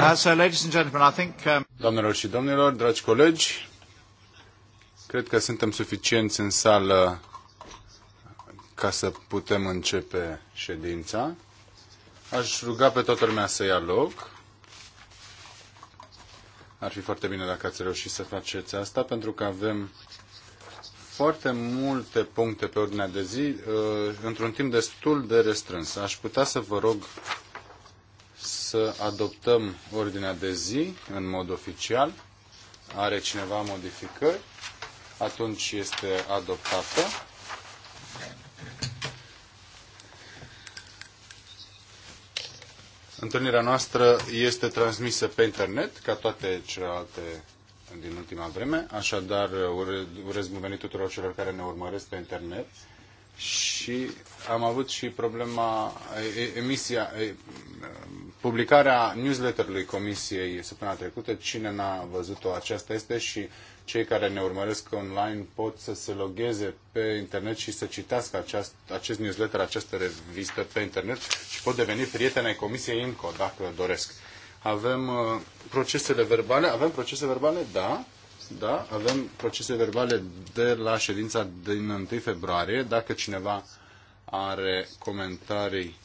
Uh, um, Doamnelor și domnilor, dragi colegi, cred că suntem suficienți în sală ca să putem începe ședința. Aș ruga pe toată lumea să ia loc. Ar fi foarte bine dacă ați reușit să faceți asta, pentru că avem foarte multe puncte pe ordinea de zi uh, într-un timp destul de restrâns. Aș putea să vă rog să adoptăm ordinea de zi în mod oficial. Are cineva modificări? Atunci este adoptată. Întâlnirea noastră este transmisă pe internet, ca toate celelalte din ultima vreme. Așadar, urez bun venit tuturor celor care ne urmăresc pe internet. Și am avut și problema, emisia, publicarea newsletterului Comisiei săptămâna trecută. Cine n-a văzut-o, aceasta este și cei care ne urmăresc online pot să se logheze pe internet și să citească aceast, acest newsletter, această revistă pe internet și pot deveni prieteni ai Comisiei IMCO dacă doresc. Avem uh, procesele verbale? Avem procese verbale? Da. Da, avem procese verbale de la ședința din 1 februarie. Dacă cineva are comentarii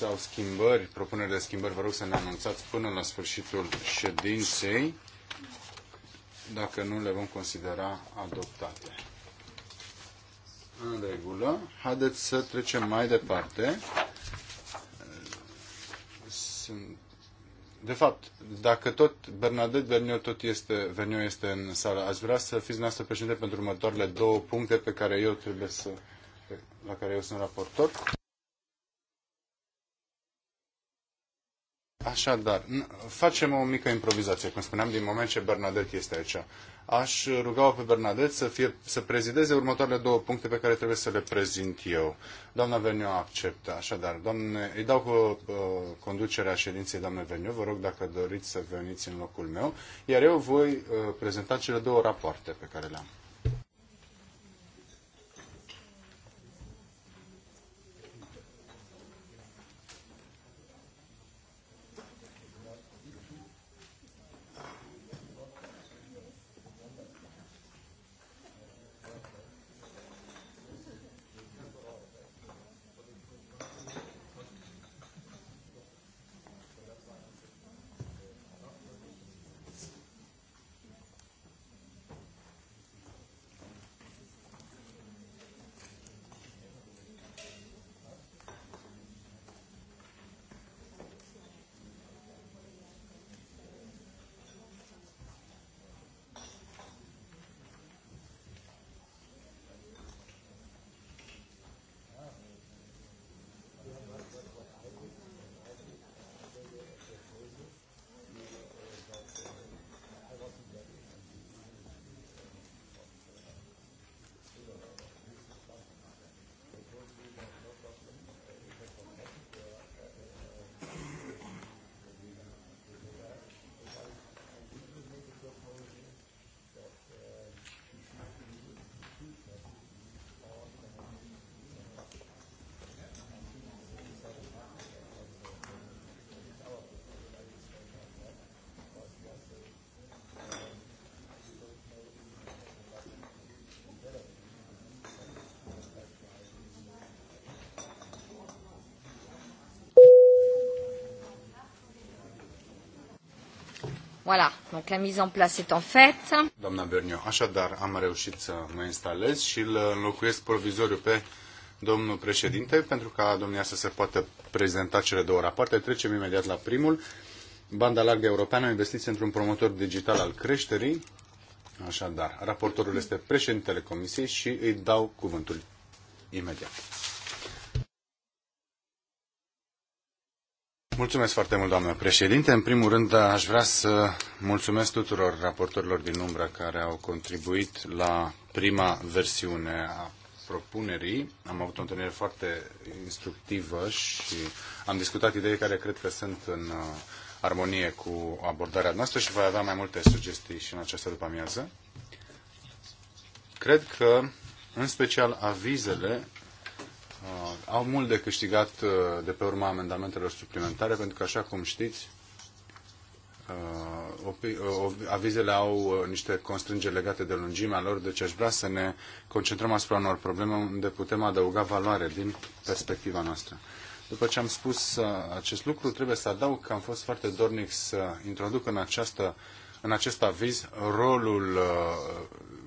sau schimbări, propuneri de schimbări, vă rog să ne anunțați până la sfârșitul ședinței. Dacă nu, le vom considera adoptate. În regulă. Haideți să trecem mai departe. de fapt, dacă tot Bernadette Verniu tot este, Verniu este în sală, aș vrea să fiți noastră președinte pentru următoarele două puncte pe care eu trebuie să, la care eu sunt raportor. Așadar, facem o mică improvizație, cum spuneam, din moment ce Bernadette este aici. Aș ruga pe Bernadette să, fie, să prezideze următoarele două puncte pe care trebuie să le prezint eu. Doamna Veniu acceptă. Așadar, doamne, îi dau cu, uh, conducerea ședinței doamne Veniu. Vă rog dacă doriți să veniți în locul meu. Iar eu voi uh, prezenta cele două rapoarte pe care le-am. Voilà, donc la mise en place est en fait. Doamna Berniu, așadar am reușit să mă instalez și îl înlocuiesc provizoriu pe domnul președinte, pentru ca domnia să se poată prezenta cele două rapoarte. Trecem imediat la primul. Banda largă europeană, investiție într-un promotor digital al creșterii. Așadar, raportorul este președintele Comisiei și îi dau cuvântul imediat. Mulțumesc foarte mult, doamnă președinte. În primul rând, aș vrea să mulțumesc tuturor raportorilor din umbră care au contribuit la prima versiune a propunerii. Am avut o întâlnire foarte instructivă și am discutat idei care cred că sunt în uh, armonie cu abordarea noastră și voi avea mai multe sugestii și în această după amiază. Cred că, în special, avizele Uh, au mult de câștigat uh, de pe urma amendamentelor suplimentare, pentru că, așa cum știți, uh, avizele au niște constrângeri legate de lungimea lor, deci aș vrea să ne concentrăm asupra unor probleme unde putem adăuga valoare din perspectiva noastră. După ce am spus acest lucru, trebuie să adaug că am fost foarte dornic să introduc în, această, în acest aviz rolul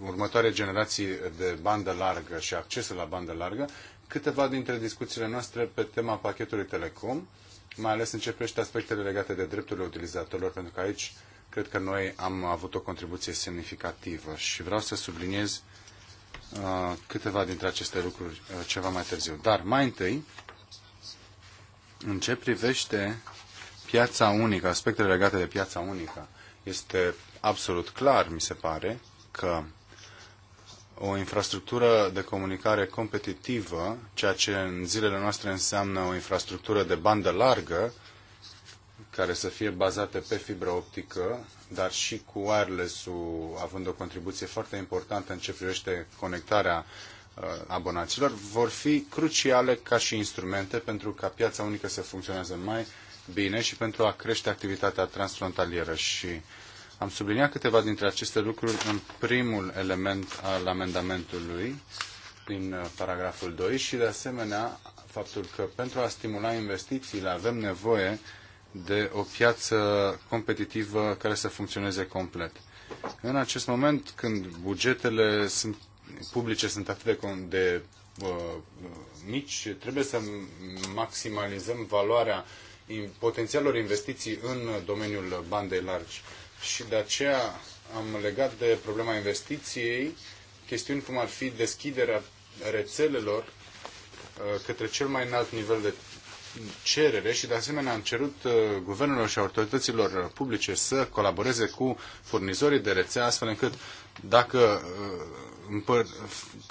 următoarei generații de bandă largă și accesul la bandă largă câteva dintre discuțiile noastre pe tema pachetului Telecom, mai ales în ce privește aspectele legate de drepturile utilizatorilor, pentru că aici cred că noi am avut o contribuție semnificativă și vreau să subliniez uh, câteva dintre aceste lucruri uh, ceva mai târziu. Dar mai întâi, în ce privește piața unică, aspectele legate de piața unică, este absolut clar, mi se pare, că o infrastructură de comunicare competitivă, ceea ce în zilele noastre înseamnă o infrastructură de bandă largă, care să fie bazate pe fibra optică, dar și cu wireless-ul având o contribuție foarte importantă în ce privește conectarea uh, abonaților, vor fi cruciale ca și instrumente pentru ca piața unică să funcționeze mai bine și pentru a crește activitatea transfrontalieră și am subliniat câteva dintre aceste lucruri în primul element al amendamentului, prin uh, paragraful 2, și de asemenea faptul că pentru a stimula investițiile avem nevoie de o piață competitivă care să funcționeze complet. În acest moment, când bugetele sunt, publice sunt atât de, de uh, uh, mici, trebuie să maximalizăm valoarea potențialelor investiții în domeniul bandei largi și de aceea am legat de problema investiției chestiuni cum ar fi deschiderea rețelelor uh, către cel mai înalt nivel de cerere și de asemenea am cerut uh, guvernelor și autorităților publice să colaboreze cu furnizorii de rețea astfel încât dacă uh,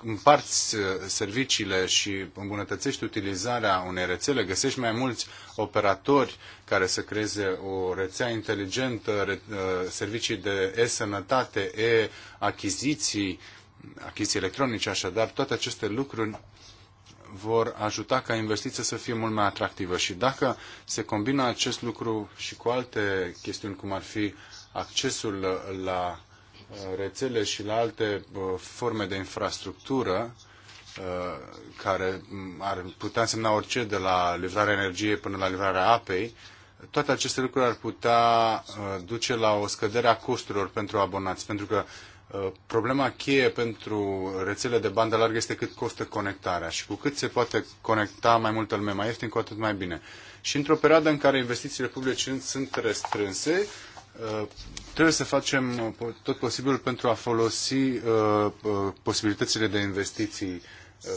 împarți uh, serviciile și îmbunătățești utilizarea unei rețele, găsești mai mulți operatori care să creeze o rețea inteligentă, uh, servicii de e-sănătate, e-achiziții, achiziții electronice, așadar, toate aceste lucruri vor ajuta ca investiția să fie mult mai atractivă. Și dacă se combină acest lucru și cu alte chestiuni, cum ar fi accesul la rețele și la alte uh, forme de infrastructură uh, care mm, ar putea însemna orice, de la livrarea energiei până la livrarea apei, toate aceste lucruri ar putea uh, duce la o scădere a costurilor pentru abonați, pentru că problema cheie pentru rețele de bandă largă este cât costă conectarea și cu cât se poate conecta mai multă lume mai ieftin, cu atât mai bine. Și într-o perioadă în care investițiile publice sunt restrânse, Uh, trebuie să facem uh, tot posibilul pentru a folosi uh, posibilitățile de investiții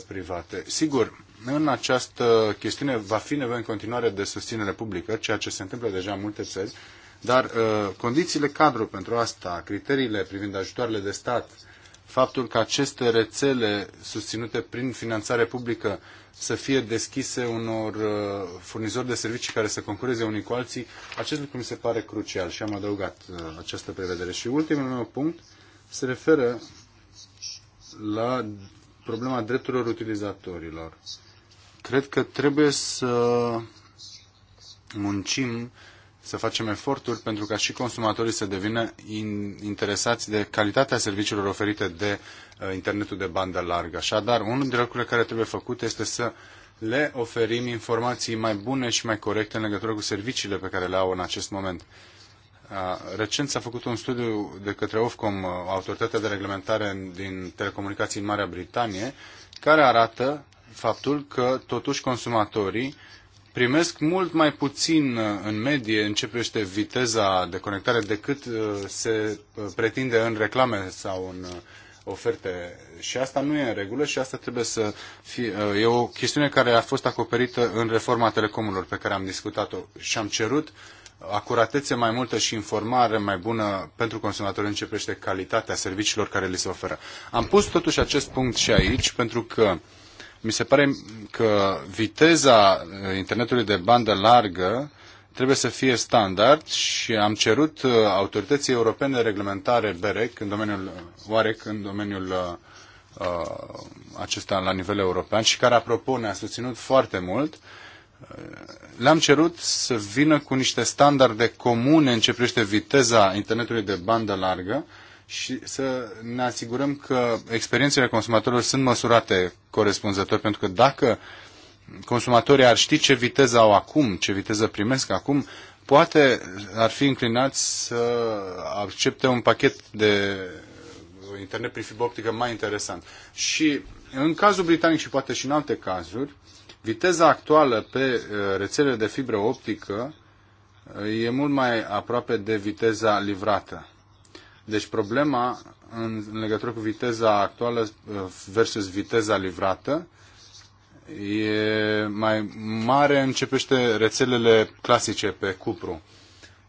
private. Sigur, în această chestiune va fi nevoie în continuare de susținere publică, ceea ce se întâmplă deja în multe țări, dar condițiile cadru pentru asta, criteriile privind ajutoarele de stat, faptul că aceste rețele susținute prin finanțare publică să fie deschise unor uh, furnizori de servicii care să concureze unii cu alții. Acest lucru mi se pare crucial și am adăugat uh, această prevedere. Și ultimul meu punct se referă la problema drepturilor utilizatorilor. Cred că trebuie să muncim să facem eforturi pentru ca și consumatorii să devină in, interesați de calitatea serviciilor oferite de uh, internetul de bandă largă. Așadar, unul dintre lucrurile care trebuie făcut este să le oferim informații mai bune și mai corecte în legătură cu serviciile pe care le au în acest moment. Uh, recent s-a făcut un studiu de către Ofcom, uh, autoritatea de reglementare din telecomunicații în Marea Britanie, care arată faptul că totuși consumatorii primesc mult mai puțin uh, în medie în ce privește viteza de conectare decât uh, se uh, pretinde în reclame sau în oferte. Și asta nu e în regulă și asta trebuie să fie... E o chestiune care a fost acoperită în reforma telecomurilor pe care am discutat-o și am cerut acuratețe mai multă și informare mai bună pentru consumatori în ce privește calitatea serviciilor care li se oferă. Am pus totuși acest punct și aici pentru că uh, mi se pare că viteza eh, internetului de bandă largă trebuie să fie standard și am cerut eh, autorității europene de reglementare BEREC în domeniul eh, OAREC, în domeniul uh, acesta la nivel european și care, apropo, ne-a susținut foarte mult, le-am cerut să vină cu niște standarde comune în ce privește viteza internetului de bandă largă și să ne asigurăm că experiențele consumatorilor sunt măsurate corespunzător, pentru că dacă consumatorii ar ști ce viteză au acum, ce viteză primesc acum, poate ar fi înclinați să accepte un pachet de internet prin fibra optică mai interesant. Și în cazul britanic și poate și în alte cazuri, viteza actuală pe uh, rețelele de fibră optică uh, e mult mai aproape de viteza livrată. Deci problema în, în legătură cu viteza actuală uh, versus viteza livrată e mai mare, începește rețelele clasice pe cupru.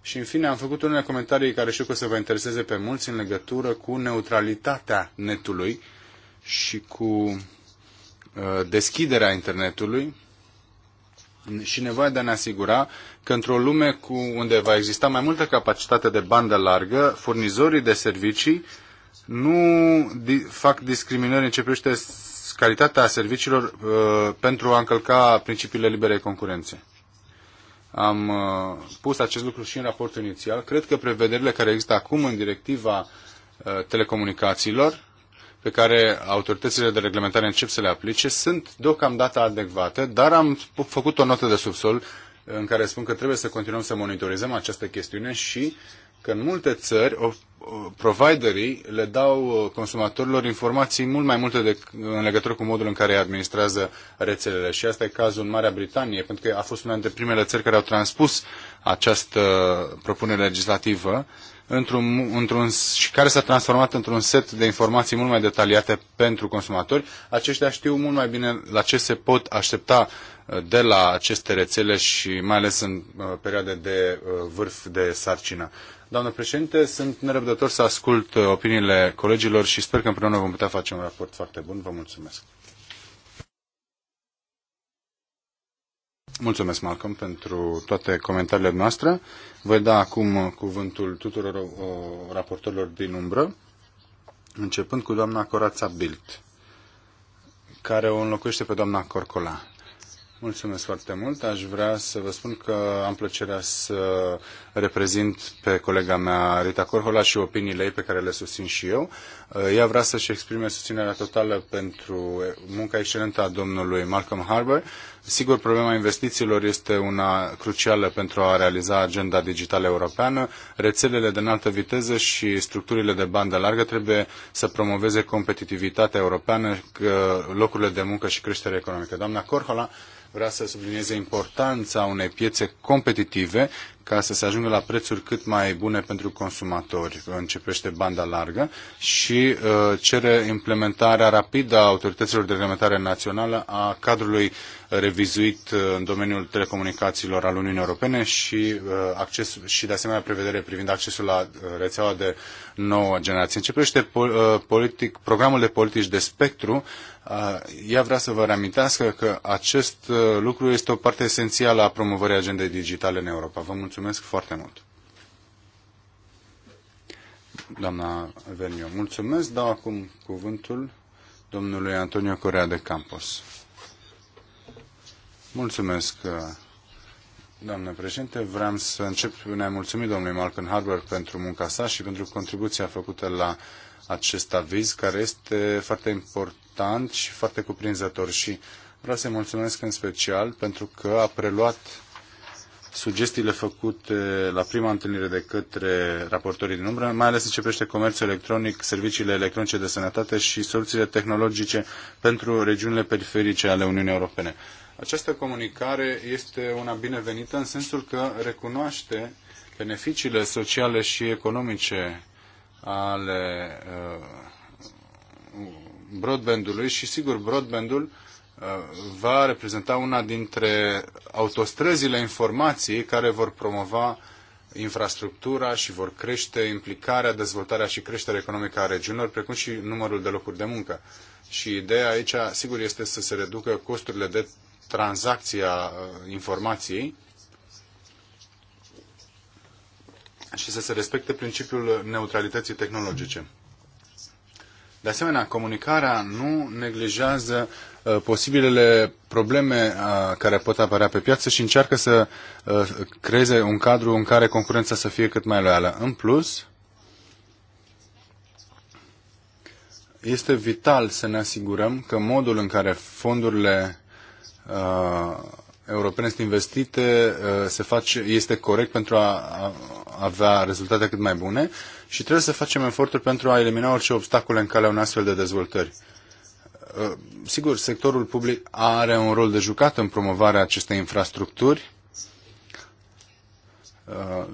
Și în fine am făcut unele comentarii care știu că o să vă intereseze pe mulți în legătură cu neutralitatea netului și cu uh, deschiderea internetului și nevoia de a ne asigura că într-o lume cu unde va exista mai multă capacitate de bandă largă, furnizorii de servicii nu fac discriminări în ce privește calitatea serviciilor uh, pentru a încălca principiile liberei concurențe. Am uh, pus acest lucru și în raportul inițial. Cred că prevederile care există acum în directiva uh, telecomunicațiilor pe care autoritățile de reglementare încep să le aplice sunt deocamdată adecvate, dar am făcut o notă de subsol în care spun că trebuie să continuăm să monitorizăm această chestiune și că în multe țări providerii le dau consumatorilor informații mult mai multe de, în legătură cu modul în care administrează rețelele. Și asta e cazul în Marea Britanie, pentru că a fost una dintre primele țări care au transpus această propunere legislativă într-un, într-un, și care s-a transformat într-un set de informații mult mai detaliate pentru consumatori. Aceștia știu mult mai bine la ce se pot aștepta uh, de la aceste rețele și mai ales în uh, perioade de uh, vârf de sarcină. Doamnă președinte, sunt nerăbdător să ascult opiniile colegilor și sper că împreună vom putea face un raport foarte bun. Vă mulțumesc. Mulțumesc, Malcolm, pentru toate comentariile noastre. Voi da acum cuvântul tuturor uh, raportorilor din umbră, începând cu doamna Corața Bilt, care o înlocuiește pe doamna Corcola. Mulțumesc foarte mult. Aș vrea să vă spun că am plăcerea să reprezint pe colega mea Rita Corhola și opiniile ei pe care le susțin și eu. Uh, ea vrea să-și exprime susținerea totală pentru munca excelentă a domnului Malcolm Harbour Sigur, problema investițiilor este una crucială pentru a realiza agenda digitală europeană. Rețelele de înaltă viteză și structurile de bandă largă trebuie să promoveze competitivitatea europeană, locurile de muncă și creșterea economică. Doamna Corhola vrea să sublinieze importanța unei piețe competitive ca să se ajungă la prețuri cât mai bune pentru consumatori. Începește banda largă și uh, cere implementarea rapidă a autorităților de reglementare națională a cadrului revizuit uh, în domeniul telecomunicațiilor al Uniunii Europene și, uh, acces, și de asemenea prevedere privind accesul la rețeaua de nouă generație. Începește politic, programul de politici de spectru ea vrea să vă reamintească că acest uh, lucru este o parte esențială a promovării agendei digitale în Europa. Vă mulțumesc foarte mult. Doamna Vernio, mulțumesc. Dau acum cuvântul domnului Antonio Corea de Campos. Mulțumesc, uh, doamnă președinte. Vreau să încep prin a mulțumi domnului Malcolm Harbour pentru munca sa și pentru contribuția făcută la acest aviz, care este foarte important important și foarte cuprinzător și vreau să-i mulțumesc în special pentru că a preluat sugestiile făcute la prima întâlnire de către raportorii din umbră, mai ales în ce privește comerțul electronic, serviciile electronice de sănătate și soluțiile tehnologice pentru regiunile periferice ale Uniunii Europene. Această comunicare este una binevenită în sensul că recunoaște beneficiile sociale și economice ale uh, broadbandului și sigur broadbandul uh, va reprezenta una dintre autostrăzile informației care vor promova infrastructura și vor crește implicarea, dezvoltarea și creșterea economică a regiunilor, precum și numărul de locuri de muncă. Și ideea aici, sigur, este să se reducă costurile de tranzacție a uh, informației și să se respecte principiul neutralității tehnologice. De asemenea, comunicarea nu neglijează uh, posibilele probleme uh, care pot apărea pe piață și încearcă să uh, creeze un cadru în care concurența să fie cât mai loială. În plus, este vital să ne asigurăm că modul în care fondurile uh, europene sunt investite uh, se face, este corect pentru a avea rezultate cât mai bune și trebuie să facem eforturi pentru a elimina orice obstacole în calea unei astfel de dezvoltări. Uh, sigur, sectorul public are un rol de jucat în promovarea acestei infrastructuri, uh,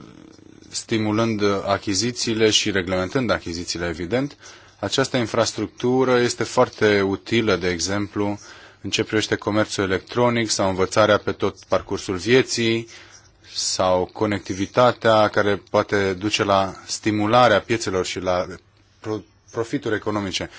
stimulând achizițiile și reglementând achizițiile, evident. Această infrastructură este foarte utilă, de exemplu, în ce privește comerțul electronic sau învățarea pe tot parcursul vieții sau conectivitatea care poate duce la stimularea piețelor și la profituri economice.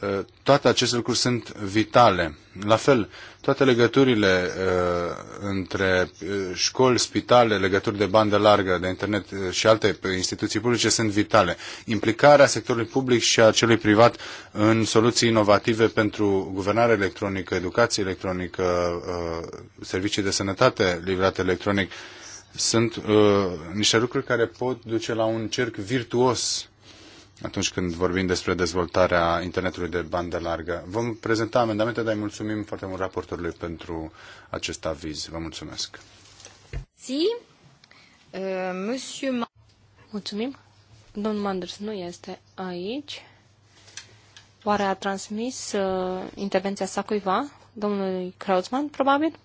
Uh, toate aceste lucruri sunt vitale. La fel, toate legăturile uh, între uh, școli, spitale, legături de bandă largă, de internet uh, și alte instituții publice sunt vitale. Implicarea sectorului public și a celui privat în soluții inovative pentru guvernare electronică, educație electronică, uh, servicii de sănătate livrate electronic, sunt uh, niște lucruri care pot duce la un cerc virtuos atunci când vorbim despre dezvoltarea internetului de bandă largă. Vom prezenta amendamente, dar îi mulțumim foarte mult raportorului pentru acest aviz. Vă mulțumesc. Si, uh, monsieur... Mulțumim. Domnul Manders nu este aici. Oare a transmis uh, intervenția sa cuiva? Domnului Krautzmann, probabil?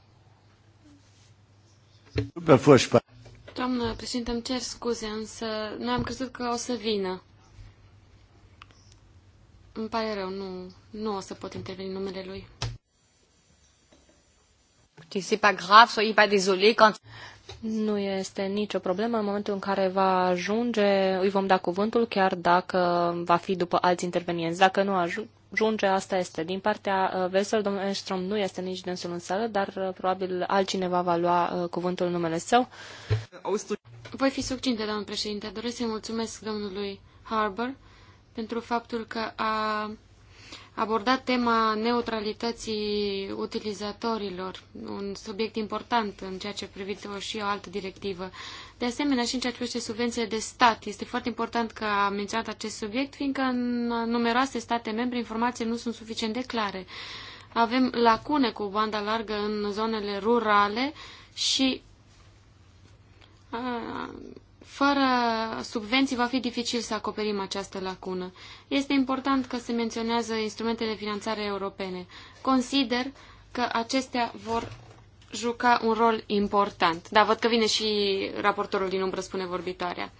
Doamnă președinte, îmi cer scuze, însă noi am crezut că o să vină. Îmi pare rău, nu, nu o să pot interveni numele lui. C'est pas grave, soyez pas désolé quand... Nu este nicio problemă. În momentul în care va ajunge, îi vom da cuvântul, chiar dacă va fi după alți intervenienți. Dacă nu ajunge, asta este. Din partea uh, Vesel, domnul Enstrom nu este nici dânsul în sală, dar uh, probabil altcineva va lua uh, cuvântul în numele său. Voi fi succinte, domnul președinte. Doresc să-i mulțumesc domnului Harbour pentru faptul că a abordat tema neutralității utilizatorilor, un subiect important în ceea ce privește o și o altă directivă. De asemenea, și în ceea ce privește subvențiile de stat, este foarte important că a menționat acest subiect, fiindcă în numeroase state membre informații nu sunt suficient de clare. Avem lacune cu banda largă în zonele rurale și fără subvenții va fi dificil să acoperim această lacună. Este important că se menționează instrumentele de finanțare europene. Consider că acestea vor juca un rol important. Da, văd că vine și raportorul din umbră, spune vorbitoarea.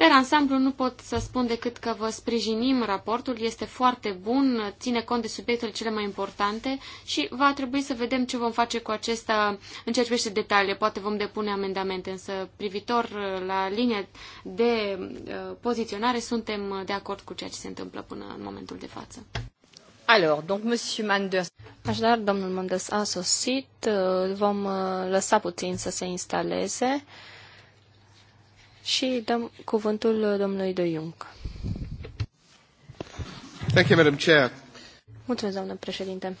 Per ansamblu nu pot să spun decât că vă sprijinim raportul, este foarte bun, ține cont de subiectele cele mai importante și va trebui să vedem ce vom face cu acesta în ceea ce privește detalii. Poate vom depune amendamente, însă privitor uh, la linia de uh, poziționare suntem uh, de acord cu ceea ce se întâmplă până în momentul de față. Alors, donc, Monsieur Manders. Așadar, domnul Manders a sosit, vom lăsa puțin să se instaleze și dăm cuvântul domnului De Jung. Thank you, Madam Chair. Mulțumesc, doamnă președinte.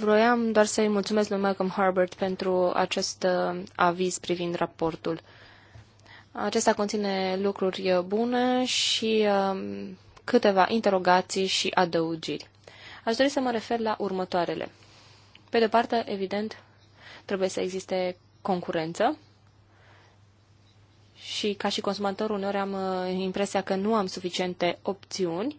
Vroiam doar să-i mulțumesc lui Malcolm Harbert pentru acest uh, aviz privind raportul. Acesta conține lucruri bune și um, câteva interogații și adăugiri. Aș dori să mă refer la următoarele. Pe de parte, evident, trebuie să existe concurență și ca și consumator uneori am uh, impresia că nu am suficiente opțiuni,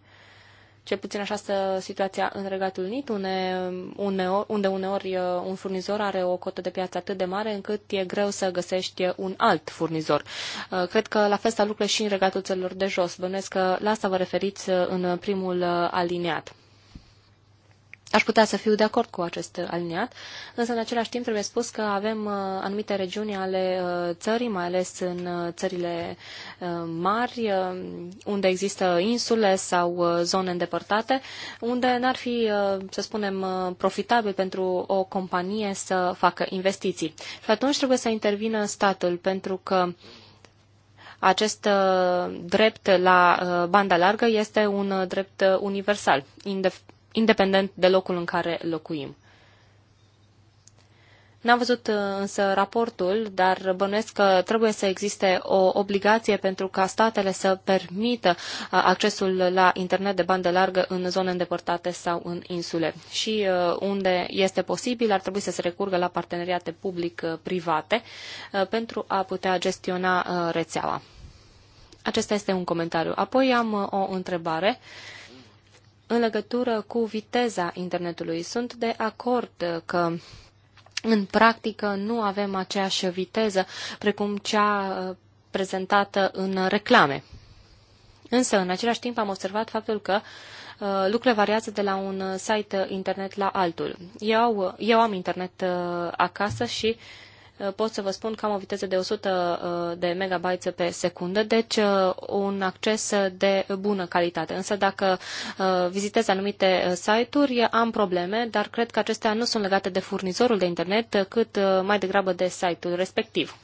cel puțin așa stă situația în Regatul Unit, une, uneori, unde uneori uh, un furnizor are o cotă de piață atât de mare încât e greu să găsești un alt furnizor. Uh, cred că la fel stau lucrurile și în Regatul Țărilor de Jos. Bănuiesc că la asta vă referiți în primul aliniat. Aș putea să fiu de acord cu acest aliniat, însă în același timp trebuie spus că avem uh, anumite regiuni ale uh, țării, mai ales în uh, țările mari, unde există insule sau zone îndepărtate, unde n-ar fi, să spunem, profitabil pentru o companie să facă investiții. Și atunci trebuie să intervină statul, pentru că acest drept la banda largă este un drept universal, independent de locul în care locuim. N-am văzut uh, însă raportul, dar bănuiesc că trebuie să existe o obligație pentru ca statele să permită uh, accesul la internet de bandă largă în zone îndepărtate sau în insule. Și uh, unde este posibil, ar trebui să se recurgă la parteneriate public-private pentru a putea gestiona rețeaua. Acesta este un comentariu. Apoi am o întrebare în legătură cu viteza internetului. Sunt de acord că în practică nu avem aceeași viteză precum cea uh, prezentată în reclame. Însă, în același timp, am observat faptul că uh, lucrurile variază de la un site internet la altul. Eu, eu am internet uh, acasă și uh, Eh, pot să vă spun că am o viteză de 100 eh, de megabytes pe secundă, deci eh, un acces de bună calitate. Însă dacă vizitez anumite site-uri, am probleme, dar cred că acestea nu sunt legate de furnizorul de internet, cât mai degrabă de site-ul respectiv.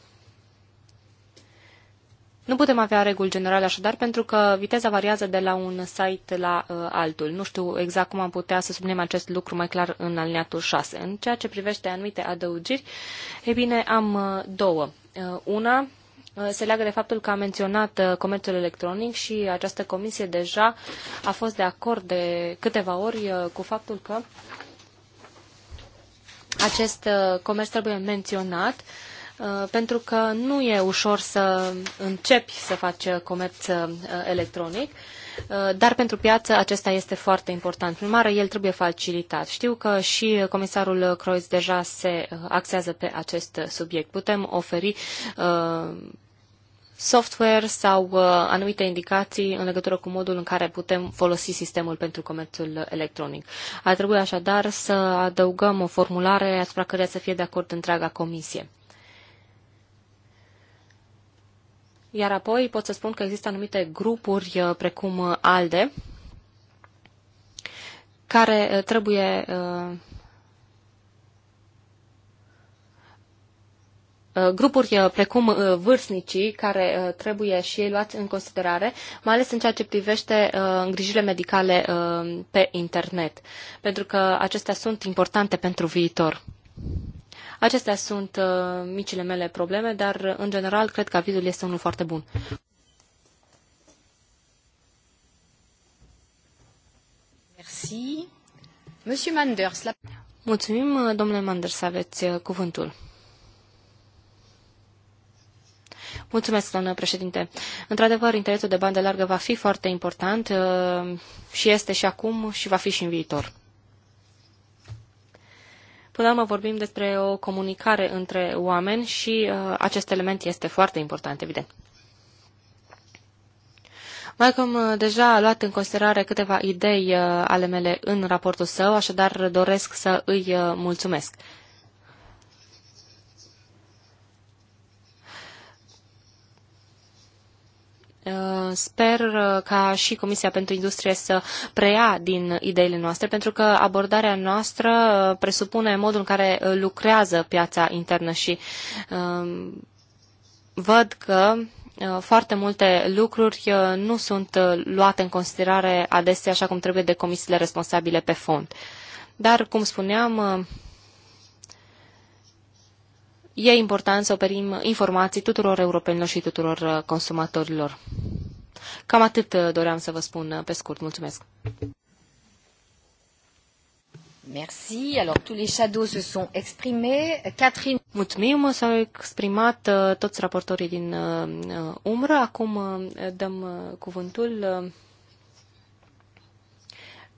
Nu putem avea reguli generale așadar, pentru că viteza variază de la un site la uh, altul. Nu știu exact cum am putea să subliniem acest lucru mai clar în alineatul 6. În ceea ce privește anumite adăugiri, e bine, am uh, două. Uh, una uh, se leagă de faptul că a menționat uh, comerțul electronic și această comisie deja a fost de acord de câteva ori uh, cu faptul că acest comerț trebuie menționat Uh, pentru că nu e ușor să începi să faci uh, comerț uh, electronic, dar pentru piață acesta este foarte important. Prin mare, el trebuie facilitat. Știu că și comisarul Croiz deja se axează pe acest subiect. Putem oferi software sau anumite indicații în legătură cu modul în care putem folosi sistemul pentru comerțul electronic. Ar trebui așadar să adăugăm o formulare asupra căreia să fie de acord întreaga comisie. Iar apoi pot să spun că există anumite grupuri uh, precum uh, ALDE care uh, trebuie grupuri precum vârstnicii care trebuie și ei luați în considerare, mai ales în ceea ce privește îngrijirile medicale pe internet, pentru că acestea sunt importante pentru viitor. Acestea sunt uh, micile mele probleme, dar în general cred că avizul este unul foarte bun. Merci. Monsieur Manders, la... Mulțumim, uh, domnule Manders, aveți uh, cuvântul. Mulțumesc, doamnă președinte. Într-adevăr, interesul de bandă largă va fi foarte important uh, și este și acum și va fi și în viitor. Până la urmă vorbim despre o comunicare între oameni și uh, acest element este foarte important, evident. Malcolm uh, deja a luat în considerare câteva idei uh, ale mele în raportul său, așadar doresc să îi uh, mulțumesc. Uh, sper uh, ca și Comisia pentru Industrie să preia din ideile noastre, pentru că abordarea noastră uh, presupune modul în care lucrează piața internă și um, văd că foarte multe lucruri nu sunt luate în considerare adesea așa cum trebuie de comisiile responsabile pe fond. Dar, cum spuneam, e important să oferim informații tuturor europenilor și tuturor uh, consumatorilor. Cam atât uh, doream să vă spun uh, pe scurt. Mulțumesc! Merci. Alors, tous les shadows se sont exprimés. Catherine... Mulțumim, s-au exprimat toți raportorii din umbră. Acum dăm cuvântul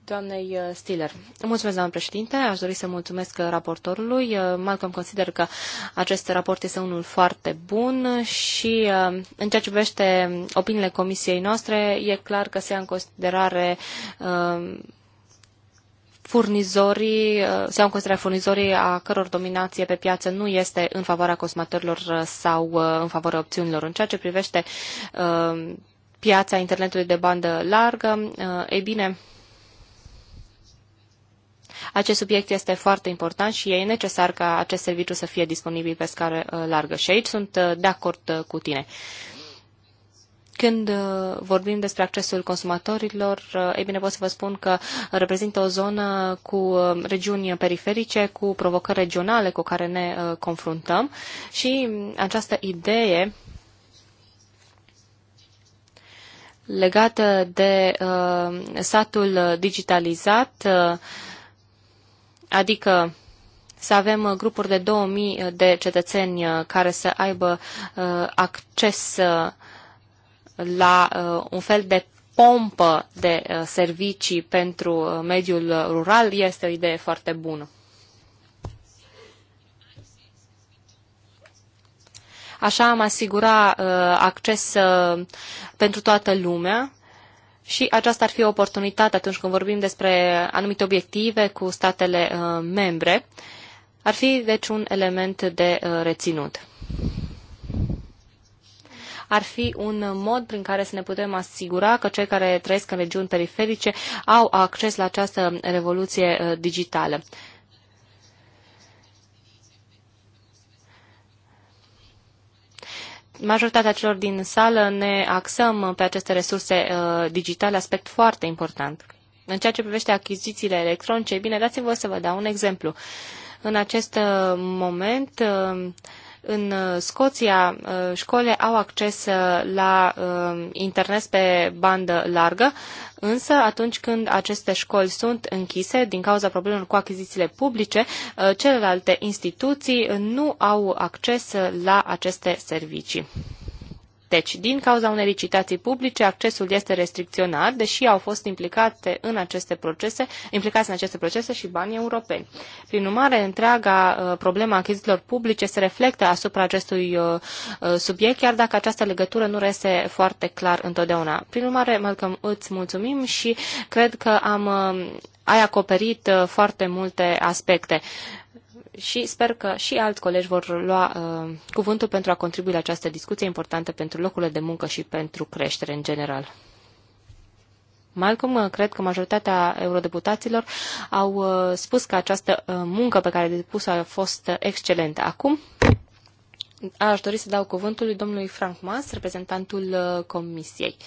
doamnei uh, Stiller. Mulțumesc, doamnă președinte. Aș dori să mulțumesc uh, raportorului. Uh, Malcolm consider că acest raport este unul foarte bun și în ceea ce privește opiniile comisiei noastre, e clar că se ia în considerare furnizorii, se iau în considerare furnizorii a căror dominație pe piață nu este în favoarea consumatorilor sau în favoarea opțiunilor. În ceea ce privește piața internetului de bandă largă, e bine, acest subiect este foarte important și e necesar ca acest serviciu să fie disponibil pe scară uh, largă și aici sunt uh, de acord uh, cu tine. Când vorbim despre accesul consumatorilor, ei bine pot să vă spun că reprezintă o zonă cu regiuni periferice, cu provocări regionale cu care ne confruntăm și mm, această idee legată de uh, satul digitalizat uh, Adică să avem uh, grupuri de 2000 uh, de cetățeni uh, care să aibă acces la un fel de pompă de servicii pentru mediul rural este o idee foarte bună. Așa am asigura acces pentru toată lumea și aceasta ar fi o oportunitate atunci când vorbim despre anumite obiective cu statele uh, membre. Ar fi, deci, un element de uh, reținut. Ar fi un mod prin care să ne putem asigura că cei care trăiesc în regiuni periferice au acces la această revoluție uh, digitală. Uh, majoritatea celor din sală ne axăm pe aceste resurse uh, digitale, aspect foarte important. În ceea ce privește achizițiile electronice, bine, dați vă să vă dau un exemplu. În acest uh, moment uh, în uh, Scoția, uh, școlile au acces uh, la internet pe bandă largă, însă atunci când aceste școli sunt închise din cauza problemelor cu achizițiile publice, celelalte instituții nu au acces la aceste servicii. Deci, din cauza unei licitații publice, accesul este restricționat, deși au fost implicate în aceste procese, implicați în aceste procese și banii europeni. Prin urmare, întreaga uh, problema achizițiilor publice se reflectă asupra acestui uh, uh, subiect, chiar dacă această legătură nu reste foarte clar întotdeauna. Prin urmare, Malcolm, îți mulțumim și cred că am, ai acoperit foarte multe aspecte și sper că și alți colegi vor lua uh, cuvântul pentru a contribui la această discuție importantă pentru locurile de muncă și pentru creștere în general. Malcolm, cred că majoritatea eurodeputaților au uh, spus că această uh, muncă pe care a depus-o a fost excelentă. Acum aș dori să dau cuvântul lui domnului Frank Mas, reprezentantul uh, Comisiei. Uh,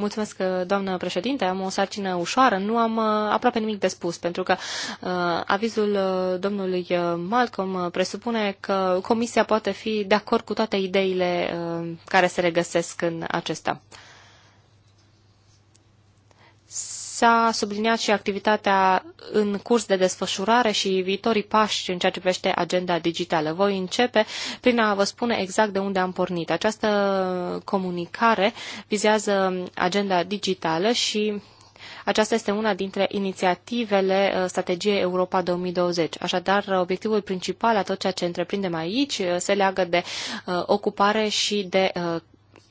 Mulțumesc, uh, doamnă președinte. Am o sarcină ușoară. Nu am uh, aproape nimic de spus, pentru că uh, avizul uh, domnului Malcolm presupune că comisia poate fi de acord cu toate ideile uh, care se regăsesc în acesta. S-a subliniat și activitatea în curs de desfășurare și viitorii pași în ceea ce privește agenda digitală. Voi începe prin a vă spune exact de unde am pornit. Această comunicare vizează agenda digitală și aceasta este una dintre inițiativele uh, strategiei Europa 2020. Așadar, uh, obiectivul principal a tot ceea ce întreprindem aici uh, se leagă de ocupare și de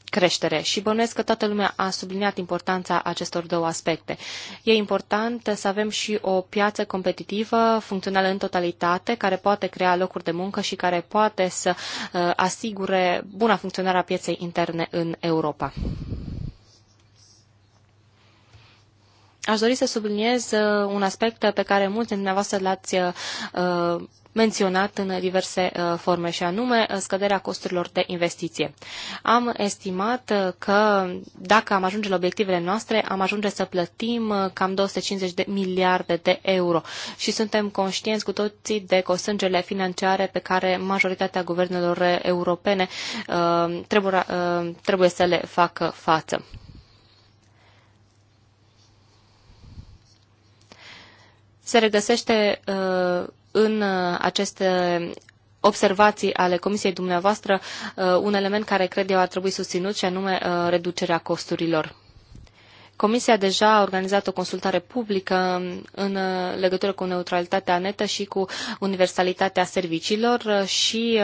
creștere și bănuiesc că toată lumea a subliniat importanța acestor două aspecte. E important să avem și o piață competitivă, funcțională în totalitate, care poate crea locuri de muncă și care poate să uh, asigure buna funcționare a pieței interne în Europa. Aș dori să subliniez uh, un aspect pe care mulți dintre dumneavoastră l-ați uh, menționat în diverse uh, forme și anume uh, scăderea costurilor de investiție. Am estimat uh, că dacă am ajunge la obiectivele noastre, am ajunge să plătim cam 250 de miliarde de euro și suntem conștienți cu toții de costângele financiare pe care majoritatea guvernelor europene trebuie, trebuie să le facă față. se regăsește uh, în uh, aceste observații ale comisiei dumneavoastră uh, un element care cred eu ar trebui susținut și anume uh, reducerea costurilor. Comisia deja a organizat o consultare publică în legătură cu neutralitatea netă și cu universalitatea serviciilor și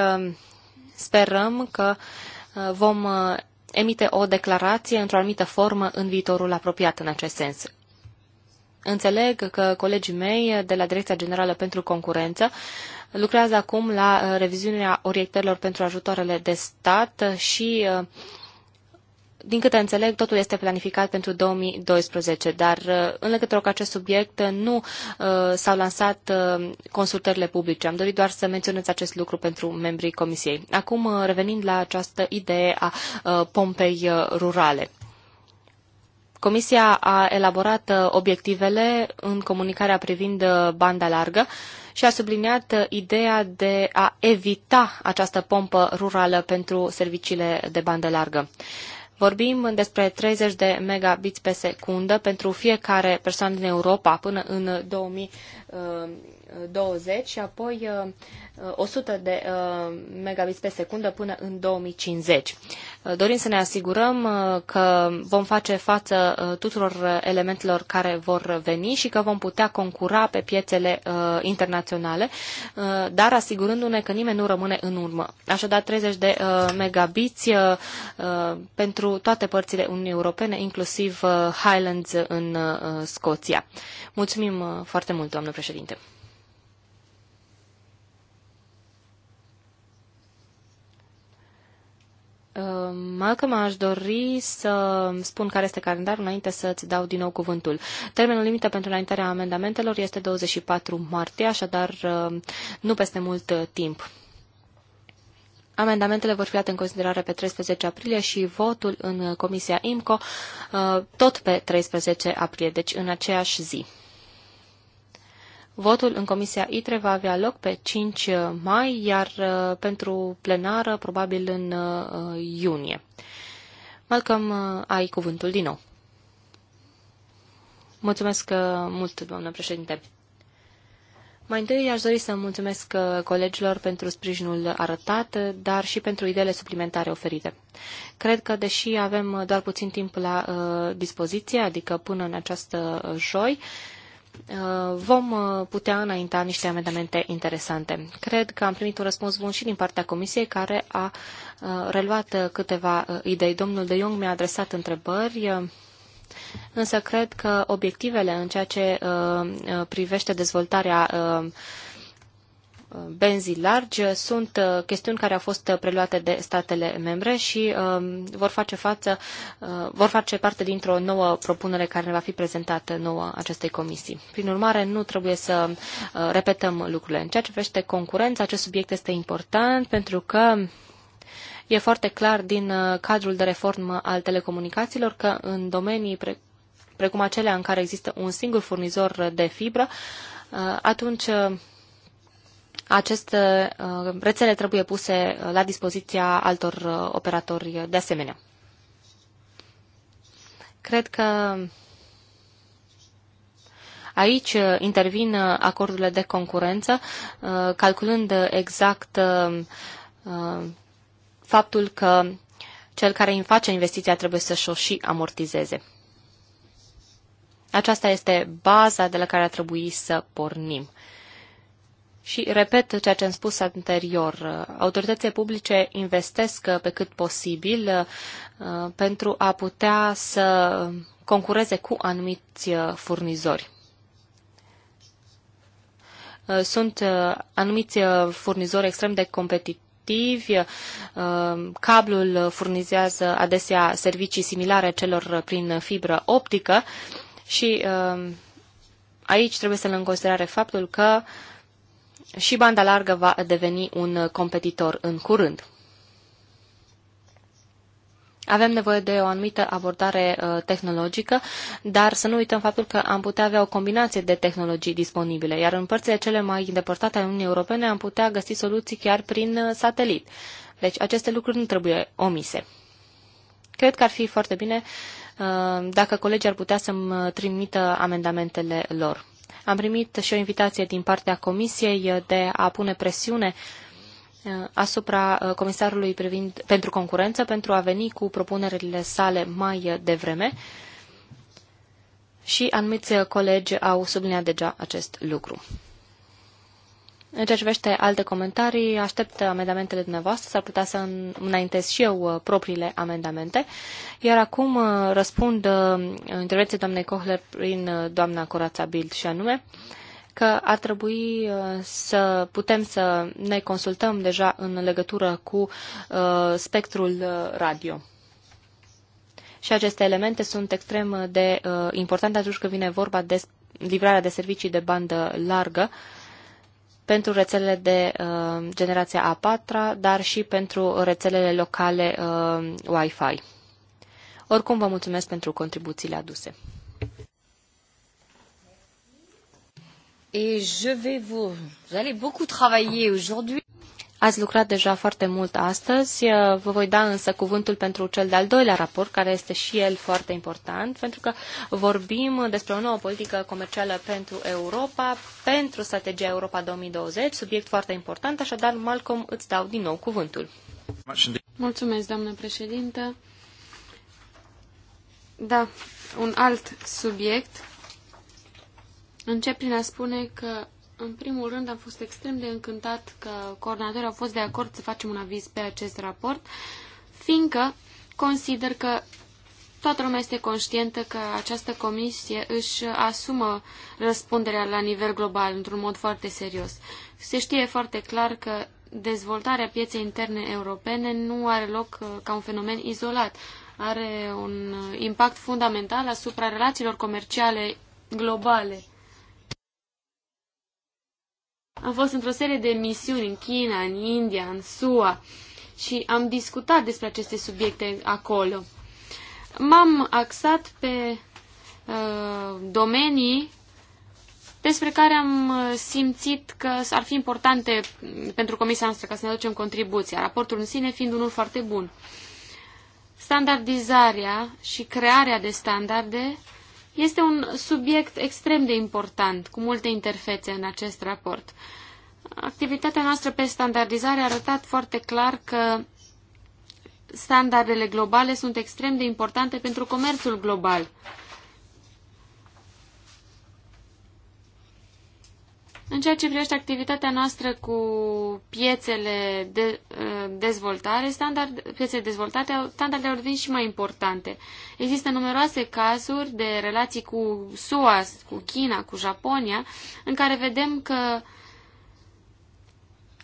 sperăm că vom emite o declarație într-o anumită formă în viitorul apropiat în acest sens. Înțeleg că colegii mei de la Direcția Generală pentru Concurență lucrează acum la uh, reviziunea orientărilor pentru ajutoarele de stat și uh, din câte înțeleg, totul este planificat pentru 2012, dar uh, în legătură cu acest subiect nu s-au lansat consultările publice. Am dorit doar să menționez acest lucru pentru membrii Comisiei. Acum, revenind la această idee a pompei rurale. Comisia a elaborat uh, obiectivele în comunicarea privind uh, banda largă și a subliniat uh, ideea de a evita această pompă rurală pentru serviciile de bandă largă. Vorbim despre 30 de megabits pe secundă pentru fiecare persoană din Europa până în 2000. 2020 și apoi 100 uh, uh, de uh, megabits pe secundă până în 2050. Dorim să ne asigurăm că vom face față tuturor elementelor care vor veni și că vom putea concura pe piețele internaționale, dar asigurându-ne că nimeni nu rămâne în urmă. Așadar, 30 de megabiți pentru toate părțile Uniunii Europene, inclusiv Highlands în Scoția. Mulțumim foarte mult, doamnă președinte. Ehm, Malcolm, aș dori să spun care este calendarul înainte să-ți dau din nou cuvântul. Termenul limită pentru înaintarea amendamentelor este 24 martie, așadar ehm, nu peste mult eh, timp. Amendamentele vor fi luate în considerare pe 13 aprilie și votul în eh, Comisia IMCO eh, tot pe 13 aprilie, deci în aceeași zi. Votul în Comisia ITRE va avea loc pe 5 uh, mai, iar uh, pentru plenară probabil în uh, iunie. Malcolm, ai cuvântul din nou. Mulțumesc mult, doamnă președinte. Mai întâi aș dori să mulțumesc colegilor pentru sprijinul arătat, dar și pentru ideile suplimentare oferite. Cred că, deși avem doar puțin timp la uh, dispoziție, adică până în această joi, uh, Uh, vom uh, putea înainta niște amendamente interesante. Cred că am primit un răspuns bun și din partea Comisiei, care a uh, reluat câteva idei. Domnul de Jong mi-a adresat întrebări, însă cred că obiectivele în ceea ce privește dezvoltarea benzii largi uh, sunt uh, chestiuni care au fost uh, preluate de statele membre și um, vor face, față, vor face parte dintr-o nouă propunere care ne va fi prezentată nouă acestei comisii. Prin urmare, nu trebuie să repetăm lucrurile. În ceea ce privește concurența, acest subiect este important pentru că e foarte clar din cadrul de reformă al telecomunicațiilor că în domenii pre precum acelea în care există un singur furnizor de fibră, atunci aceste uh, rețele trebuie puse uh, la dispoziția altor uh, operatori de asemenea. Cred că aici intervin acordurile de concurență, calculând exact faptul că cel care îi face investiția trebuie să-și o și amortizeze. Aceasta este baza de la care ar trebui să pornim. Și repet ceea ce am spus anterior, autoritățile publice investesc pe cât posibil uh, pentru a putea să concureze cu anumiți uh, furnizori. Uh, sunt anumiți furnizori extrem de competitivi, cablul furnizează adesea servicii similare celor prin fibră optică și aici trebuie să luăm în considerare faptul că uh, și banda largă va deveni un competitor în curând. Avem nevoie de o anumită abordare uh, tehnologică, dar să nu uităm faptul că am putea avea o combinație de tehnologii disponibile, iar în părțile cele mai îndepărtate ale Uniunii Europene am putea găsi soluții chiar prin uh, satelit. Deci aceste lucruri nu trebuie omise. Cred că ar fi foarte bine uh, dacă colegii ar putea să-mi trimită amendamentele lor. Am primit și o invitație din partea Comisiei uh, de a pune presiune uh, asupra uh, comisarului privind pentru concurență pentru a veni cu propunerile sale mai devreme și anumiți colegi au subliniat deja acest lucru. În ceea ce privește alte comentarii, aștept amendamentele dumneavoastră, s-ar putea să înaintez și eu uh, propriile amendamente. Iar acum uh, răspund uh, intervenției doamnei Kohler prin doamna Corața Bild și anume că ar trebui să putem să ne consultăm deja în legătură cu spectrul radio și aceste elemente sunt extrem de importante atunci când vine vorba de livrarea de servicii de bandă largă pentru rețelele de uh, generația a 4 dar și pentru rețelele locale uh, Wi-Fi. Oricum, vă mulțumesc pentru contribuțiile aduse. Et je vais vous, vous allez beaucoup travailler aujourd'hui. Ați lucrat deja foarte mult astăzi, uh, vă voi da însă cuvântul pentru cel de-al doilea raport, care este și el foarte important, pentru că vorbim despre o nouă politică comercială pentru Europa, pentru strategia Europa 2020, subiect foarte important, așadar, Malcolm, îți dau din nou cuvântul. Mulțumesc, doamnă președintă. Da, un alt subiect. Încep prin a spune că în primul rând, am fost extrem de încântat că coordonatorii au fost de acord să facem un aviz pe acest raport, fiindcă consider că toată lumea este conștientă că această comisie își asumă răspunderea la nivel global într-un mod foarte serios. Se știe foarte clar că dezvoltarea pieței interne europene nu are loc uh, ca un fenomen izolat. Are un uh, impact fundamental asupra relațiilor comerciale globale. Am fost într-o serie de misiuni în China, în India, în SUA și am discutat despre aceste subiecte acolo. M-am axat pe uh, domenii despre care am uh, simțit că ar fi importante mm, pentru comisia noastră ca să ne aducem contribuția, raportul în sine fiind unul foarte bun. Standardizarea și crearea de standarde este un subiect extrem de important, cu multe interfețe în acest raport. Activitatea noastră pe standardizare a arătat foarte clar că standardele globale sunt extrem de importante pentru comerțul global. În ceea ce privește activitatea noastră cu piețele de ă, dezvoltare, standard, piețele dezvoltate, standardele au devenit și mai importante. Există numeroase cazuri de relații cu SUA, cu China, cu Japonia, în care vedem că uh,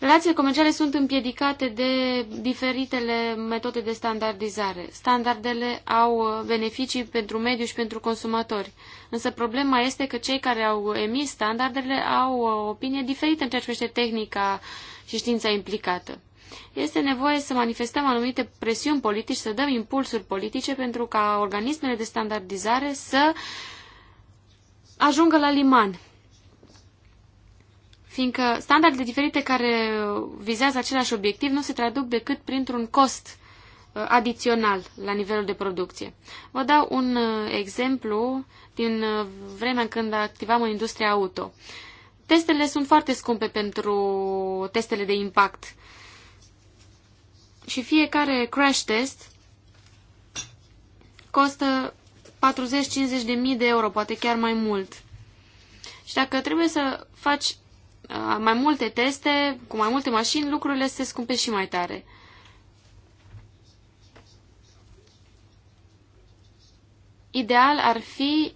Relațiile comerciale sunt împiedicate de diferitele metode de standardizare. Standardele au beneficii pentru mediu și pentru consumatori. Însă problema este că cei care au emis standardele au o opinie diferită în ceea ce privește tehnica și știința implicată. Este nevoie să manifestăm anumite presiuni politici, să dăm impulsuri politice pentru ca organismele de standardizare să ajungă la liman fiindcă standarde diferite care vizează același obiectiv nu se traduc decât printr-un cost uh, adițional la nivelul de producție. Vă dau un uh, exemplu din uh, vremea când activam în industria auto. Testele sunt foarte scumpe pentru testele de impact. Și fiecare crash test costă 40-50 de mii de euro, poate chiar mai mult. Și dacă trebuie să faci mai multe teste, cu mai multe mașini, lucrurile se scumpe și mai tare. Ideal ar fi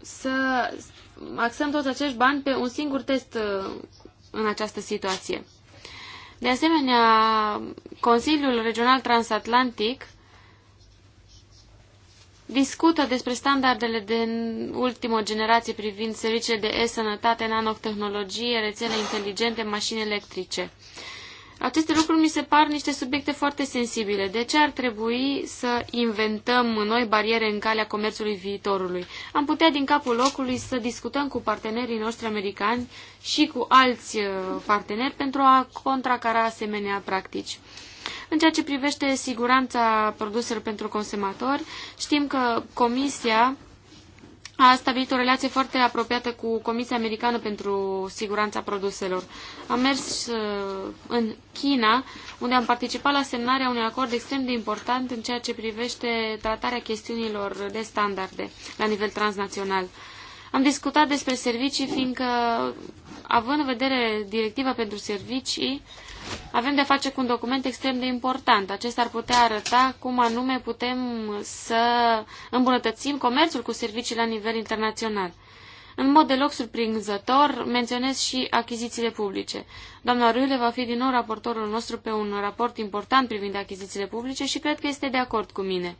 să axăm toți acești bani pe un singur test uh, în această situație. De asemenea, Consiliul Regional Transatlantic discută despre standardele de ultimă generație privind serviciile de e-sănătate, nanotehnologie, rețele inteligente, mașini electrice. Aceste lucruri mi se par niște subiecte foarte sensibile. De ce ar trebui să inventăm noi bariere în calea comerțului viitorului? Am putea din capul locului să discutăm cu partenerii noștri americani și cu alți uh, parteneri pentru a contracara asemenea practici. În ceea ce privește siguranța produselor pentru consumatori, știm că Comisia a stabilit o relație foarte apropiată cu Comisia Americană pentru Siguranța Produselor. Am mers uh, în China, unde am participat la semnarea unui acord extrem de important în ceea ce privește tratarea chestiunilor de standarde la nivel transnațional. Am discutat despre servicii, fiindcă, având în vedere directiva pentru servicii, uh, avem de-a face cu un document extrem de important. Acesta ar putea arăta cum anume putem să îmbunătățim comerțul cu servicii la nivel internațional. În mod deloc surprinzător, menționez și achizițiile publice. Doamna Râle va fi din nou raportorul nostru pe un raport important privind achizițiile publice și cred că este de acord cu mine.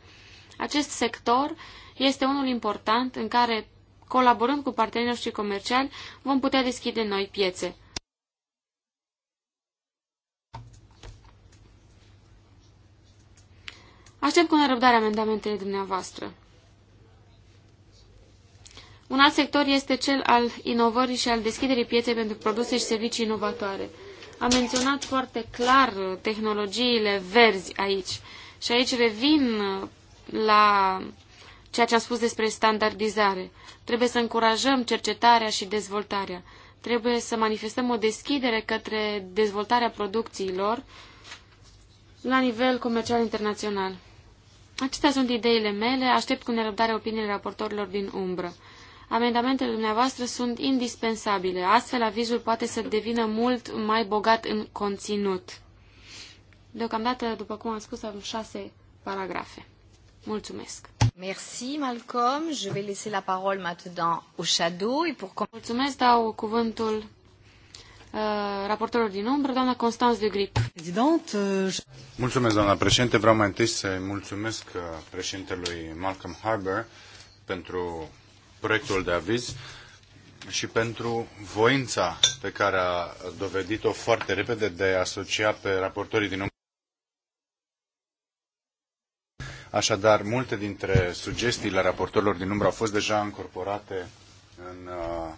Acest sector este unul important în care, colaborând cu partenerii noștri comerciali, vom putea deschide noi piețe. Aștept cu nerăbdare amendamentele dumneavoastră. Un alt sector este cel al inovării și al deschiderii pieței pentru produse și servicii inovatoare. Am menționat foarte clar tehnologiile verzi aici și aici revin la ceea ce am spus despre standardizare. Trebuie să încurajăm cercetarea și dezvoltarea. Trebuie să manifestăm o deschidere către dezvoltarea producțiilor la nivel comercial internațional. Acestea sunt ideile mele, aștept cu nerăbdare opiniile raportorilor din umbră. Amendamentele dumneavoastră sunt indispensabile, astfel avizul poate să devină mult mai bogat în conținut. Deocamdată, după cum am spus, avem șase paragrafe. Mulțumesc! Merci Malcolm. Je vais laisser la parole maintenant au shadow et pour Mulțumesc, dau cuvântul Uh, raportorilor din umbră, doamna Constanț de Grip. Uh, mulțumesc, doamna președinte. Vreau mai întâi să-i mulțumesc uh, președintelui Malcolm Harbour pentru proiectul de aviz și pentru voința pe care a dovedit-o foarte repede de a asocia pe raportorii din umbră. Așadar, multe dintre sugestiile raportorilor din umbră au fost deja încorporate în uh,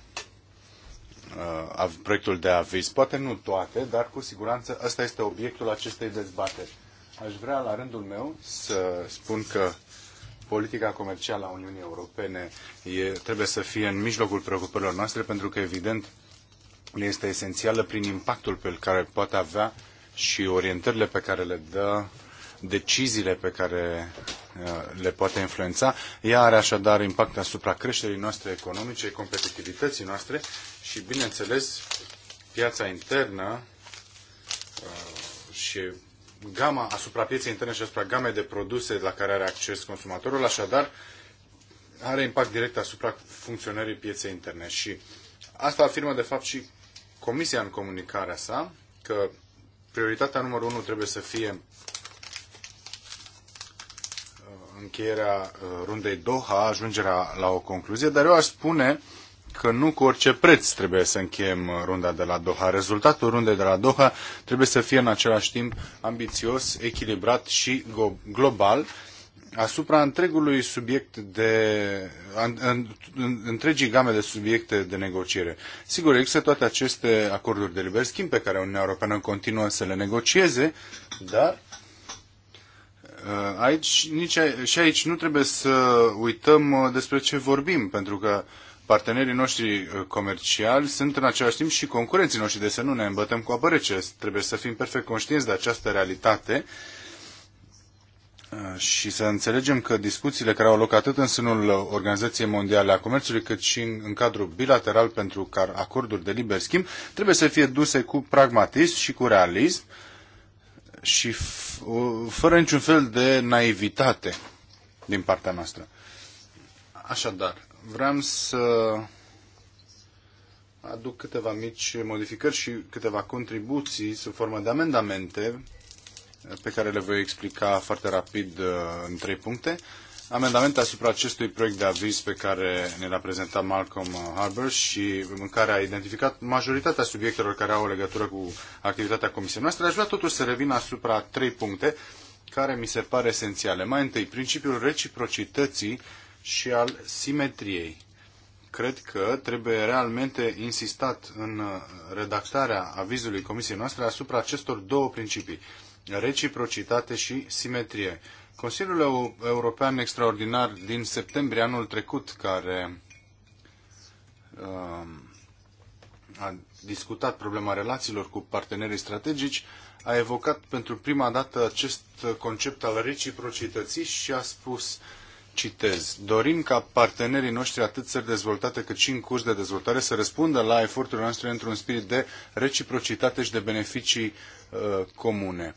uh, proiectul de aviz. Poate nu toate, dar cu siguranță ăsta este obiectul acestei dezbateri. Aș vrea la rândul meu să spun că politica comercială a Uniunii Europene e, trebuie să fie în mijlocul preocupărilor noastre, pentru că, evident, este esențială prin impactul pe care poate avea și orientările pe care le dă deciziile pe care uh, le poate influența. Ea are așadar impact asupra creșterii noastre economice, competitivității noastre și, bineînțeles, piața internă uh, și gama asupra pieței interne și asupra gamei de produse la care are acces consumatorul, așadar are impact direct asupra funcționării pieței interne. Și asta afirmă de fapt și Comisia în comunicarea sa, că prioritatea numărul unu trebuie să fie încheierea uh, rundei Doha, ajungerea la o concluzie, dar eu aș spune că nu cu orice preț trebuie să încheiem uh, runda de la Doha. Rezultatul rundei de la Doha trebuie să fie în același timp ambițios, echilibrat și global asupra întregului subiect de în, în, întregii game de subiecte de negociere. Sigur, există toate aceste acorduri de liber schimb pe care Uniunea Europeană continuă să le negocieze, dar Uh, aici, nici, și aici nu trebuie să uităm uh, despre ce vorbim, pentru că partenerii noștri uh, comerciali sunt în același timp și concurenții noștri, de să nu ne îmbătăm cu apă rece. Trebuie să fim perfect conștienți de această realitate și să înțelegem că discuțiile care au loc atât în sânul Organizației Mondiale a Comerțului, cât și în cadrul bilateral pentru acorduri de liber schimb, trebuie să fie duse cu pragmatism și cu realism, și fără niciun fel de naivitate din partea noastră. Așadar, vreau să aduc câteva mici modificări și câteva contribuții sub formă de amendamente pe care le voi explica foarte rapid uh, în trei puncte amendament asupra acestui proiect de aviz pe care ne l-a prezentat Malcolm Harbour și în care a identificat majoritatea subiectelor care au o legătură cu activitatea comisiei noastre. Aș vrea totuși să revin asupra trei puncte care mi se pare esențiale. Mai întâi, principiul reciprocității și al simetriei. Cred că trebuie realmente insistat în redactarea avizului comisiei noastre asupra acestor două principii, reciprocitate și simetrie Consiliul European Extraordinar din septembrie anul trecut, care um, a discutat problema relațiilor cu partenerii strategici, a evocat pentru prima dată acest concept al reciprocității și a spus, citez, dorim ca partenerii noștri, atât țări dezvoltate cât și în curs de dezvoltare, să răspundă la eforturile noastre într-un spirit de reciprocitate și de beneficii uh, comune.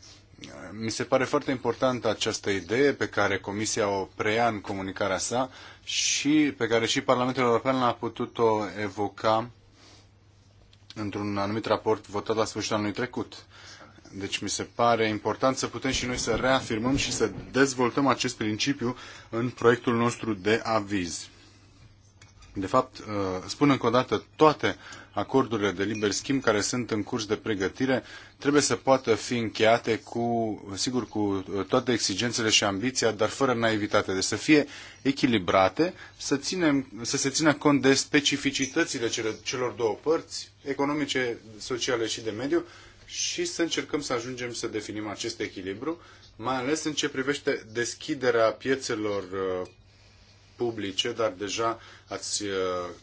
Mi se pare foarte importantă această idee pe care Comisia o preia în comunicarea sa și pe care și Parlamentul European a putut-o evoca într-un anumit raport votat la sfârșitul anului trecut. Deci mi se pare important să putem și noi să reafirmăm și să dezvoltăm acest principiu în proiectul nostru de aviz. De fapt, ă, spun încă o dată, toate acordurile de liber schimb care sunt în curs de pregătire trebuie să poată fi încheiate cu, sigur, cu uh, toate exigențele și ambiția, dar fără naivitate. Deci să fie echilibrate, să, ținem, să se țină cont de specificitățile celor două părți, economice, sociale și de mediu, și să încercăm să ajungem să definim acest echilibru, mai ales în ce privește deschiderea piețelor uh, publice, dar deja ați uh,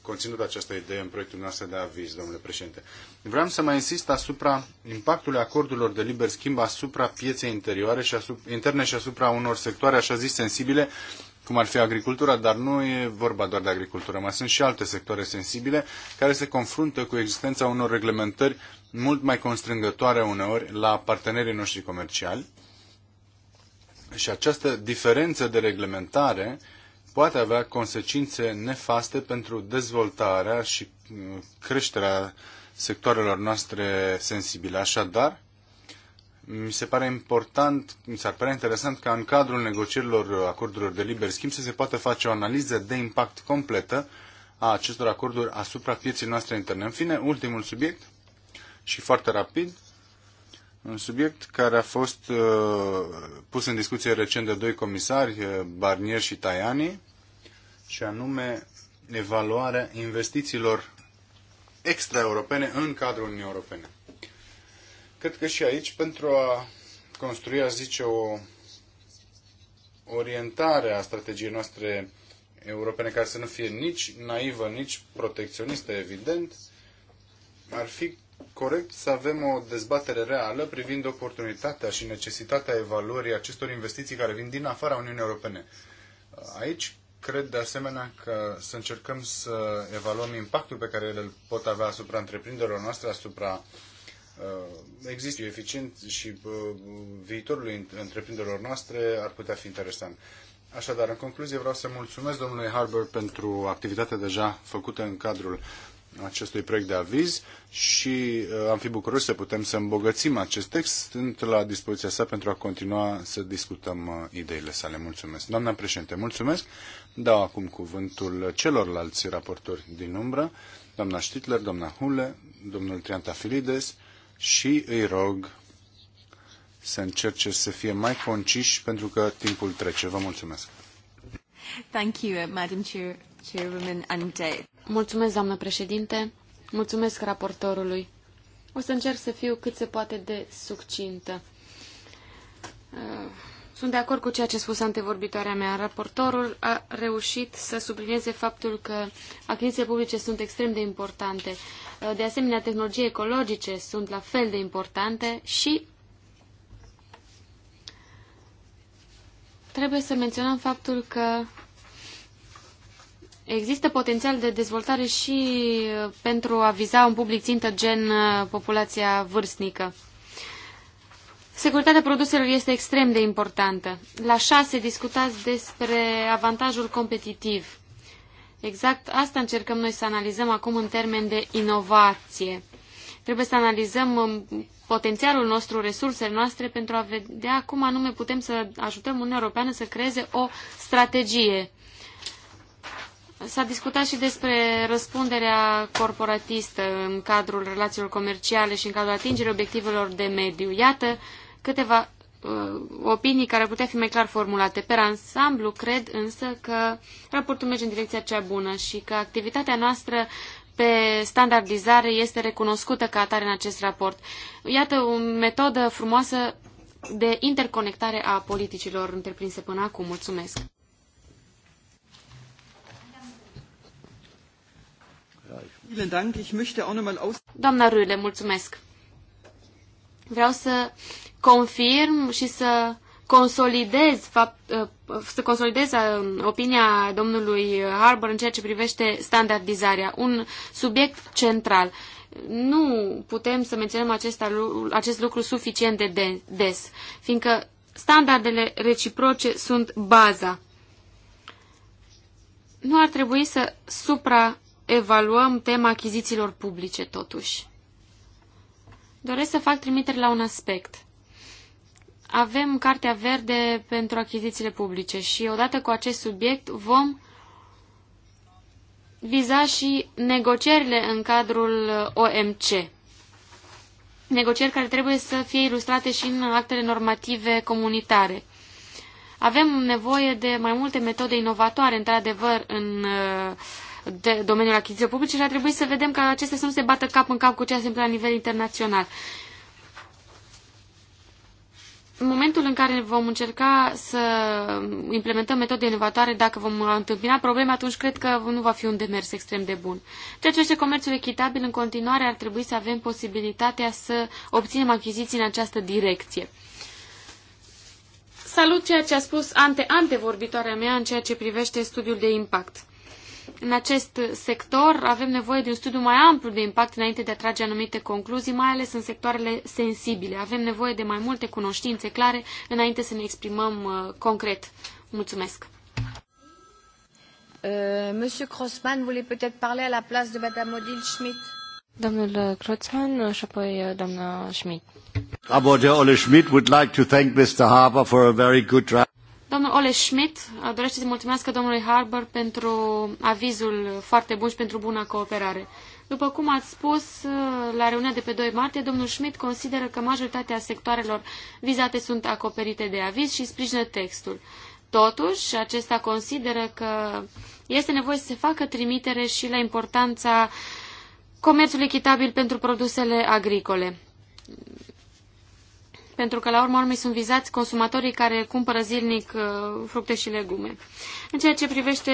conținut această idee în proiectul noastră de aviz, domnule președinte. Vreau să mai insist asupra impactului acordurilor de liber schimb asupra pieței interioare și asupra, interne și asupra unor sectoare așa zis sensibile, cum ar fi agricultura, dar nu e vorba doar de agricultură, mai sunt și alte sectoare sensibile care se confruntă cu existența unor reglementări mult mai constrângătoare uneori la partenerii noștri comerciali. Și această diferență de reglementare poate avea consecințe nefaste pentru dezvoltarea și mm, creșterea sectoarelor noastre sensibile. Așadar, mi se pare important, mi s-ar părea interesant ca în cadrul negocierilor acordurilor de liber schimb să se poată face o analiză de impact completă a acestor acorduri asupra pieței noastre interne. În fine, ultimul subiect și foarte rapid, un subiect care a fost uh, pus în discuție recent de doi comisari, uh, Barnier și Tajani, și anume evaluarea investițiilor extraeuropene în cadrul Uniunii Europene. Cred că și aici, pentru a construi, a zice, o orientare a strategiei noastre europene, care să nu fie nici naivă, nici protecționistă, evident, ar fi corect să avem o dezbatere reală privind oportunitatea și necesitatea evaluării acestor investiții care vin din afara Uniunii Europene. Aici cred de asemenea că să încercăm să evaluăm impactul pe care îl pot avea asupra întreprinderilor noastre, asupra uh, există eficient și uh, viitorului întreprinderilor noastre ar putea fi interesant. Așadar, în concluzie, vreau să mulțumesc domnului Harbour pentru activitatea deja făcută în cadrul acestui proiect de aviz și uh, am fi bucuroși să putem să îmbogățim acest text. Sunt la dispoziția sa pentru a continua să discutăm uh, ideile sale. Mulțumesc. Doamna președinte, mulțumesc. Dau acum cuvântul celorlalți raportori din umbră, doamna Stitler, doamna Hule, domnul Triantafilides și îi rog să încerce să fie mai conciși pentru că timpul trece. Vă mulțumesc. Thank you, uh, Madam Chair. Mulțumesc, doamnă președinte. Mulțumesc raportorului. O să încerc să fiu cât se poate de succintă. Uh, sunt de acord cu ceea ce a spus antevorbitoarea mea. Raportorul a reușit să sublinieze faptul că achizițiile publice sunt extrem de importante. Uh, de asemenea, tehnologii ecologice sunt la fel de importante și trebuie să menționăm faptul că Există potențial de dezvoltare și uh, pentru a viza un public țintă gen uh, populația vârstnică. Securitatea produselor este extrem de importantă. La șase discutați despre avantajul competitiv. Exact asta încercăm noi să analizăm acum în termen de inovație. Trebuie să analizăm um, potențialul nostru, resursele noastre, pentru a vedea cum anume putem să ajutăm Uniunea Europeană să creeze o strategie S-a discutat și despre răspunderea corporatistă în cadrul relațiilor comerciale și în cadrul atingerii obiectivelor de mediu. Iată câteva uh, opinii care ar putea fi mai clar formulate. Per ansamblu, cred însă că raportul merge în direcția cea bună și că activitatea noastră pe standardizare este recunoscută ca atare în acest raport. Iată o metodă frumoasă de interconectare a politicilor întreprinse până acum. Mulțumesc! Doamna Râle, mulțumesc. Vreau să confirm și să consolidez, fapt, uh, să consolidez uh, opinia domnului Harbour în ceea ce privește standardizarea, un subiect central. Nu putem să menționăm acest, acest lucru suficient de des, fiindcă standardele reciproce sunt baza. Nu ar trebui să supra evaluăm tema achizițiilor publice, totuși. Doresc să fac trimitere la un aspect. Avem Cartea Verde pentru achizițiile publice și odată cu acest subiect vom viza și negocierile în cadrul OMC. Negocieri care trebuie să fie ilustrate și în actele normative comunitare. Avem nevoie de mai multe metode inovatoare, într-adevăr, în uh, de domeniul achiziției publice și ar trebui să vedem că acestea să nu se bată cap în cap cu ce se întâmplă la nivel internațional. În momentul în care vom încerca să implementăm metode inovatoare, dacă vom întâmpina probleme, atunci cred că nu va fi un demers extrem de bun. Ceea ce este comerțul echitabil, în continuare ar trebui să avem posibilitatea să obținem achiziții în această direcție. Salut ceea ce a spus ante vorbitoarea mea în ceea ce privește studiul de impact. În acest sector avem nevoie de un studiu mai amplu de impact înainte de a trage anumite concluzii, mai ales în sectoarele sensibile. Avem nevoie de mai multe cunoștințe clare înainte să ne exprimăm uh, concret. Mulțumesc! Uh, Monsieur Crossman voulait peut-être parler à la place de Madame Odile Schmidt. Domnul Croțan și apoi uh, doamna Schmidt. Raporteur Ole Schmidt would like to thank Mr. Harbour for a very good draft. Domnul Ole Schmidt uh, dorește să mulțumesc domnului Harbour pentru avizul foarte bun și pentru buna cooperare. După cum ați spus uh, la reuniunea de pe 2 martie, domnul Schmidt consideră că majoritatea sectoarelor vizate sunt acoperite de aviz și sprijină textul. Totuși, acesta consideră că este nevoie să se facă trimitere și la importanța comerțului echitabil pentru produsele agricole pentru că la urma urmei sunt vizați consumatorii care cumpără zilnic uh, fructe și legume. În ceea ce privește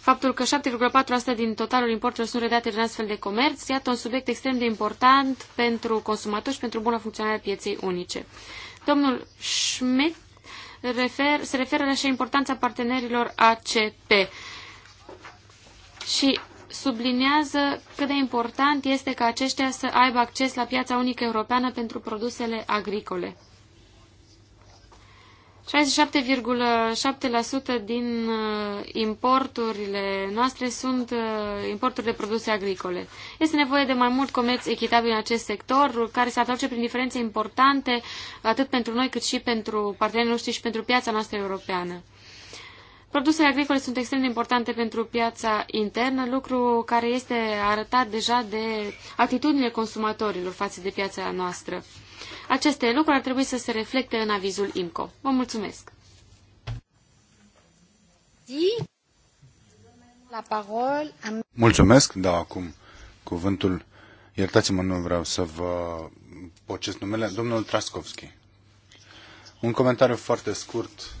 faptul că 7,4% din totalul importurilor sunt redate din astfel de comerț, iată un subiect extrem de important pentru consumatori și pentru buna funcționare a pieței unice. Domnul Schmidt refer, se referă la și importanța partenerilor ACP. Și subliniază cât de important este ca aceștia să aibă acces la piața unică europeană pentru produsele agricole. 67,7% din uh, importurile noastre sunt uh, importuri de produse agricole. Este nevoie de mai mult comerț echitabil în acest sector, care se atrage prin diferențe importante atât pentru noi cât și pentru partenerii noștri și pentru piața noastră europeană. Produsele agricole sunt extrem de importante pentru piața internă, lucru care este arătat deja de atitudinile consumatorilor față de piața noastră. Aceste lucruri ar trebui să se reflecte în avizul IMCO. Vă mulțumesc! La Mulțumesc, da, acum cuvântul. Iertați-mă, nu vreau să vă pocesc numele. Domnul Traskovski. Un comentariu foarte scurt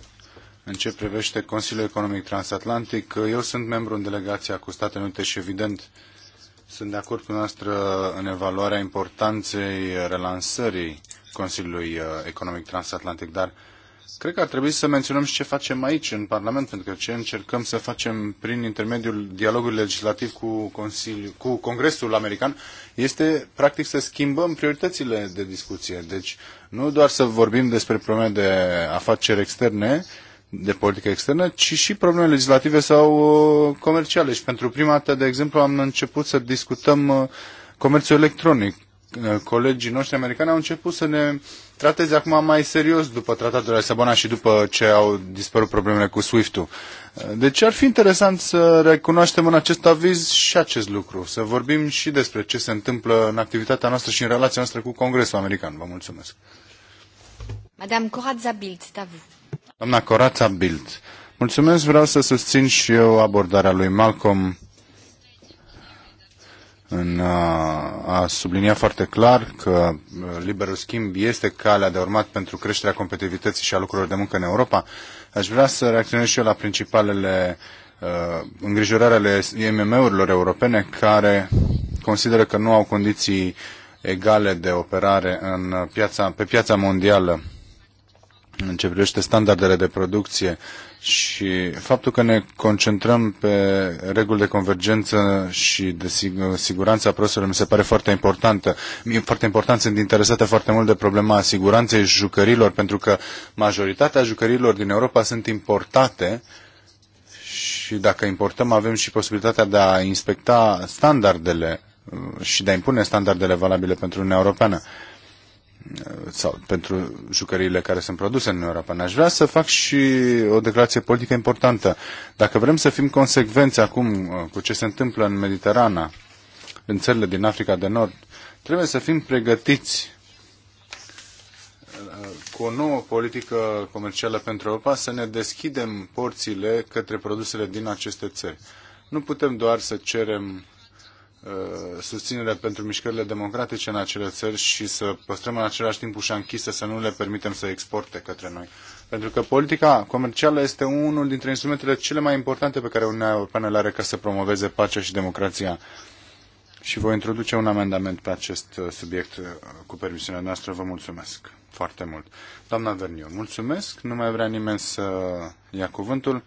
în ce privește Consiliul Economic Transatlantic. Eu sunt membru în delegația cu Statele Unite și, evident, sunt de acord cu noastră în evaluarea importanței relansării Consiliului uh, Economic Transatlantic, dar cred că ar trebui să menționăm și ce facem aici, în Parlament, pentru că ce încercăm să facem prin intermediul dialogului legislativ cu, Consiliu, cu Congresul American este, practic, să schimbăm prioritățile de discuție. Deci, nu doar să vorbim despre probleme de afaceri externe, de politică externă, ci și probleme legislative sau uh, comerciale. Și pentru prima dată, de exemplu, am început să discutăm uh, comerțul electronic. Uh, colegii noștri americani au început să ne trateze acum mai serios după tratatul de la Sabona și după ce au dispărut problemele cu SWIFT-ul. Deci ar fi interesant să recunoaștem în acest aviz și acest lucru, să vorbim și despre ce se întâmplă în activitatea noastră și în relația noastră cu Congresul American. Vă mulțumesc. Madame Corazza Bild, c'est à vous. Doamna Corața Bild. Mulțumesc, vreau să susțin și eu abordarea lui Malcolm în a sublinia foarte clar că liberul schimb este calea de urmat pentru creșterea competitivității și a lucrurilor de muncă în Europa. Aș vrea să reacționez și eu la principalele uh, îngrijorări ale IMM-urilor europene care consideră că nu au condiții egale de operare în piața, pe piața mondială în ce privește standardele de producție și faptul că ne concentrăm pe reguli de convergență și de a produselor mi se pare foarte importantă. foarte important, sunt interesată foarte mult de problema siguranței jucărilor, pentru că majoritatea jucărilor din Europa sunt importate și dacă importăm avem și posibilitatea de a inspecta standardele uh, și de a impune standardele valabile pentru Uniunea Europeană sau pentru jucăriile care sunt produse în Europa. n Aș vrea să fac și o declarație politică importantă. Dacă vrem să fim consecvenți acum uh, cu ce se întâmplă în Mediterana, în țările din Africa de Nord, trebuie să fim pregătiți uh, cu o nouă politică comercială pentru Europa să ne deschidem porțile către produsele din aceste țări. Nu putem doar să cerem Uh, susținere pentru mișcările democratice în acele țări și să păstrăm în același timp ușa închisă, să nu le permitem să exporte către noi. Pentru că politica comercială este unul dintre instrumentele cele mai importante pe care Uniunea Europeană le are ca să promoveze pacea și democrația. Și voi introduce un amendament pe acest uh, subiect uh, cu permisiunea noastră. Vă mulțumesc foarte mult. Doamna Verniu, mulțumesc. Nu mai vrea nimeni să ia cuvântul.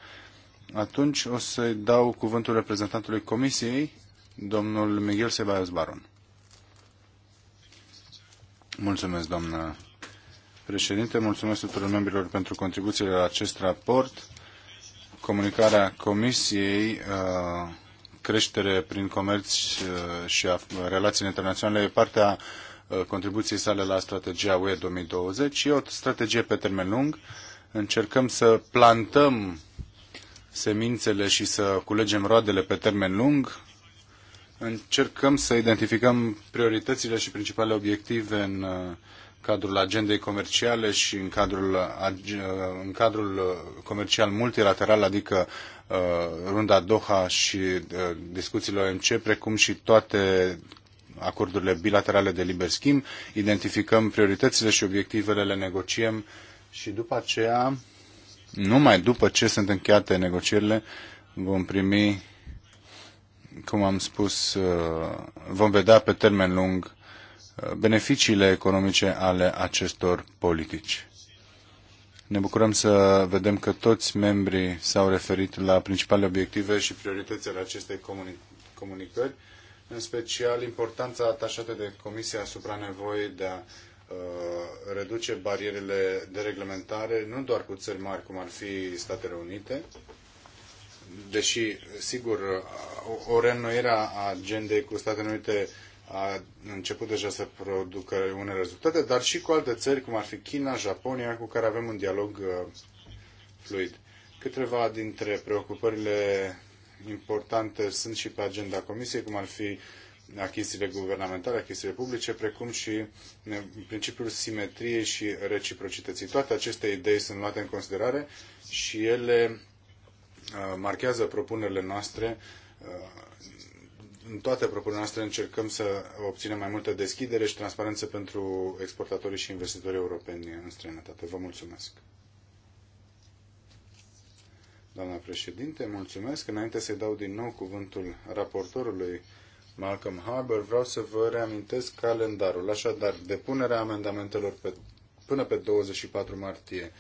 Atunci o să-i dau cuvântul reprezentantului Comisiei Domnul Miguel Sebaios Baron. Mulțumesc, doamnă președinte. Mulțumesc tuturor membrilor pentru contribuțiile la acest raport. Comunicarea Comisiei uh, creștere prin comerț uh, și relații internaționale e partea uh, contribuției sale la strategia UE 2020. E o strategie pe termen lung. Încercăm să plantăm semințele și să culegem roadele pe termen lung încercăm să identificăm prioritățile și principalele obiective în uh, cadrul agendei comerciale și în cadrul, uh, uh, în cadrul comercial multilateral, adică runda Doha și discuțiile OMC, precum și toate acordurile bilaterale de liber schimb, identificăm prioritățile și obiectivele, le negociem și după aceea, numai după ce sunt încheiate negocierile, vom primi cum am spus, uh, vom vedea pe termen lung uh, beneficiile economice ale acestor politici. Ne bucurăm să vedem că toți membrii s-au referit la principalele obiective și prioritățile acestei comuni comunicări, în special importanța atașată de Comisia asupra nevoii de a uh, reduce barierele de reglementare, nu doar cu țări mari, cum ar fi Statele Unite, deși, sigur, o reînnoire a agendei cu Statele Unite a început deja să producă unele rezultate, dar și cu alte țări, cum ar fi China, Japonia, cu care avem un dialog uh, fluid. Câteva dintre preocupările importante sunt și pe agenda Comisiei, cum ar fi achizițiile guvernamentale, achizițiile publice, precum și principiul simetriei și reciprocității. Toate aceste idei sunt luate în considerare și ele Uh, marchează propunerile noastre. Uh, în toate propunerile noastre încercăm să obținem mai multă deschidere și transparență pentru exportatorii și investitorii europeni în străinătate. Vă mulțumesc! Doamna președinte, mulțumesc. Înainte să-i dau din nou cuvântul raportorului Malcolm Harbour, vreau să vă reamintesc calendarul. Așadar, depunerea amendamentelor pe, până pe 24 martie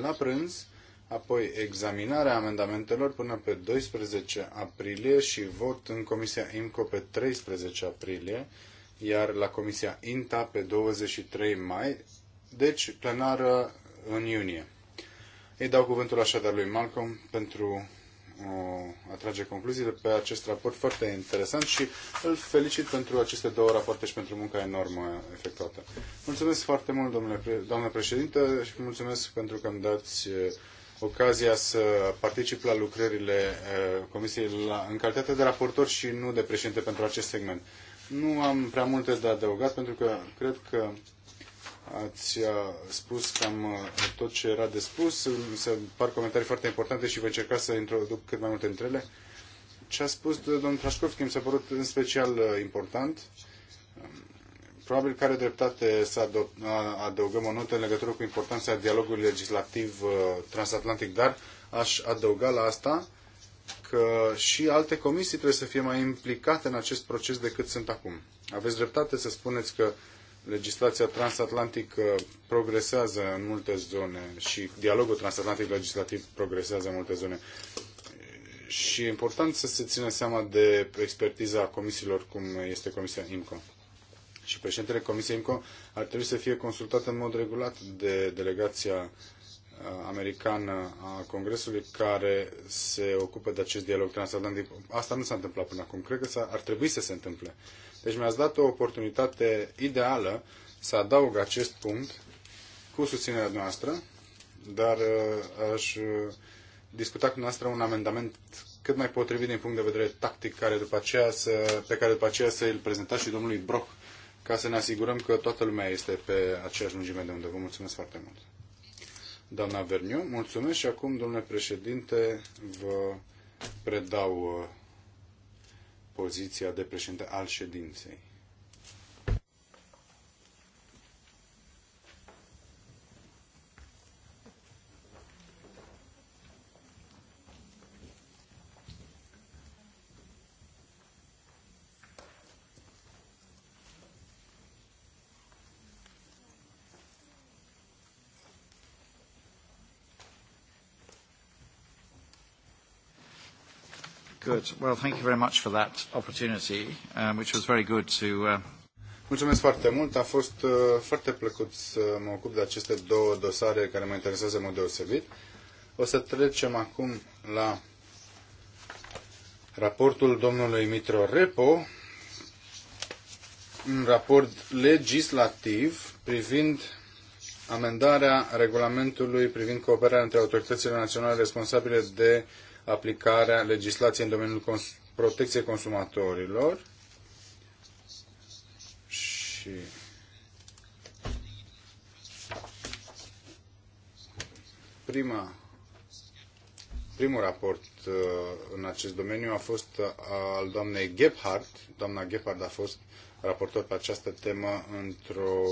la prânz, apoi examinarea amendamentelor până pe 12 aprilie și vot în Comisia IMCO pe 13 aprilie, iar la Comisia INTA pe 23 mai, deci plenară în iunie. Îi dau cuvântul așadar lui Malcolm pentru a trage concluziile pe acest raport foarte interesant și îl felicit pentru aceste două rapoarte și pentru munca enormă efectuată. Mulțumesc foarte mult, domnule, doamnă președintă, și mulțumesc pentru că îmi dați ocazia să particip la lucrările eh, Comisiei la, în calitate de raportor și nu de președinte pentru acest segment. Nu am prea multe de adăugat pentru că cred că ați eh, spus cam eh, tot ce era de spus. Se par comentarii foarte importante și voi încerca să introduc cât mai multe dintre ele. Ce a spus domnul Trașcovski mi s-a părut în special important. Uh, Probabil că are dreptate să adăugăm o notă în legătură cu importanța dialogului legislativ uh, transatlantic, dar aș adăuga la asta că și alte comisii trebuie să fie mai implicate în acest proces decât sunt acum. Aveți dreptate să spuneți că legislația transatlantică progresează în multe zone și dialogul transatlantic legislativ progresează în multe zone. Și e important să se țină seama de expertiza comisiilor cum este Comisia IMCO și președintele Comisiei IMCO ar trebui să fie consultat în mod regulat de delegația uh, americană a Congresului care se ocupă de acest dialog transatlantic. Asta nu s-a întâmplat până acum. Cred că ar trebui să se întâmple. Deci mi-ați dat o oportunitate ideală să adaug acest punct cu susținerea noastră, dar uh, aș uh, discuta cu noastră un amendament cât mai potrivit din punct de vedere tactic care după aceea să, pe care după aceea să îl prezentați și domnului Brock ca să ne asigurăm că toată lumea este pe aceeași lungime de undă. Vă mulțumesc foarte mult. Doamna Verniu, mulțumesc și acum, domnule președinte, vă predau uh, poziția de președinte al ședinței. Good. Well, thank you very much for that opportunity, um, which was very good to... Uh... Mulțumesc foarte mult. A fost uh, foarte plăcut să mă ocup de aceste două dosare care mă interesează în mod deosebit. O să trecem acum la raportul domnului Mitro Repo, un raport legislativ privind amendarea regulamentului privind cooperarea între autoritățile naționale responsabile de uh, aplicarea legislației în domeniul cons- protecției consumatorilor și prima primul raport uh, în acest domeniu a fost uh, al doamnei Gebhardt. Doamna Gebhardt a fost raportor pe această temă într-o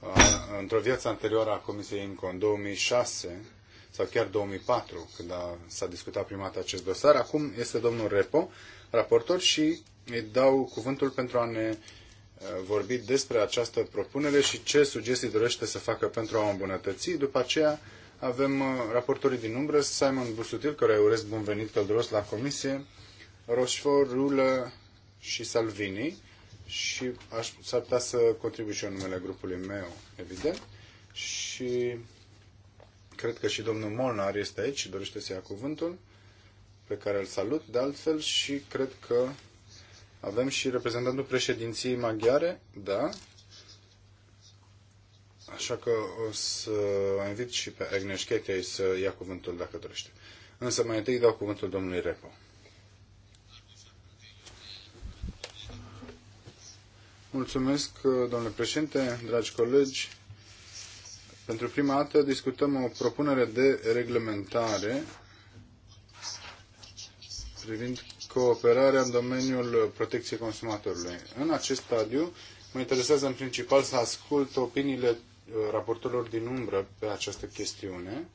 uh, într-o viață anterioară a Comisiei INCO în 2006 sau chiar 2004, când a, s-a discutat prima dată acest dosar. Acum este domnul Repo, raportor, și îi dau cuvântul pentru a ne vorbi despre această propunere și ce sugestii dorește să facă pentru a o îmbunătăți. După aceea avem raportorii din umbră, Simon Busutil, care îi urez bun venit călduros la comisie, Roșfor, Rulă și Salvini și aș, s-ar putea să contribui și eu numele grupului meu, evident. Și Cred că și domnul Molnar este aici și dorește să ia cuvântul, pe care îl salut de altfel și cred că avem și reprezentantul președinției maghiare, da? Așa că o să invit și pe Agnes Chetei să ia cuvântul dacă dorește. Însă mai întâi dau cuvântul domnului Repo. Mulțumesc, domnule președinte, dragi colegi. Pentru prima dată discutăm o propunere de reglementare privind cooperarea în domeniul protecției consumatorului. În acest stadiu, mă interesează în principal să ascult opiniile uh, raportorilor din umbră pe această chestiune.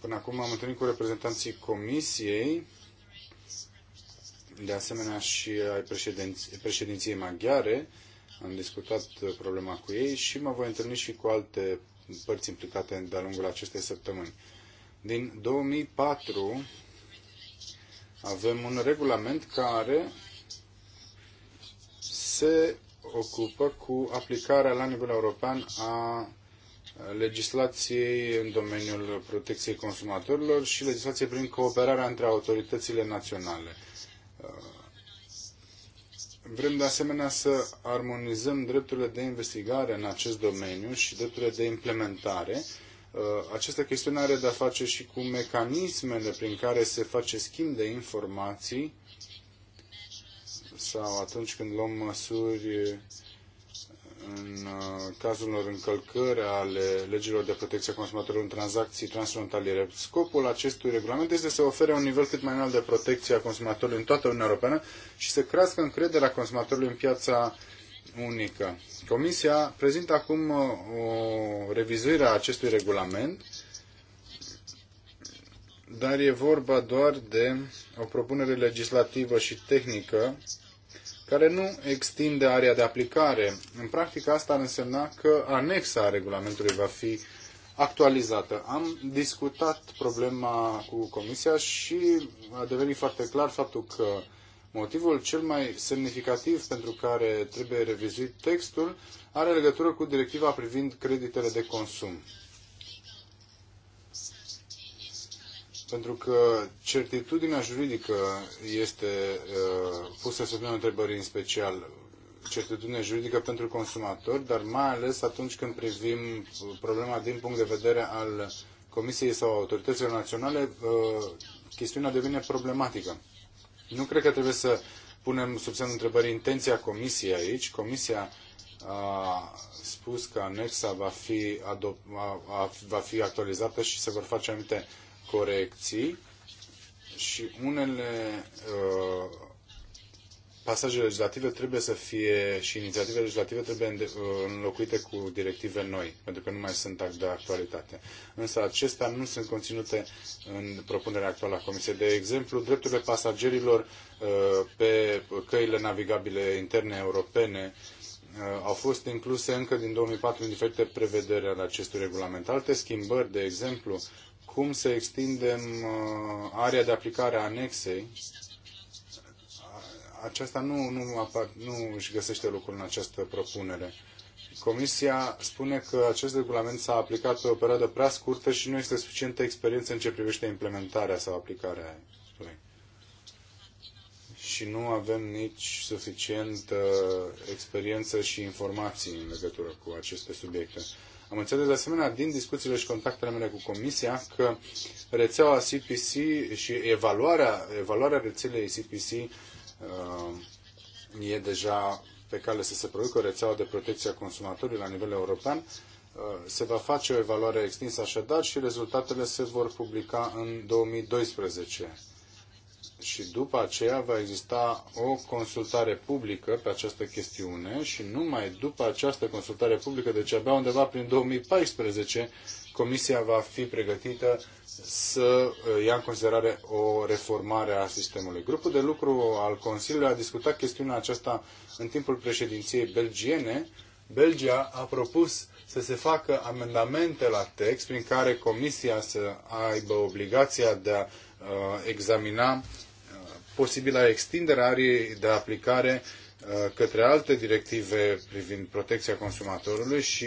Până acum am întâlnit cu reprezentanții Comisiei, de asemenea și ai președinției maghiare, am discutat problema cu ei și mă voi întâlni și cu alte părți implicate de-a lungul acestei săptămâni. Din 2004 avem un regulament care se ocupă cu aplicarea la nivel european a legislației în domeniul protecției consumatorilor și legislației prin cooperarea între autoritățile naționale. Vrem de asemenea să armonizăm drepturile de investigare în acest domeniu și drepturile de implementare. Uh, această chestiune are de-a face și cu mecanismele prin care se face schimb de informații sau atunci când luăm măsuri în uh, cazul unor încălcări ale legilor de protecție a consumatorilor în tranzacții transfrontaliere. Scopul acestui regulament este să ofere un nivel cât mai înalt de protecție a consumatorului în toată Uniunea Europeană și să crească încrederea consumatorului în piața unică. Comisia prezintă acum uh, o revizuire a acestui regulament, dar e vorba doar de o propunere legislativă și tehnică care nu extinde area de aplicare. În practică asta ar însemna că anexa a regulamentului va fi actualizată. Am discutat problema cu Comisia și a devenit foarte clar faptul că motivul cel mai semnificativ pentru care trebuie revizuit textul are legătură cu directiva privind creditele de consum. Pentru că certitudinea juridică este uh, pusă sub semnul întrebării în special certitudinea juridică pentru consumatori, dar mai ales atunci când privim problema din punct de vedere al Comisiei sau autorităților naționale, uh, chestiunea devine problematică. Nu cred că trebuie să punem sub semnul întrebării intenția Comisiei aici. Comisia a spus că anexa va fi, adop- a, a, va fi actualizată și se vor face anumite corecții și unele uh, pasaje legislative trebuie să fie și inițiative legislative trebuie uh, înlocuite cu directive noi, pentru că nu mai sunt de actualitate. Însă acestea nu sunt conținute în propunerea actuală a Comisiei. De exemplu, drepturile pasagerilor uh, pe căile navigabile interne europene uh, au fost incluse încă din 2004 în diferite prevederi ale acestui regulament. Alte schimbări, de exemplu, cum să extindem uh, area de aplicare a anexei. Aceasta nu, nu, apar, nu își găsește locul în această propunere. Comisia spune că acest regulament s-a aplicat pe o perioadă prea scurtă și nu este suficientă experiență în ce privește implementarea sau aplicarea lui. Și nu avem nici suficientă experiență și informații în legătură cu aceste subiecte. Am înțeles de asemenea din discuțiile și contactele mele cu Comisia că rețeaua CPC și evaluarea, evaluarea rețelei CPC uh, e deja pe cale să se producă o rețeaua de protecție a consumatorului la nivel european. Uh, se va face o evaluare extinsă așadar și rezultatele se vor publica în 2012 și după aceea va exista o consultare publică pe această chestiune și numai după această consultare publică, deci abia undeva prin 2014, Comisia va fi pregătită să uh, ia în considerare o reformare a sistemului. Grupul de lucru al Consiliului a discutat chestiunea aceasta în timpul președinției belgiene. Belgia a propus să se facă amendamente la text prin care Comisia să aibă obligația de a uh, examina posibilă extindere a ariei de aplicare uh, către alte directive privind protecția consumatorului și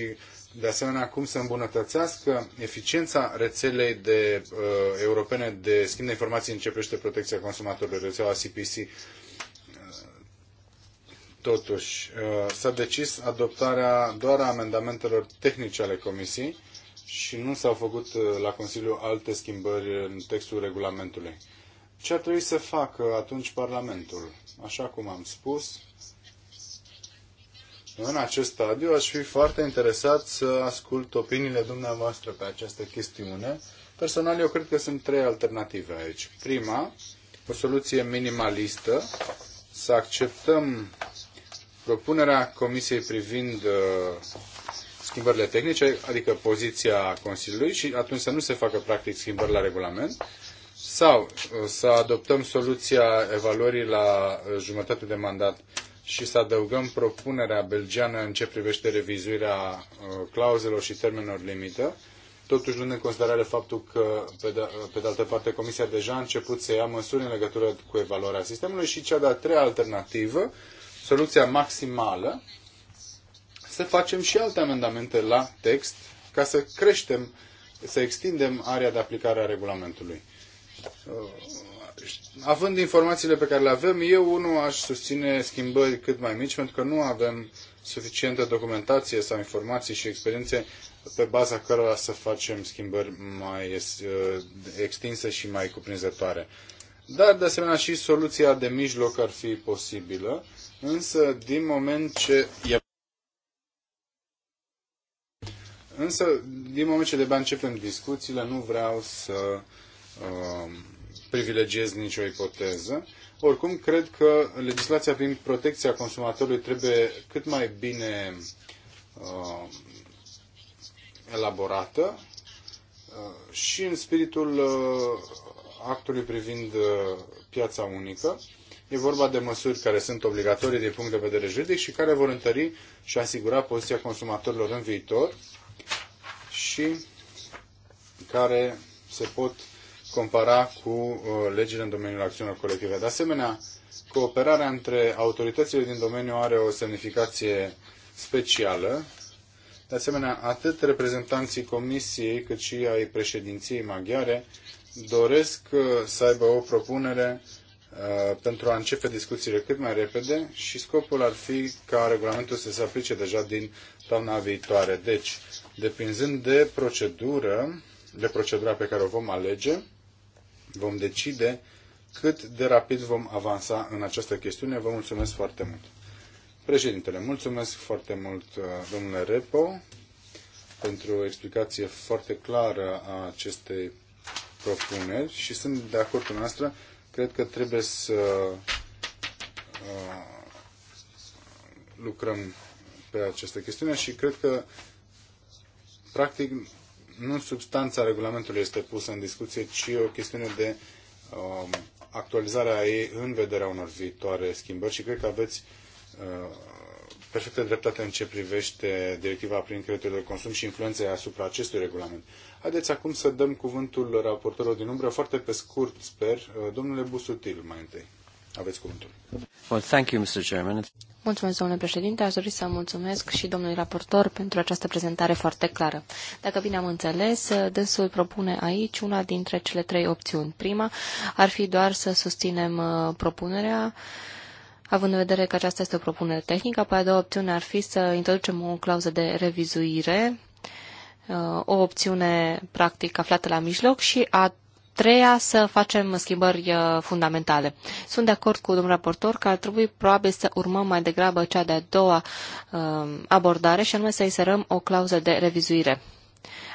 de asemenea cum să îmbunătățească eficiența rețelei de, uh, europene de schimb de informații în ce privește protecția consumatorului, rețeaua CPC. Uh, totuși, uh, s-a decis adoptarea doar a amendamentelor tehnice ale Comisiei și nu s-au făcut uh, la Consiliu alte schimbări în textul regulamentului. Ce ar trebui să facă atunci Parlamentul? Așa cum am spus, în acest stadiu aș fi foarte interesat să ascult opiniile dumneavoastră pe această chestiune. Personal, eu cred că sunt trei alternative aici. Prima, o soluție minimalistă, să acceptăm propunerea Comisiei privind uh, schimbările tehnice, adică poziția Consiliului și atunci să nu se facă practic schimbări la regulament sau uh, să adoptăm soluția evaluării la uh, jumătate de mandat și să adăugăm propunerea belgiană în ce privește revizuirea uh, clauzelor și termenelor limită, totuși luând în considerare faptul că, pe de, pe de altă parte, Comisia deja a început să ia măsuri în legătură cu evaluarea sistemului și cea de-a treia alternativă, soluția maximală, să facem și alte amendamente la text ca să creștem, să extindem area de aplicare a regulamentului. Uh, având informațiile pe care le avem, eu unul aș susține schimbări cât mai mici, pentru că nu avem suficientă documentație sau informații și experiențe pe baza cărora să facem schimbări mai uh, extinse și mai cuprinzătoare. Dar, de asemenea, și soluția de mijloc ar fi posibilă, însă, din moment ce e Însă, din moment ce de începem discuțiile, nu vreau să Um, privilegiez nicio ipoteză. Oricum, cred că legislația privind protecția consumatorului trebuie cât mai bine uh, elaborată uh, și în spiritul uh, actului privind uh, piața unică. E vorba de măsuri care sunt obligatorii din punct de vedere juridic și care vor întări și asigura poziția consumatorilor în viitor și care se pot compara cu uh, legile în domeniul acțiunilor colective. De asemenea, cooperarea între autoritățile din domeniu are o semnificație specială. De asemenea, atât reprezentanții Comisiei cât și ai președinției maghiare doresc uh, să aibă o propunere uh, pentru a începe discuțiile cât mai repede și scopul ar fi ca regulamentul să se aplice deja din toamna viitoare. Deci, depinzând de procedură, de procedura pe care o vom alege, vom decide cât de rapid vom avansa în această chestiune. Vă mulțumesc foarte mult. Președintele, mulțumesc foarte mult, uh, domnule Repo, pentru o explicație foarte clară a acestei propuneri și sunt de acord cu noastră. Cred că trebuie să uh, lucrăm pe această chestiune și cred că practic nu substanța regulamentului este pusă în discuție, ci o chestiune de um, actualizare a ei în vederea unor viitoare schimbări și cred că aveți uh, perfectă dreptate în ce privește directiva prin creditul de consum și influența asupra acestui regulament. Haideți acum să dăm cuvântul raportorului din umbră, foarte pe scurt, sper, uh, domnule Busutil mai întâi. Aveți cuvântul. Well, thank you, Mr. Chairman. Mulțumesc, domnule președinte. Aș dori să mulțumesc și domnului raportor pentru această prezentare foarte clară. Dacă bine am înțeles, dânsul propune aici una dintre cele trei opțiuni. Prima ar fi doar să susținem uh, propunerea având în vedere că aceasta este o propunere tehnică, apoi a doua opțiune ar fi să introducem o clauză de revizuire uh, o opțiune practic aflată la mijloc și a treia să facem schimbări uh, fundamentale. Sunt de acord cu domnul raportor că ar trebui probabil să urmăm mai degrabă cea de-a doua um, abordare și anume să inserăm o clauză de revizuire.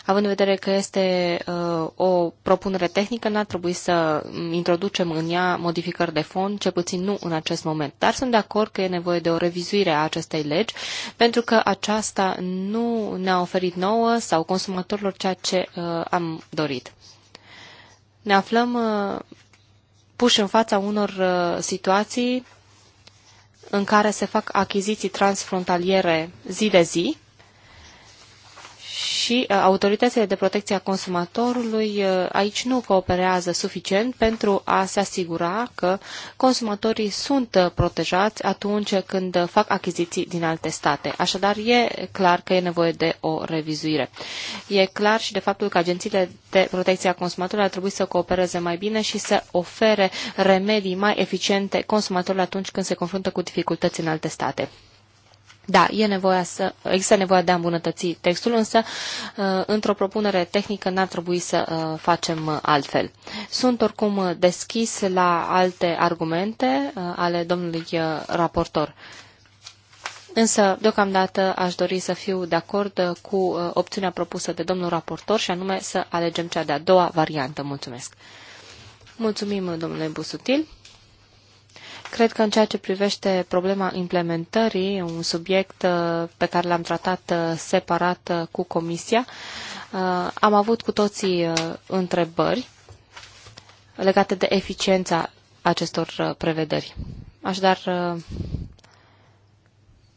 Având în vedere că este uh, o propunere tehnică, n-ar trebui să introducem în ea modificări de fond, ce puțin nu în acest moment. Dar sunt de acord că e nevoie de o revizuire a acestei legi, pentru că aceasta nu ne-a oferit nouă sau consumatorilor ceea ce uh, am dorit. Ne aflăm uh, puși în fața unor uh, situații în care se fac achiziții transfrontaliere zi de zi și uh, autoritățile de protecție a consumatorului uh, aici nu cooperează suficient pentru a se asigura că consumatorii sunt uh, protejați atunci când fac achiziții din alte state. Așadar, e clar că e nevoie de o revizuire. E clar și de faptul că agențiile de protecție a consumatorului ar trebui să coopereze mai bine și să ofere remedii mai eficiente consumatorilor atunci când se confruntă cu dificultăți în alte state. Da, e nevoia să, există nevoia de a îmbunătăți textul, însă uh, într-o propunere tehnică n-ar trebui să uh, facem altfel. Sunt oricum deschis la alte argumente uh, ale domnului raportor. Însă, deocamdată, aș dori să fiu de acord cu opțiunea propusă de domnul raportor și anume să alegem cea de-a doua variantă. Mulțumesc! Mulțumim, domnule Busutil! Cred că în ceea ce privește problema implementării, un subiect uh, pe care l-am tratat uh, separat uh, cu Comisia, am avut cu toții întrebări legate de eficiența acestor prevederi. Așadar,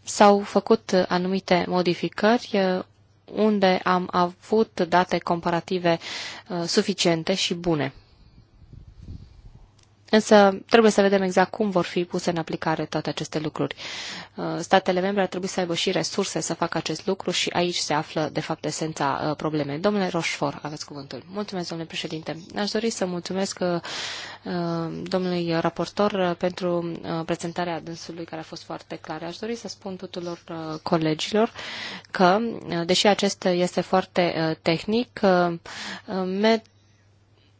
s-au făcut anumite modificări unde am avut date comparative suficiente și bune. Însă trebuie să vedem exact cum vor fi puse în aplicare toate aceste lucruri. Uh, statele membre ar trebui să aibă și resurse să facă acest lucru și aici se află, de fapt, esența uh, problemei. Domnule Roșfor, aveți cuvântul. Mulțumesc, domnule președinte. Aș dori să mulțumesc uh, domnului raportor pentru prezentarea dânsului care a fost foarte clară. Aș dori să spun tuturor colegilor că, deși acest este foarte tehnic, met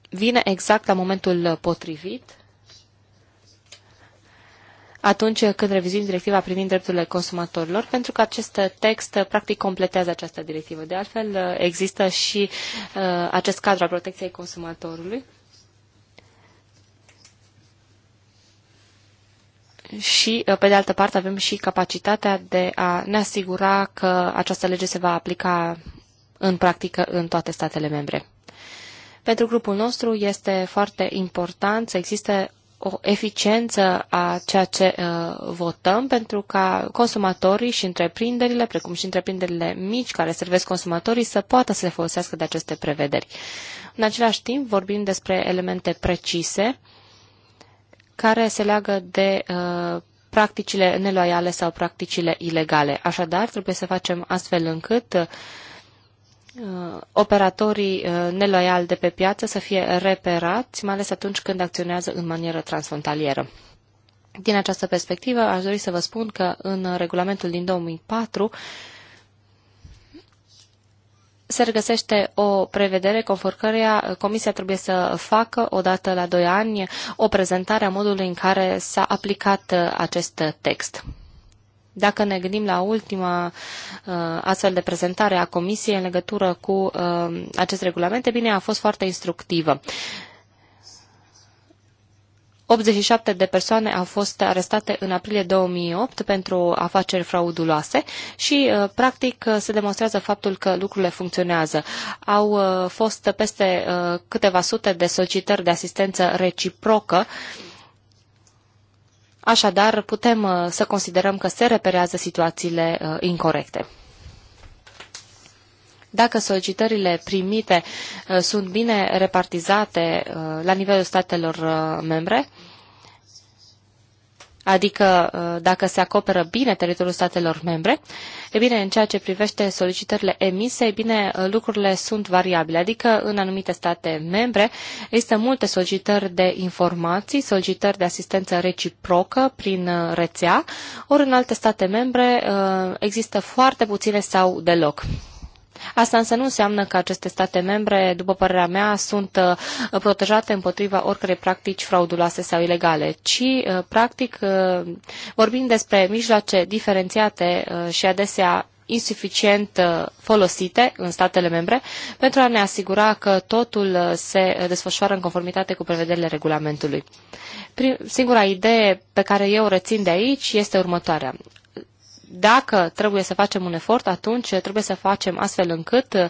vine exact la momentul potrivit, atunci când revizuim directiva privind drepturile consumatorilor, pentru că acest text practic completează această directivă. De altfel, există și uh, acest cadru al protecției consumatorului. Și, uh, pe de altă parte, avem și capacitatea de a ne asigura că această lege se va aplica în practică în toate statele membre. Pentru grupul nostru este foarte important să existe o eficiență a ceea ce uh, votăm pentru ca consumatorii și întreprinderile, precum și întreprinderile mici care servesc consumatorii, să poată să se folosească de aceste prevederi. În același timp, vorbim despre elemente precise care se leagă de uh, practicile neloiale sau practicile ilegale. Așadar, trebuie să facem astfel încât uh, Uh, operatorii uh, neloiali de pe piață să fie reperați, mai ales atunci când acționează în manieră transfrontalieră. Din această perspectivă, aș dori să vă spun că în regulamentul din 2004 se regăsește o prevedere conform căreia Comisia trebuie să facă, odată la doi ani, o prezentare a modului în care s-a aplicat uh, acest text. Dacă ne gândim la ultima uh, astfel de prezentare a Comisiei în legătură cu uh, acest regulament, e bine, a fost foarte instructivă. 87 de persoane au fost arestate în aprilie 2008 pentru afaceri frauduloase și, uh, practic, uh, se demonstrează faptul că lucrurile funcționează. Au uh, fost peste câteva sute de solicitări de asistență reciprocă uh, Așadar, putem uh, să considerăm că se reperează situațiile uh, incorrecte. Dacă solicitările primite uh, sunt bine repartizate la nivelul statelor membre, adică dacă se acoperă bine teritoriul statelor membre, E bine, în ceea ce privește solicitările emise, e bine, lucrurile sunt variabile, adică în anumite state membre există multe solicitări de informații, solicitări de asistență reciprocă prin uh, rețea, ori în alte state membre uh, există foarte puține sau deloc. Asta însă nu înseamnă că aceste state membre, după părerea mea, sunt uh, protejate împotriva oricărei practici frauduloase sau ilegale, ci, uh, practic, uh, vorbim despre mijloace diferențiate și adesea insuficient folosite în statele membre pentru a ne asigura că totul se desfășoară în conformitate cu prevederile regulamentului. Singura idee pe care eu o rețin de aici este următoarea dacă trebuie să facem un efort, atunci trebuie să facem astfel încât uh,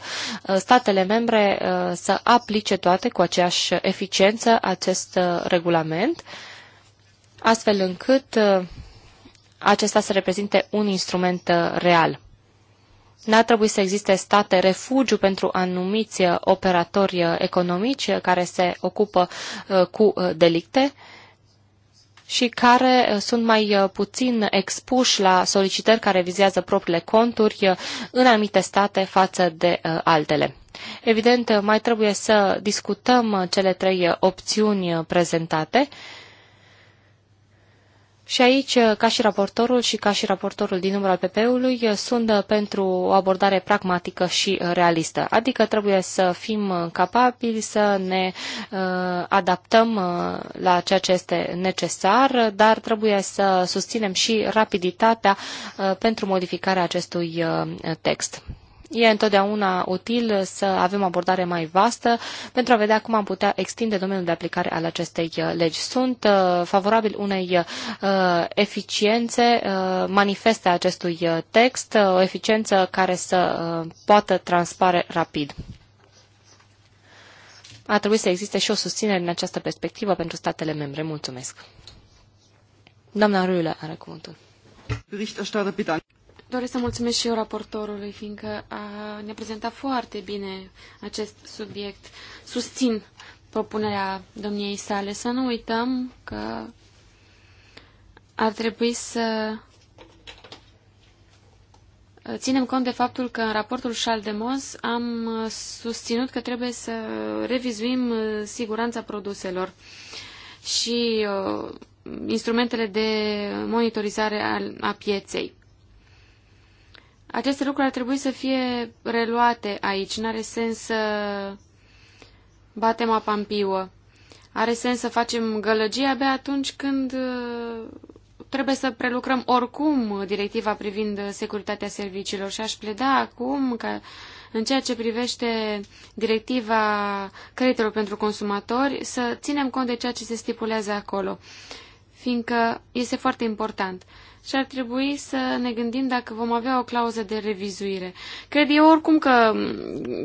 statele membre uh, să aplice toate cu aceeași eficiență acest uh, regulament, astfel încât acesta să reprezinte un instrument real. N-ar trebui să existe state refugiu pentru anumiți operatori economici care se ocupă cu delicte, și care uh, sunt mai uh, puțin expuși la solicitări care vizează propriile conturi uh, în anumite state față de altele. Evident, mai trebuie să discutăm cele trei opțiuni prezentate și aici, uh, ca și raportorul și ca și raportorul din numărul PP-ului, uh, sunt uh, pentru o abordare pragmatică și realistă. Adică trebuie să fim capabili să ne adaptăm la ceea ce este necesar, dar trebuie să susținem și rapiditatea pentru modificarea acestui text. E întotdeauna util să avem o abordare mai vastă pentru a vedea cum am putea extinde domeniul de aplicare al acestei uh, legi. Sunt uh, favorabil unei uh, eficiențe manifeste a acestui text, o eficiență care să poată transpare rapid. A trebuit să existe și o susținere în această perspectivă pentru statele membre. Mulțumesc. Doamna Ruiule are cuvântul. Doresc să mulțumesc și eu raportorului, fiindcă a, ne-a prezentat foarte bine acest subiect. Susțin propunerea domniei sale. Să nu uităm că ar trebui să ținem cont de faptul că în raportul Chaldemos am susținut că trebuie să revizuim siguranța produselor și instrumentele de monitorizare a pieței. Aceste lucruri ar trebui să fie reluate aici. N-are sens să batem apa în piuă. Are sens să facem gălăgie abia atunci când uh, trebuie să prelucrăm oricum directiva privind securitatea serviciilor și aș pleda acum că în ceea ce privește directiva creditelor pentru consumatori să ținem cont de ceea ce se stipulează acolo, fiindcă este foarte important și ar trebui să ne gândim dacă vom avea o clauză de revizuire. Cred eu oricum că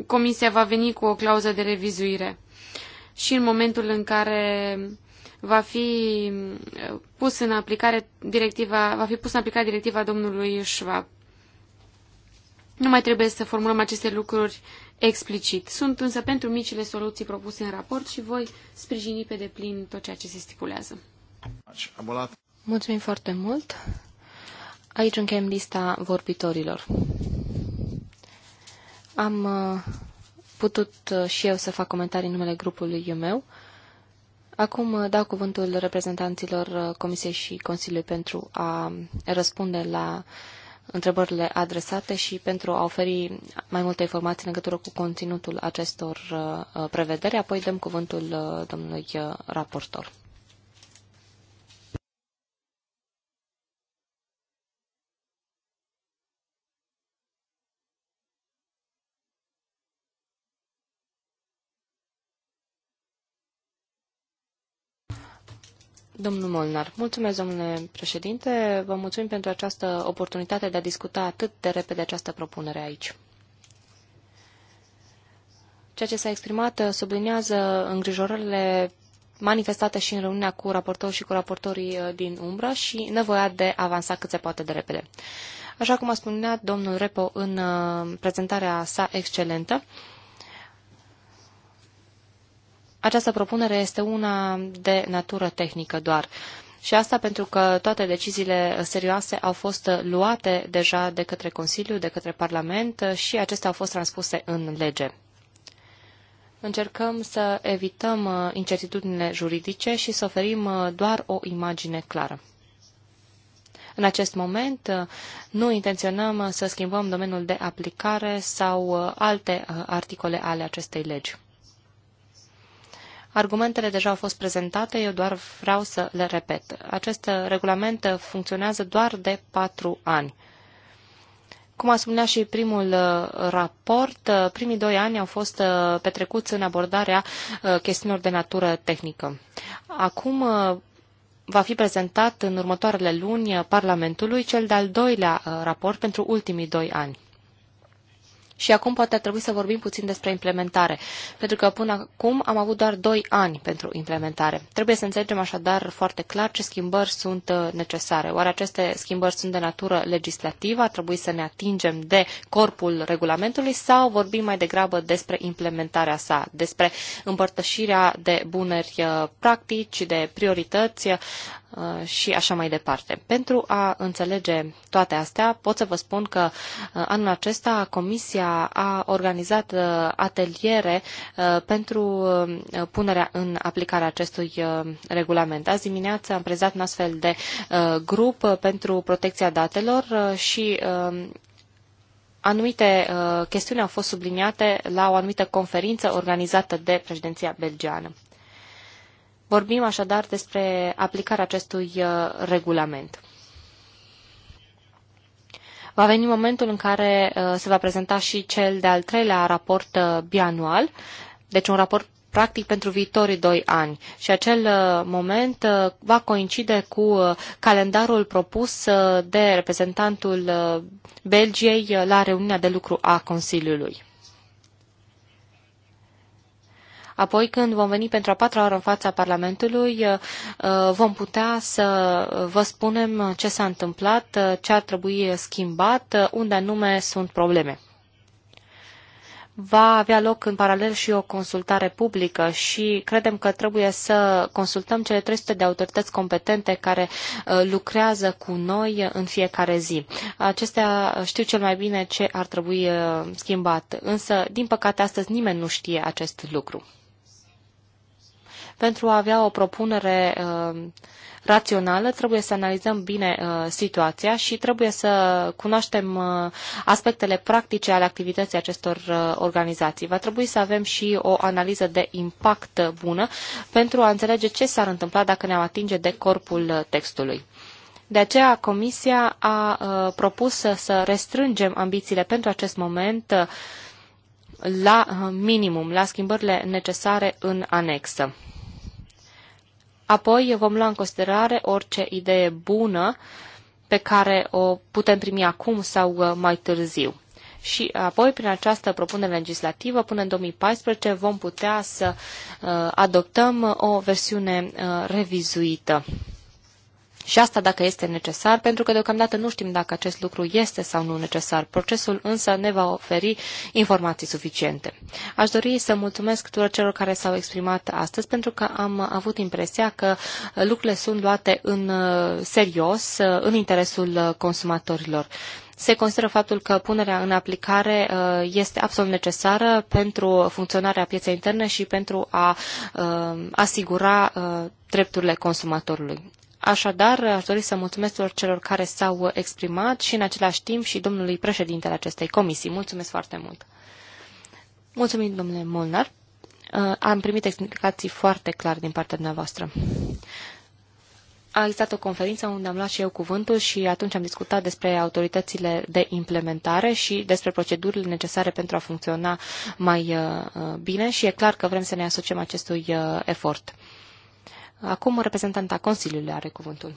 Comisia va veni cu o clauză de revizuire și în momentul în care va fi pus în aplicare directiva, va fi pus în aplicare directiva domnului Schwab. Nu mai trebuie să formulăm aceste lucruri explicit. Sunt însă pentru micile soluții propuse în raport și voi sprijini pe deplin tot ceea ce se stipulează. Mulțumim foarte mult. Aici încheiem lista vorbitorilor. Am uh, putut uh, și eu să fac comentarii în numele grupului meu. Acum uh, dau cuvântul reprezentanților Comisiei și Consiliului pentru a răspunde la întrebările adresate și pentru a oferi mai multe informații în legătură cu conținutul acestor prevederi. Apoi dăm cuvântul domnului raportor. Domnul Molnar, mulțumesc, domnule președinte. Vă mulțumim pentru această oportunitate de a discuta atât de repede această propunere aici. Ceea ce s-a exprimat uh, subliniază îngrijorările manifestate și în reuniunea cu raportori și cu raportorii uh, din umbră și nevoia de a avansa cât se poate de repede. Așa cum a spunea domnul Repo în uh, prezentarea sa excelentă, această propunere este una de natură tehnică doar. Și asta pentru că toate deciziile serioase au fost luate deja de către Consiliu, de către Parlament și acestea au fost transpuse în lege. Încercăm să evităm uh, incertitudinile juridice și să oferim uh, doar o imagine clară. În acest moment uh, nu intenționăm să schimbăm domeniul de aplicare sau alte articole ale acestei legi. Argumentele deja au fost prezentate, eu doar vreau să le repet. Acest regulament funcționează doar de patru ani. Cum a spunea și primul uh, raport, uh, primii doi ani au fost uh, petrecuți în abordarea chestiunilor de natură tehnică. Acum va fi prezentat în următoarele luni Parlamentului cel de-al doilea raport pentru ultimii doi ani. Și acum poate ar trebui să vorbim puțin despre implementare, pentru că până acum am avut doar 2 ani pentru implementare. Trebuie să înțelegem așadar foarte clar ce schimbări sunt uh, necesare. Oare aceste schimbări sunt de natură legislativă, ar trebui să ne atingem de corpul regulamentului sau vorbim mai degrabă despre implementarea sa, despre împărtășirea de buneri uh, practici, de priorități uh, Uh, și așa mai departe. Pentru a înțelege toate astea, pot să vă spun că uh, anul acesta Comisia a organizat uh, ateliere pentru punerea în aplicare acestui regulament. Azi dimineață am prezat un astfel de grup pentru protecția datelor și anumite chestiuni au fost subliniate la o anumită conferință organizată de președinția belgiană. Vorbim așadar despre aplicarea acestui uh, regulament. Va veni momentul în care uh, se va prezenta și cel de-al treilea raport uh, bianual, deci un raport practic pentru viitorii doi ani. Și acel moment va coincide cu calendarul propus de reprezentantul Belgiei la reuniunea de lucru a Consiliului. Apoi, când vom veni pentru a patra oară în fața Parlamentului, uh, uh, vom putea să vă spunem ce s-a întâmplat, uh, ce ar trebui schimbat, unde anume sunt probleme. Va avea loc în paralel și o consultare publică și credem că trebuie să consultăm cele 300 de autorități competente care lucrează cu noi în fiecare zi. Acestea știu cel mai bine ce ar trebui schimbat, însă, din păcate, astăzi nimeni nu știe acest lucru pentru a avea o propunere uh, rațională, trebuie să analizăm bine uh, situația și trebuie să cunoaștem uh, aspectele practice ale activității acestor organizații. Va trebui să avem și o analiză de impact bună pentru a înțelege ce s-ar întâmpla dacă ne-am atinge de corpul textului. De aceea, Comisia a propus să restrângem ambițiile pentru acest moment la minimum, la schimbările necesare în anexă. Apoi vom lua în considerare orice idee bună pe care o putem primi acum sau uh, mai târziu. Și apoi, prin această propunere legislativă, până în 2014, vom putea să uh, adoptăm o versiune uh, revizuită și asta dacă este necesar, pentru că deocamdată nu știm dacă acest lucru este sau nu necesar. Procesul însă ne va oferi informații suficiente. Aș dori să mulțumesc tuturor celor care s-au exprimat astăzi, pentru că am avut impresia că lucrurile sunt luate în uh, serios, uh, în interesul uh, consumatorilor se consideră faptul că punerea în aplicare este absolut necesară pentru funcționarea pieței interne și pentru a asigura drepturile consumatorului. Așadar, aș dori să mulțumesc tuturor celor care s-au exprimat și în același timp și domnului președinte al acestei comisii. Mulțumesc foarte mult! Mulțumim, domnule Molnar. Uh, am primit explicații foarte clar din partea dumneavoastră. A existat o conferință unde am luat și eu cuvântul și atunci am discutat despre autoritățile de implementare și despre procedurile necesare pentru a funcționa mai uh, bine și e clar că vrem să ne asociem acestui uh, efort. Acum reprezentanta Consiliului are cuvântul.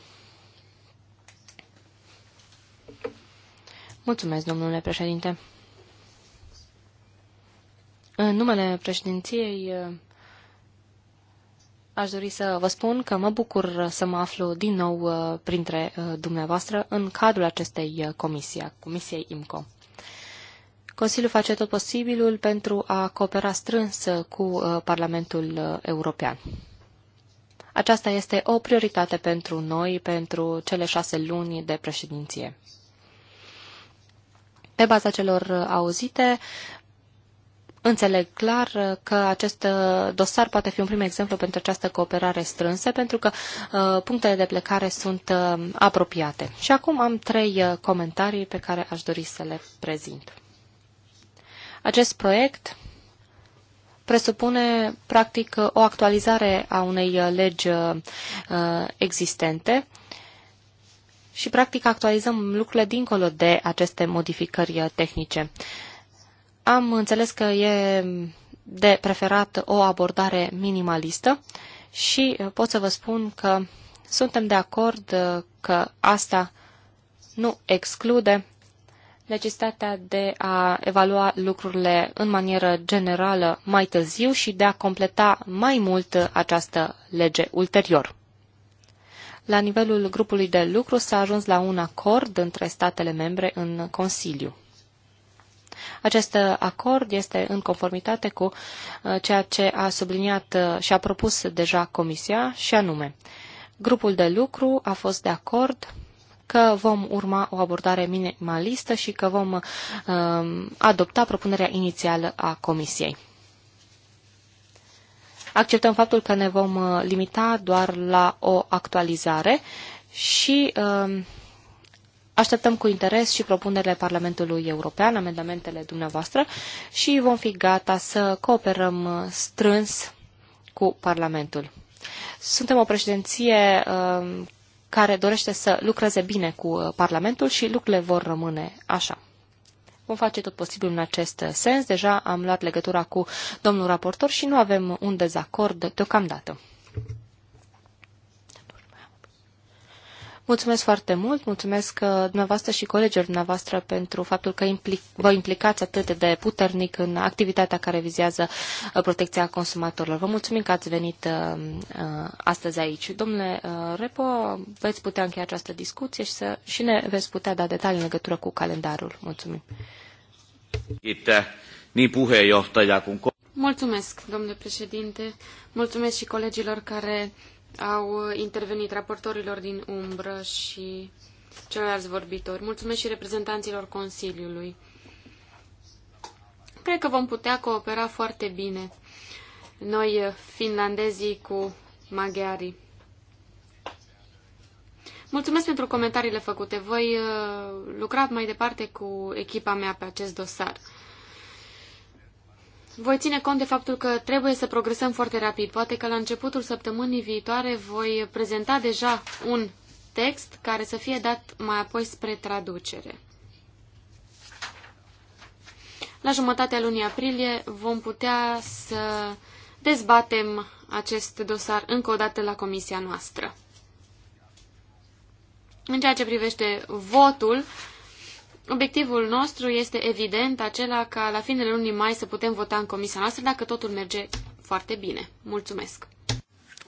Mulțumesc, domnule președinte. În numele președinției aș dori să vă spun că mă bucur să mă aflu din nou uh, printre uh, dumneavoastră în cadrul acestei uh, comisii, a Comisiei IMCO. Consiliul face tot posibilul pentru a coopera strâns cu Parlamentul European. Aceasta este o prioritate pentru noi, pentru cele șase luni de președinție. Pe baza celor auzite, Înțeleg clar că acest dosar poate fi un prim exemplu pentru această cooperare strânsă, pentru că uh, punctele de plecare sunt uh, apropiate. Și acum am trei uh, comentarii pe care aș dori să le prezint. Acest proiect presupune, practic, o actualizare a unei uh, legi uh, existente și, practic, actualizăm lucrurile dincolo de aceste modificări uh, tehnice. Am înțeles că e de preferat o abordare minimalistă și pot să vă spun că suntem de acord că asta nu exclude necesitatea de a evalua lucrurile în manieră generală mai târziu și de a completa mai mult această lege ulterior. La nivelul grupului de lucru s-a ajuns la un acord între statele membre în Consiliu. Acest acord este în conformitate cu uh, ceea ce a subliniat uh, și a propus deja Comisia, și anume, grupul de lucru a fost de acord că vom urma o abordare minimalistă și că vom uh, adopta propunerea inițială a Comisiei. Acceptăm faptul că ne vom uh, limita doar la o actualizare și uh, Așteptăm cu interes și propunerile Parlamentului European, amendamentele dumneavoastră și vom fi gata să cooperăm uh, strâns cu Parlamentul. Suntem o președinție um, care dorește să lucreze bine cu uh, Parlamentul și lucrurile vor rămâne așa. Vom face tot posibil în acest uh, sens. Deja am luat legătura cu domnul raportor și nu avem un dezacord deocamdată. Mulțumesc foarte mult, mulțumesc uh, dumneavoastră și colegilor dumneavoastră pentru faptul că implic, vă implicați atât de puternic în activitatea care vizează uh, protecția consumatorilor. Vă mulțumim că ați venit uh, astăzi aici. Domnule Repo, veți putea încheia această discuție și, să, și ne veți putea da detalii în legătură cu calendarul. Mulțumim. Eh, mulțumesc, domnule președinte. Mulțumesc și colegilor care au uh, intervenit raportorilor din umbră și celorlalți vorbitori. Mulțumesc și reprezentanților Consiliului. Cred că vom putea coopera foarte bine noi uh, finlandezii cu maghiarii. Mulțumesc pentru comentariile făcute. Voi uh, lucra mai departe cu echipa mea pe acest dosar. Voi ține cont de faptul că trebuie să progresăm foarte rapid. Poate că la începutul săptămânii viitoare voi prezenta deja un text care să fie dat mai apoi spre traducere. La jumătatea lunii aprilie vom putea să dezbatem acest dosar încă o dată la comisia noastră. În ceea ce privește votul, Obiectivul nostru este evident acela ca la finele lunii mai să putem vota în comisia noastră dacă totul merge foarte bine. Mulțumesc.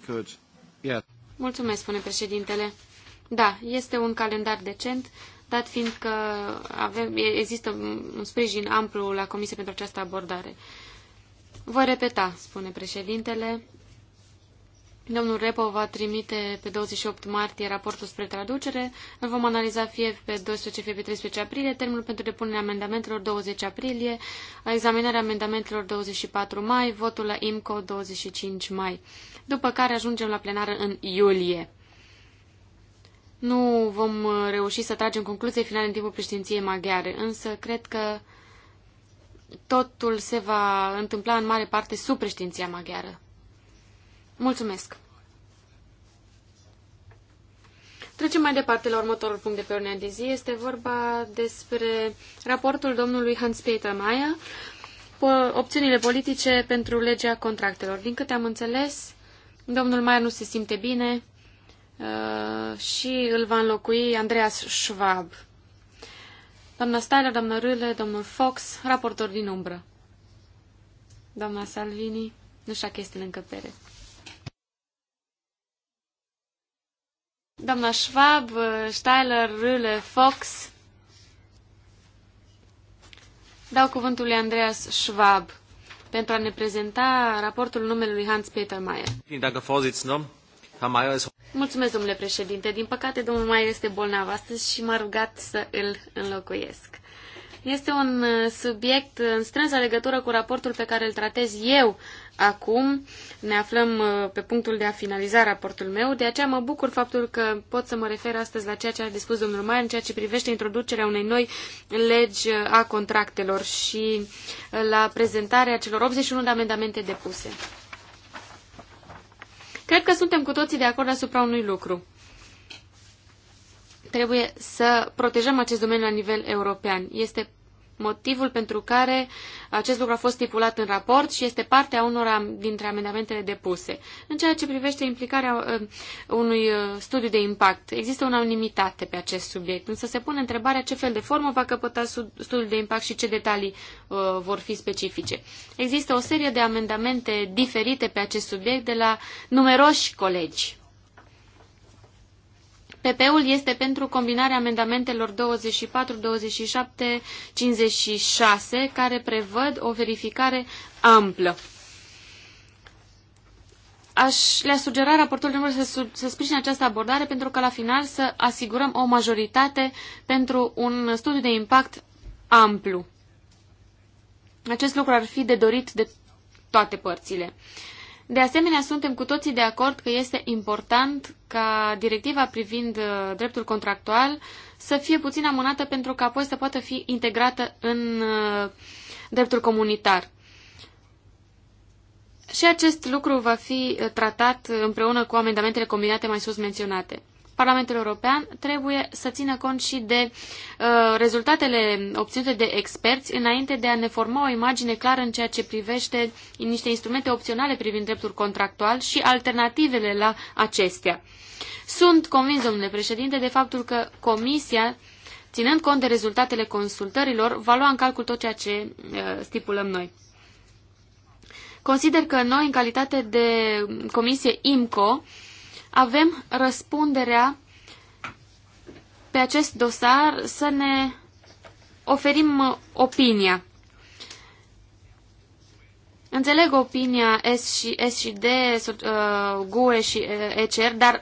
Good. Yeah. Mulțumesc, spune președintele. Da, este un calendar decent, dat fiind că avem, există un sprijin amplu la comisie pentru această abordare. Voi repeta, spune președintele, Domnul Repo va trimite pe 28 martie raportul spre traducere. Îl vom analiza fie pe 12, fie pe 13 aprilie. Termenul pentru depunerea amendamentelor 20 aprilie, examinarea amendamentelor 24 mai, votul la IMCO 25 mai. După care ajungem la plenară în iulie. Nu vom reuși să tragem concluzie finale în timpul președinției maghiare, însă cred că totul se va întâmpla în mare parte sub președinția maghiară. Mulțumesc! Trecem mai departe la următorul punct de pe ordinea de zi. Este vorba despre raportul domnului Hans-Peter Mayer, opțiunile politice pentru legea contractelor. Din câte am înțeles, domnul Mayer nu se simte bine uh, și îl va înlocui Andreas Schwab. Doamna Styler, doamna Râle, domnul Fox, raportor din umbră. Doamna Salvini, nu știu că este în încăpere. Doamna Schwab, Steiler, Rüle, Fox. Dau cuvântul lui Andreas Schwab pentru a ne prezenta raportul numelui Hans Peter Mayer. Mulțumesc, domnule președinte. Din păcate, domnul Mayer este bolnav astăzi și m-a rugat să îl înlocuiesc. Este un uh, subiect în strânsă legătură cu raportul pe care îl tratez eu acum. Ne aflăm uh, pe punctul de a finaliza raportul meu, de aceea mă bucur faptul că pot să mă refer astăzi la ceea ce a dispus domnul mai în ceea ce privește introducerea unei noi legi uh, a contractelor și la prezentarea celor 81 de amendamente depuse. Cred că suntem cu toții de acord asupra unui lucru trebuie să protejăm acest domeniu la nivel european. Este motivul pentru care acest lucru a fost stipulat în raport și este partea unora dintre amendamentele depuse. În ceea ce privește implicarea uh, unui uh, studiu de impact, există o unanimitate pe acest subiect, însă se pune întrebarea ce fel de formă va căpăta studiul de impact și ce detalii uh, vor fi specifice. Există o serie de amendamente diferite pe acest subiect de la numeroși colegi. PP-ul este pentru combinarea amendamentelor 24, 27, 56, care prevăd o verificare amplă. Aș le-a sugera raportorului să, să sprijine această abordare pentru că la final să asigurăm o majoritate pentru un studiu de impact amplu. Acest lucru ar fi de dorit de toate părțile. De asemenea, suntem cu toții de acord că este important ca directiva privind uh, dreptul contractual să fie puțin amânată pentru că apoi să poată fi integrată în uh, dreptul comunitar. Și acest lucru va fi uh, tratat împreună cu amendamentele combinate mai sus menționate. Parlamentul European trebuie să țină cont și de uh, rezultatele obținute de experți înainte de a ne forma o imagine clară în ceea ce privește niște instrumente opționale privind dreptul contractual și alternativele la acestea. Sunt convins, domnule președinte, de faptul că Comisia ținând cont de rezultatele consultărilor, va lua în calcul tot ceea ce uh, stipulăm noi. Consider că noi, în calitate de comisie IMCO, avem răspunderea pe acest dosar să ne oferim opinia. Înțeleg opinia S și, S și D, uh, GUE și uh, ECR, dar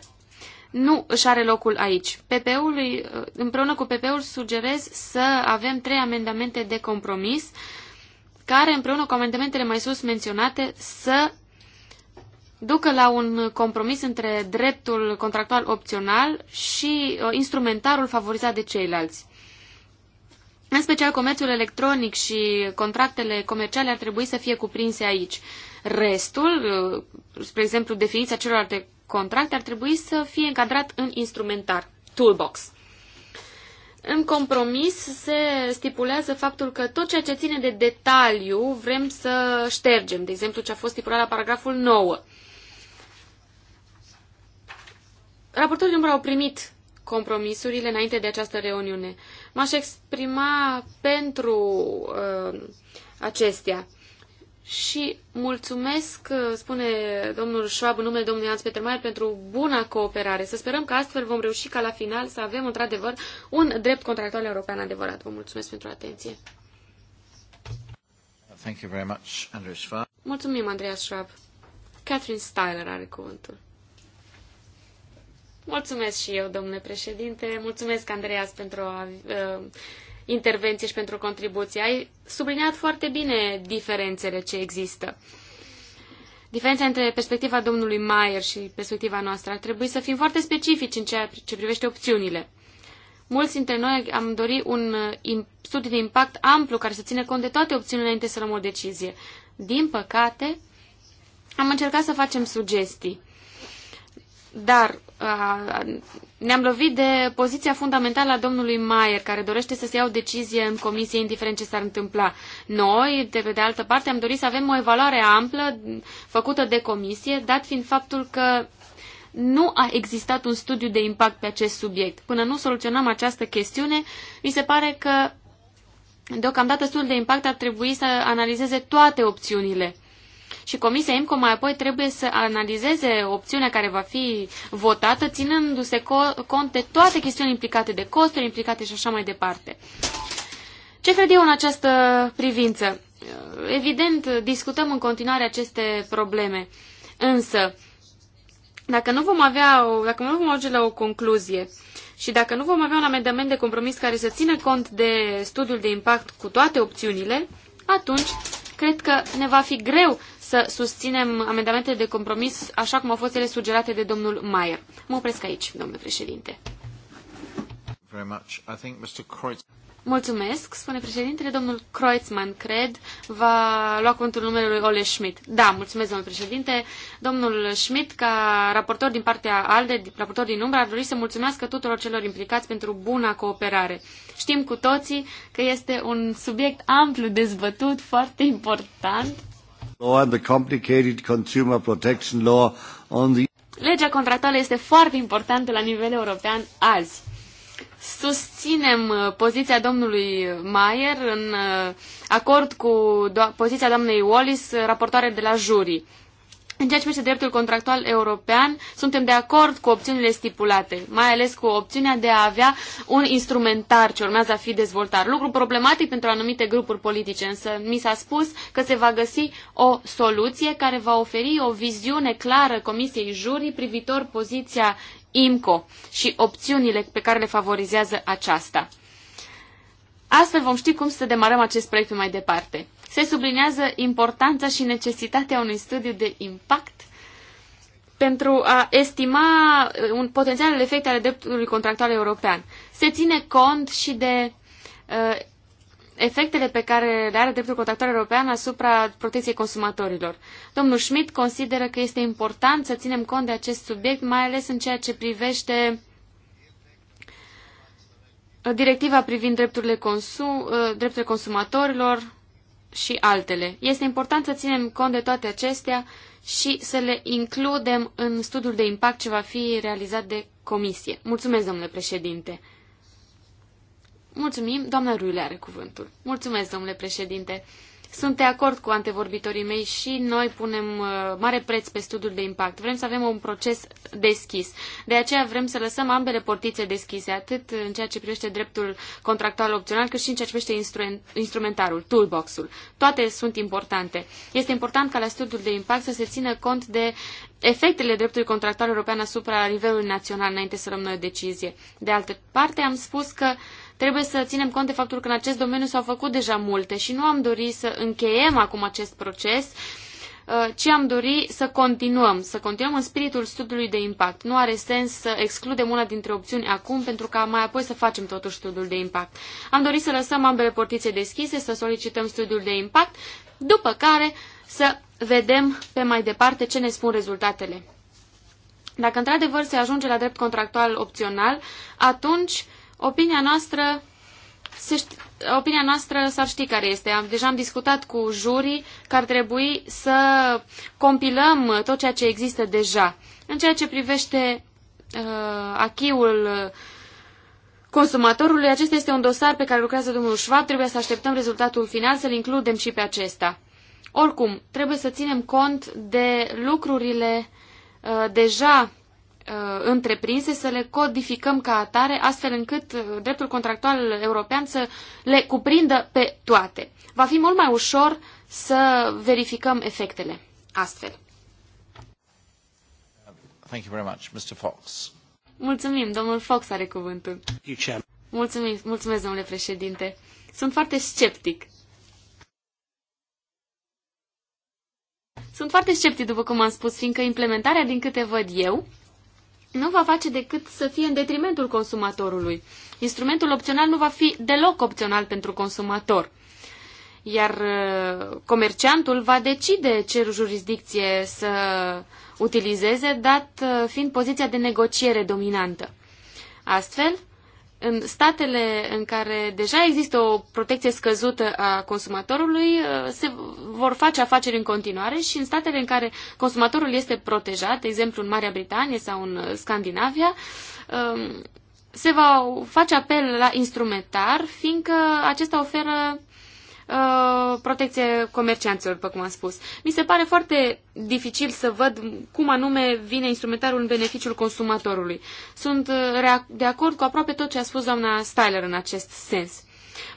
nu își are locul aici. pp uh, împreună cu PP-ul sugerez să avem trei amendamente de compromis care, împreună cu amendamentele mai sus menționate, să ducă la un compromis între dreptul contractual opțional și uh, instrumentarul favorizat de ceilalți. În special, comerțul electronic și contractele comerciale ar trebui să fie cuprinse aici. Restul, uh, spre exemplu, definiția celorlalte contracte, ar trebui să fie încadrat în instrumentar, toolbox. În compromis se stipulează faptul că tot ceea ce ține de detaliu vrem să ștergem, de exemplu ce a fost stipulat la paragraful 9. Raportorii număr au primit compromisurile înainte de această reuniune. M-aș exprima pentru uh, acestea. Și mulțumesc, uh, spune domnul Schwab, în numele domnului Hans Peter Mayer, pentru buna cooperare. Să sperăm că astfel vom reuși ca la final să avem, într-adevăr, un drept contractual european adevărat. Vă mulțumesc pentru atenție. Thank you very much, Andreas Schwab. Mulțumim, Andreas Schwab. Catherine Styler are cuvântul. Mulțumesc și eu, domnule președinte. Mulțumesc, Andreas, pentru a, uh, intervenție și pentru contribuție. Ai subliniat foarte bine diferențele ce există. Diferența între perspectiva domnului Mayer și perspectiva noastră ar trebui să fim foarte specifici în ceea ce privește opțiunile. Mulți dintre noi am dorit un uh, studiu de impact amplu care să ține cont de toate opțiunile înainte să luăm o decizie. Din păcate, am încercat să facem sugestii. Dar ne-am lovit de poziția fundamentală a domnului Maier, care dorește să se ia o decizie în comisie, indiferent ce s-ar întâmpla. Noi, de pe de altă parte, am dorit să avem o evaluare amplă făcută de comisie, dat fiind faptul că nu a existat un studiu de impact pe acest subiect. Până nu soluționăm această chestiune, mi se pare că deocamdată studiul de impact ar trebui să analizeze toate opțiunile și Comisia IMCO mai apoi trebuie să analizeze opțiunea care va fi votată, ținându-se cont de toate chestiunile implicate, de costuri implicate și așa mai departe. Ce cred eu în această privință? Evident, discutăm în continuare aceste probleme, însă, dacă nu vom avea, dacă nu vom ajunge la o concluzie și dacă nu vom avea un amendament de compromis care să țină cont de studiul de impact cu toate opțiunile, atunci cred că ne va fi greu să susținem amendamentele de compromis așa cum au fost ele sugerate de domnul Mayer. Mă opresc aici, domnule președinte. Mulțumesc, spune președintele. Domnul Kreutzmann, cred, va lua contul numelui Ole Schmidt. Da, mulțumesc, domnul președinte. Domnul Schmidt, ca raportor din partea ALDE, raportor din umbră, ar dori să mulțumească tuturor celor implicați pentru buna cooperare. Știm cu toții că este un subiect amplu dezbătut, foarte important Legea contractuală este foarte importantă la nivel european azi. Susținem uh, poziția domnului Mayer în uh, acord cu poziția doamnei Wallis, uh, raportoare de la jurii. În ceea ce privește dreptul contractual european, suntem de acord cu opțiunile stipulate, mai ales cu opțiunea de a avea un instrumentar ce urmează a fi dezvoltat. Lucru problematic pentru anumite grupuri politice, însă mi s-a spus că se va găsi o soluție care va oferi o viziune clară Comisiei Jurii privitor poziția IMCO și opțiunile pe care le favorizează aceasta. Astfel vom ști cum să demarăm acest proiect mai departe se sublinează importanța și necesitatea unui studiu de impact pentru a estima uh, un potențialele efecte ale dreptului contractual european. Se ține cont și de uh, efectele pe care le are dreptul contractual european asupra protecției consumatorilor. Domnul Schmidt consideră că este important să ținem cont de acest subiect, mai ales în ceea ce privește uh, directiva privind drepturile, consum, uh, drepturile consumatorilor, și altele. Este important să ținem cont de toate acestea și să le includem în studiul de impact ce va fi realizat de comisie. Mulțumesc, domnule președinte. Mulțumim, doamna Ruile are cuvântul. Mulțumesc, domnule președinte. Sunt de acord cu antevorbitorii mei și noi punem uh, mare preț pe studiul de impact. Vrem să avem un proces deschis. De aceea vrem să lăsăm ambele portițe deschise, atât în ceea ce privește dreptul contractual opțional, cât și în ceea ce privește instrumentarul, toolbox-ul. Toate sunt importante. Este important ca la studiul de impact să se țină cont de efectele dreptului contractual european asupra nivelului național înainte să luăm noi o decizie. De altă parte, am spus că uh, Trebuie să ținem cont de faptul că în acest domeniu s-au făcut deja multe și nu am dorit să încheiem acum acest proces, uh, ci am dori să continuăm, să continuăm în spiritul studiului de impact. Nu are sens să excludem una dintre opțiuni acum, pentru ca mai apoi să facem totuși studiul de impact. Am dorit să lăsăm ambele portițe deschise, să solicităm studiul de impact, după care să vedem pe mai departe ce ne spun rezultatele. Dacă într-adevăr se ajunge la drept contractual opțional, atunci Opinia noastră, se opinia noastră s-ar ști care este. Am, deja am discutat cu jurii că ar trebui să compilăm tot ceea ce există deja. În ceea ce privește uh, achiul consumatorului, acesta este un dosar pe care lucrează domnul Schwab, trebuie să așteptăm rezultatul final, să-l includem și pe acesta. Oricum, trebuie să ținem cont de lucrurile uh, deja Uh, întreprinse, să le codificăm ca atare, astfel încât uh, dreptul contractual european să le cuprindă pe toate. Va fi mult mai ușor să verificăm efectele astfel. Thank you very much, Mr. Fox. Mulțumim, domnul Fox are cuvântul. Mulțumim, mulțumesc, domnule președinte. Sunt foarte sceptic. Sunt foarte sceptic, după cum am spus, fiindcă implementarea, din câte văd eu, nu va face decât să fie în detrimentul consumatorului. Instrumentul opțional nu va fi deloc opțional pentru consumator. Iar uh, comerciantul va decide ce jurisdicție să utilizeze, dat uh, fiind poziția de negociere dominantă. Astfel, în statele în care deja există o protecție scăzută a consumatorului, uh, se vor face afaceri în continuare și în statele în care consumatorul este protejat, de exemplu în Marea Britanie sau în uh, Scandinavia, um, se va face apel la instrumentar, fiindcă acesta oferă Uh, protecție comercianților, după cum am spus. Mi se pare foarte dificil să văd cum anume vine instrumentarul în beneficiul consumatorului. Sunt uh, de acord cu aproape tot ce a spus doamna Styler în acest sens.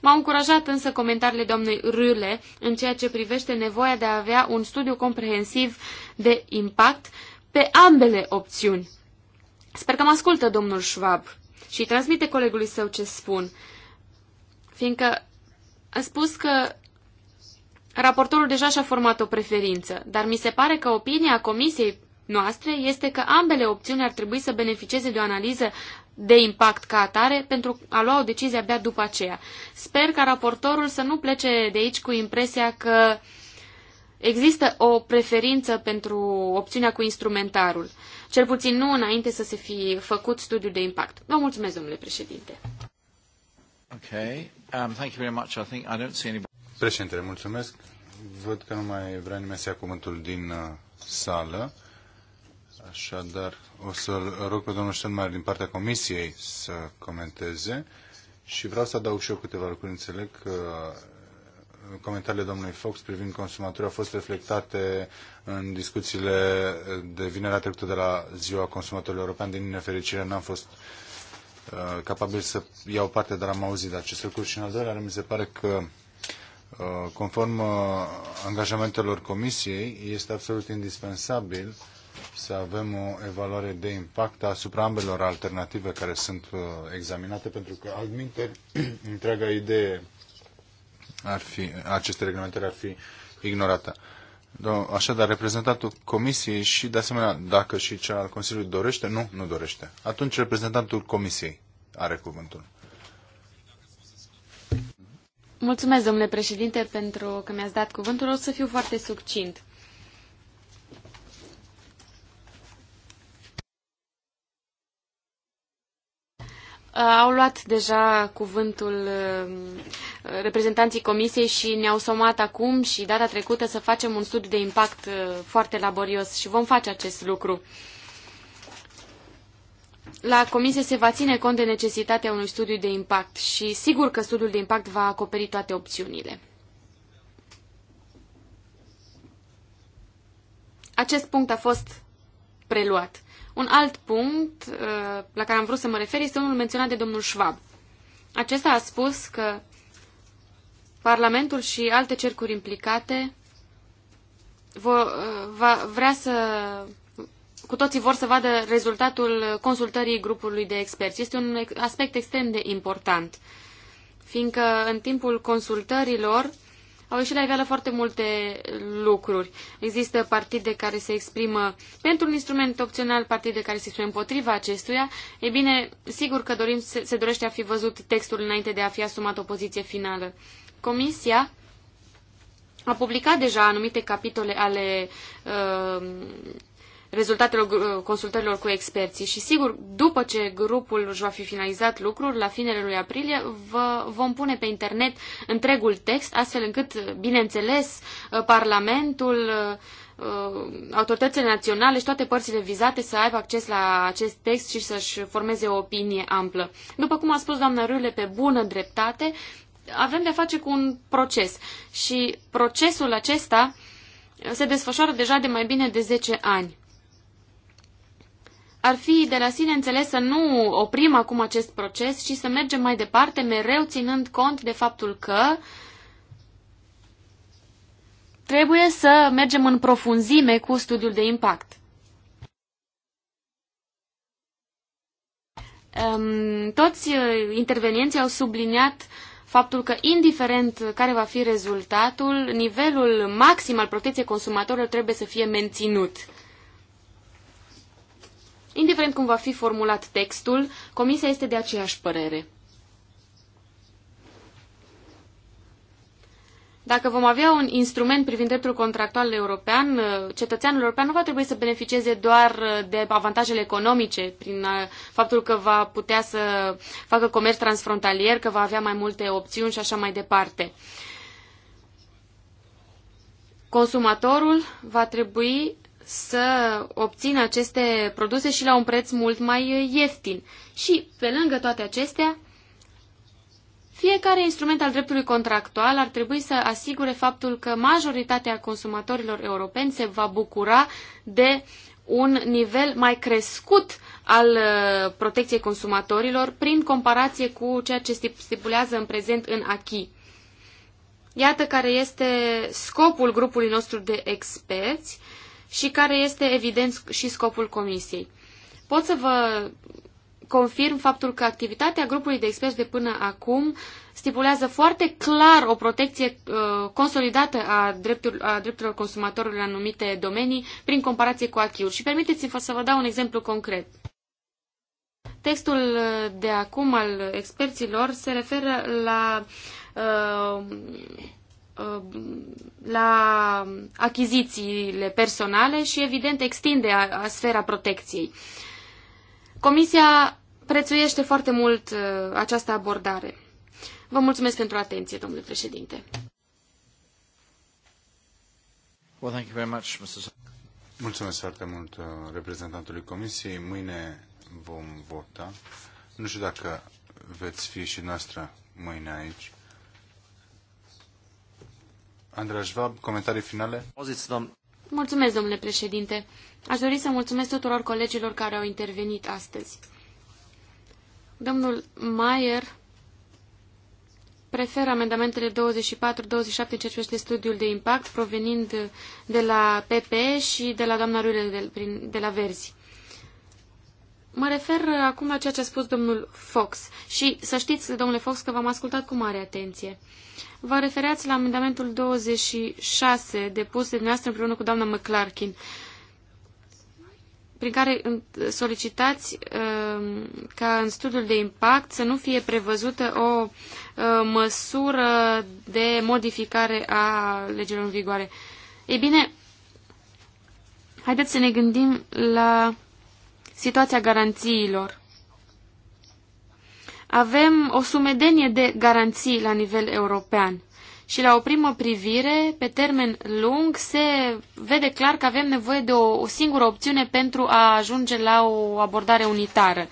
M-au încurajat însă comentariile doamnei Râle în ceea ce privește nevoia de a avea un studiu comprehensiv de impact pe ambele opțiuni. Sper că mă ascultă domnul Schwab și transmite colegului său ce spun, fiindcă a spus că raportorul deja și-a format o preferință, dar mi se pare că opinia comisiei noastre este că ambele opțiuni ar trebui să beneficieze de o analiză de impact ca atare pentru a lua o decizie abia după aceea. Sper ca raportorul să nu plece de aici cu impresia că există o preferință pentru opțiunea cu instrumentarul. Cel puțin nu înainte să se fi făcut studiul de impact. Vă mulțumesc, domnule președinte. Okay. Um, thank you very much. I think I don't see Președintele, mulțumesc. Văd că nu mai vrea nimeni să ia cuvântul din uh, sală. Așadar, o să rog pe domnul Ștenmaier din partea comisiei să comenteze și vreau să adaug și eu câteva lucruri. Înțeleg că uh, comentariile domnului Fox privind consumatorii au fost reflectate în discuțiile de vinerea trecută de la Ziua consumatorilor, European. Din nefericire, n-am fost uh, Uh, capabil să iau parte, dar am auzit de acest lucru. Și în al doilea mi se pare că uh, conform uh, angajamentelor comisiei, este absolut indispensabil să avem o evaluare de impact asupra ambelor alternative care sunt examinate, pentru că, altminte, întreaga idee ar fi, aceste reglementări ar fi ignorată. Da, așadar, reprezentantul Comisiei și, de asemenea, dacă și cel al Consiliului dorește, nu, nu dorește. Atunci, reprezentantul Comisiei are cuvântul. Mulțumesc, domnule președinte, pentru că mi-ați dat cuvântul. O să fiu foarte succint. Uh, au luat deja cuvântul uh, reprezentanții comisiei și ne-au somat acum și data trecută să facem un studiu de impact uh, foarte laborios și vom face acest lucru. La comisie se va ține cont de necesitatea unui studiu de impact și sigur că studiul de impact va acoperi toate opțiunile. Acest punct a fost preluat. Un alt punct uh, la care am vrut să mă refer este unul menționat de domnul Schwab. Acesta a spus că Parlamentul și alte cercuri implicate uh, vrea să cu toții vor să vadă rezultatul consultării grupului de experți. Este un aspect extrem de important, fiindcă în timpul consultărilor au ieșit la iveală foarte multe lucruri. Există partide care se exprimă pentru un instrument opțional, partide care se exprimă împotriva acestuia. E bine, sigur că dorim, se, se dorește a fi văzut textul înainte de a fi asumat o poziție finală. Comisia a publicat deja anumite capitole ale uh, rezultatelor uh, consultărilor cu experții și sigur, după ce grupul își va fi finalizat lucrul, la finele lui aprilie, vă vom pune pe internet întregul text, astfel încât, bineînțeles, uh, Parlamentul, uh, autoritățile naționale și toate părțile vizate să aibă acces la acest text și să-și formeze o opinie amplă. După cum a spus doamna Râle, pe bună dreptate, avem de-a face cu un proces și procesul acesta se desfășoară deja de mai bine de 10 ani ar fi de la sine înțeles să nu oprim acum acest proces, și să mergem mai departe, mereu ținând cont de faptul că trebuie să mergem în profunzime cu studiul de impact. Ehm, toți uh, intervenienții au subliniat faptul că, indiferent care va fi rezultatul, nivelul maxim al protecției consumatorilor trebuie să fie menținut. Indiferent cum va fi formulat textul, Comisia este de aceeași părere. Dacă vom avea un instrument privind dreptul contractual european, cetățeanul european nu va trebui să beneficieze doar de avantajele economice, prin uh, faptul că va putea să facă comerț transfrontalier, că va avea mai multe opțiuni și așa mai departe. Consumatorul va trebui să obțină aceste produse și la un preț mult mai ieftin. Și, pe lângă toate acestea, fiecare instrument al dreptului contractual ar trebui să asigure faptul că majoritatea consumatorilor europeni se va bucura de un nivel mai crescut al uh, protecției consumatorilor prin comparație cu ceea ce stipulează în prezent în achi. Iată care este scopul grupului nostru de experți și care este evident și scopul comisiei. Pot să vă confirm faptul că activitatea grupului de experți de până acum stipulează foarte clar o protecție uh, consolidată a, dreptur, a drepturilor consumatorilor în anumite domenii prin comparație cu acquis Și permiteți-mi să vă dau un exemplu concret. Textul uh, de acum al experților se referă la uh, Uh, la achizițiile personale și, evident, extinde a, a sfera protecției. Comisia prețuiește foarte mult uh, această abordare. Vă mulțumesc pentru atenție, domnule președinte. Well, thank you very much, Mr. Mulțumesc foarte mult uh, reprezentantului Comisiei. Mâine vom vota. Nu știu dacă veți fi și noastră mâine aici. Andra Schwab, comentarii finale? Mulțumesc, domnule președinte. Aș dori să mulțumesc tuturor colegilor care au intervenit astăzi. Domnul Mayer preferă amendamentele 24-27 în ceea ce privește studiul de impact provenind de la PP și de la doamna Rule de, de la Verzi. Mă refer acum la ceea ce a spus domnul Fox și să știți, domnule Fox, că v-am ascultat cu mare atenție. Vă refereați la amendamentul 26 depus de dumneavoastră împreună cu doamna McClarkin, prin care solicitați uh, ca în studiul de impact să nu fie prevăzută o uh, măsură de modificare a legilor în vigoare. Ei bine, haideți să ne gândim la situația garanțiilor. Avem o sumedenie de garanții la nivel european și la o primă privire, pe termen lung, se vede clar că avem nevoie de o, o singură opțiune pentru a ajunge la o abordare unitară.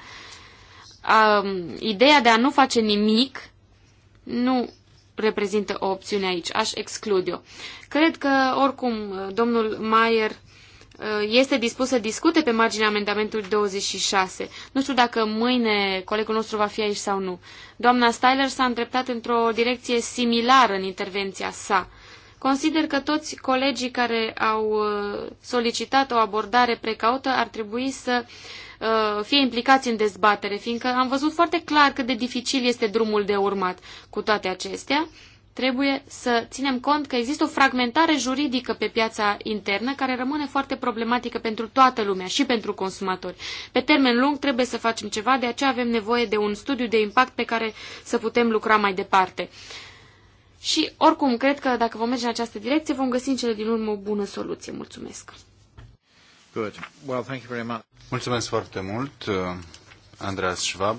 A, ideea de a nu face nimic nu reprezintă o opțiune aici. Aș exclude-o. Cred că, oricum, domnul Mayer Uh, este dispus să discute pe marginea amendamentului 26. Nu știu dacă mâine colegul nostru va fi aici sau nu. Doamna Styler s-a îndreptat într-o direcție similară în intervenția sa. Consider că toți colegii care au uh, solicitat o abordare precaută ar trebui să uh, fie implicați în dezbatere, fiindcă am văzut foarte clar cât de dificil este drumul de urmat. Cu toate acestea, trebuie să ținem cont că există o fragmentare juridică pe piața internă care rămâne foarte problematică pentru toată lumea și pentru consumatori. Pe termen lung trebuie să facem ceva, de aceea avem nevoie de un studiu de impact pe care să putem lucra mai departe. Și oricum, cred că dacă vom merge în această direcție, vom găsi în cele din urmă o bună soluție. Mulțumesc! Good. Well, thank you very much. Mulțumesc foarte mult, uh, Andreas Schwab.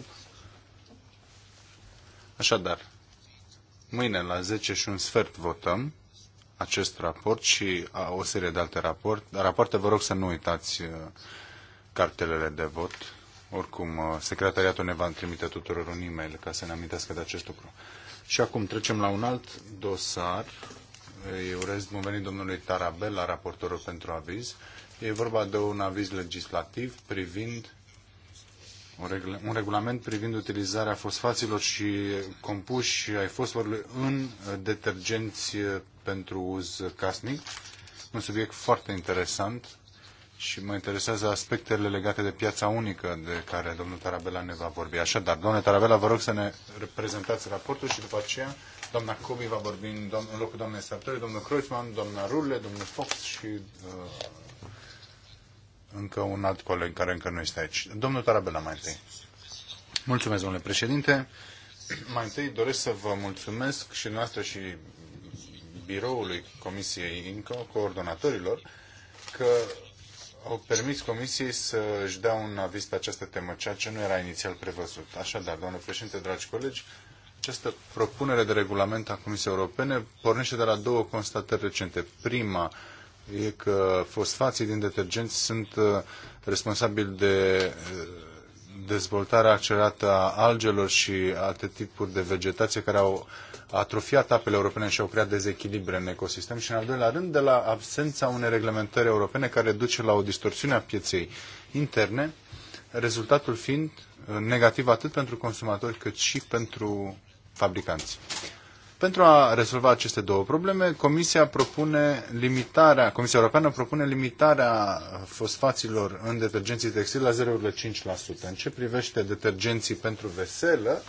Așadar, Mâine la 10 și un sfert votăm acest raport și o serie de alte raport, rapoarte. Vă rog să nu uitați uh, cartelele de vot. Oricum, uh, secretariatul ne va trimite tuturor un e-mail ca să ne amintească de acest lucru. Și acum trecem la un alt dosar. Îi urez bun venit domnului Tarabel la raportorul pentru aviz. E vorba de un aviz legislativ privind un regulament privind utilizarea fosfaților și compuși ai fosforului în uh, detergenți uh, pentru uz casnic. Un subiect foarte interesant și mă interesează aspectele legate de piața unică de care domnul Tarabela ne va vorbi. Așadar, domnule Tarabela, vă rog să ne prezentați raportul și după aceea doamna Cobi va vorbi în, în locul doamnei Sartori, domnul Kreuzmann, doamna Rulle, domnul Fox și uh, încă un alt coleg care încă nu este aici. Domnul Tarabela, mai întâi. Mulțumesc, domnule președinte. Mai întâi doresc să vă mulțumesc și noastră și biroului Comisiei INCO, coordonatorilor, că au permis Comisiei să își dea un aviz pe această temă, ceea ce nu era inițial prevăzut. Așadar, domnule președinte, dragi colegi, această propunere de regulament a Comisiei Europene pornește de la două constatări recente. Prima, e că fosfații din detergenți sunt uh, responsabili de uh, dezvoltarea accelerată a algelor și alte tipuri de vegetație care au atrofiat apele europene și au creat dezechilibre în ecosistem și, în al doilea rând, de la absența unei reglementări europene care duce la o distorsiune a pieței interne, rezultatul fiind uh, negativ atât pentru consumatori cât și pentru fabricanți. Pentru a rezolva aceste două probleme, Comisia propune limitarea, Comisia Europeană propune limitarea fosfaților în detergenții textili la 0,5%. În ce privește detergenții pentru veselă,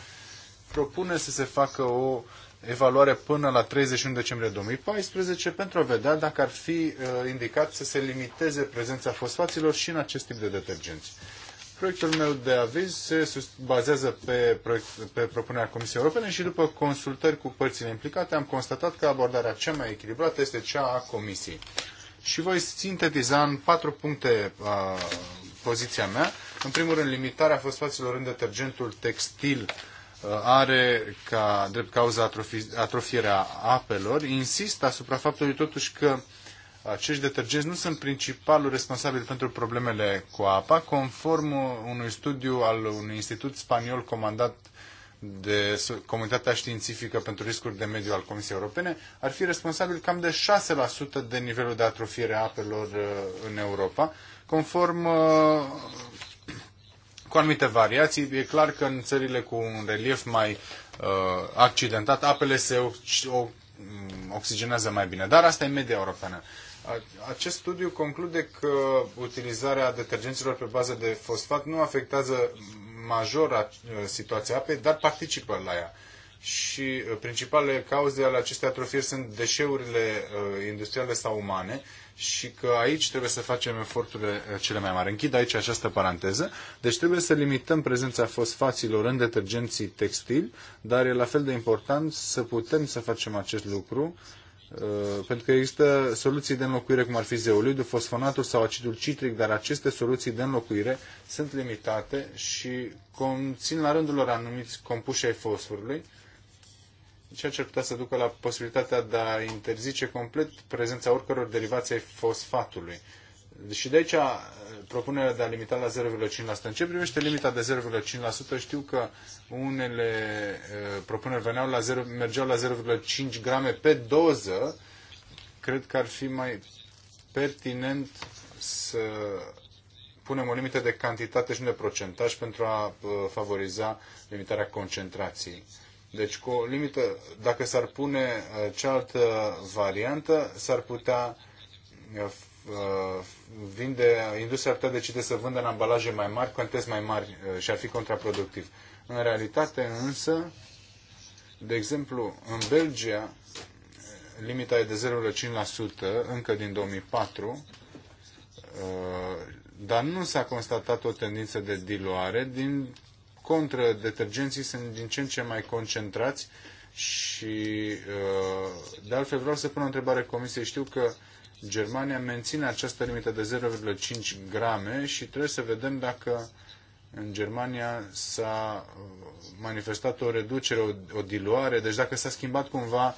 propune să se facă o evaluare până la 31 decembrie 2014 pentru a vedea dacă ar fi uh, indicat să se limiteze prezența fosfaților și în acest tip de detergenți. Proiectul meu de aviz se bazează pe, proiect, pe propunerea Comisiei Europene și după consultări cu părțile implicate am constatat că abordarea cea mai echilibrată este cea a Comisiei. Și voi sintetiza în patru puncte a, poziția mea. În primul rând, limitarea fosfaților în detergentul textil are ca drept cauza atrofi, atrofierea apelor. Insist asupra faptului totuși că acești detergenți nu sunt principalul responsabil pentru problemele cu apa, conform unui studiu al unui institut spaniol comandat de Comunitatea Științifică pentru Riscuri de Mediu al Comisiei Europene, ar fi responsabil cam de 6% de nivelul de atrofiere a apelor uh, în Europa, conform uh, cu anumite variații. E clar că în țările cu un relief mai uh, accidentat, apele se oxigenează mai bine, dar asta e media europeană. Acest studiu conclude că utilizarea detergenților pe bază de fosfat nu afectează major situația apei, dar participă la ea. Și uh, principalele cauze ale acestei atrofiri sunt deșeurile uh, industriale sau umane și că aici trebuie să facem eforturile uh, cele mai mari. Închid aici această paranteză. Deci trebuie să limităm prezența fosfaților în detergenții textili, dar e la fel de important să putem să facem acest lucru Uh, pentru că există soluții de înlocuire cum ar fi zeoliudul, fosfonatul sau acidul citric, dar aceste soluții de înlocuire sunt limitate și conțin la rândul lor anumiți compuși ai fosforului, ceea ce ar putea să ducă la posibilitatea de a interzice complet prezența oricăror derivații ai fosfatului. Și de aici uh, propunerea de a limita la 0,5%. În ce privește limita de 0,5%, știu că unele uh, propuneri veneau la 0, mergeau la 0,5 grame pe doză. Cred că ar fi mai pertinent să punem o limită de cantitate și nu de procentaj pentru a uh, favoriza limitarea concentrației. Deci cu o limită, dacă s-ar pune cealaltă variantă, s-ar putea Uh, vinde, industria ar putea decide să vândă în ambalaje mai mari, cantități mai mari uh, și ar fi contraproductiv. În realitate însă, de exemplu, în Belgia, uh, limita e de 0,5% încă din 2004, dar nu s-a constatat o tendință de diluare. Din contră, detergenții sunt din ce în ce mai concentrați și, de altfel, vreau să pun o întrebare comisiei. Știu că Germania menține această limită de 0,5 grame și trebuie să vedem dacă în Germania s-a uh, manifestat o reducere, o, o diluare, deci dacă s-a schimbat cumva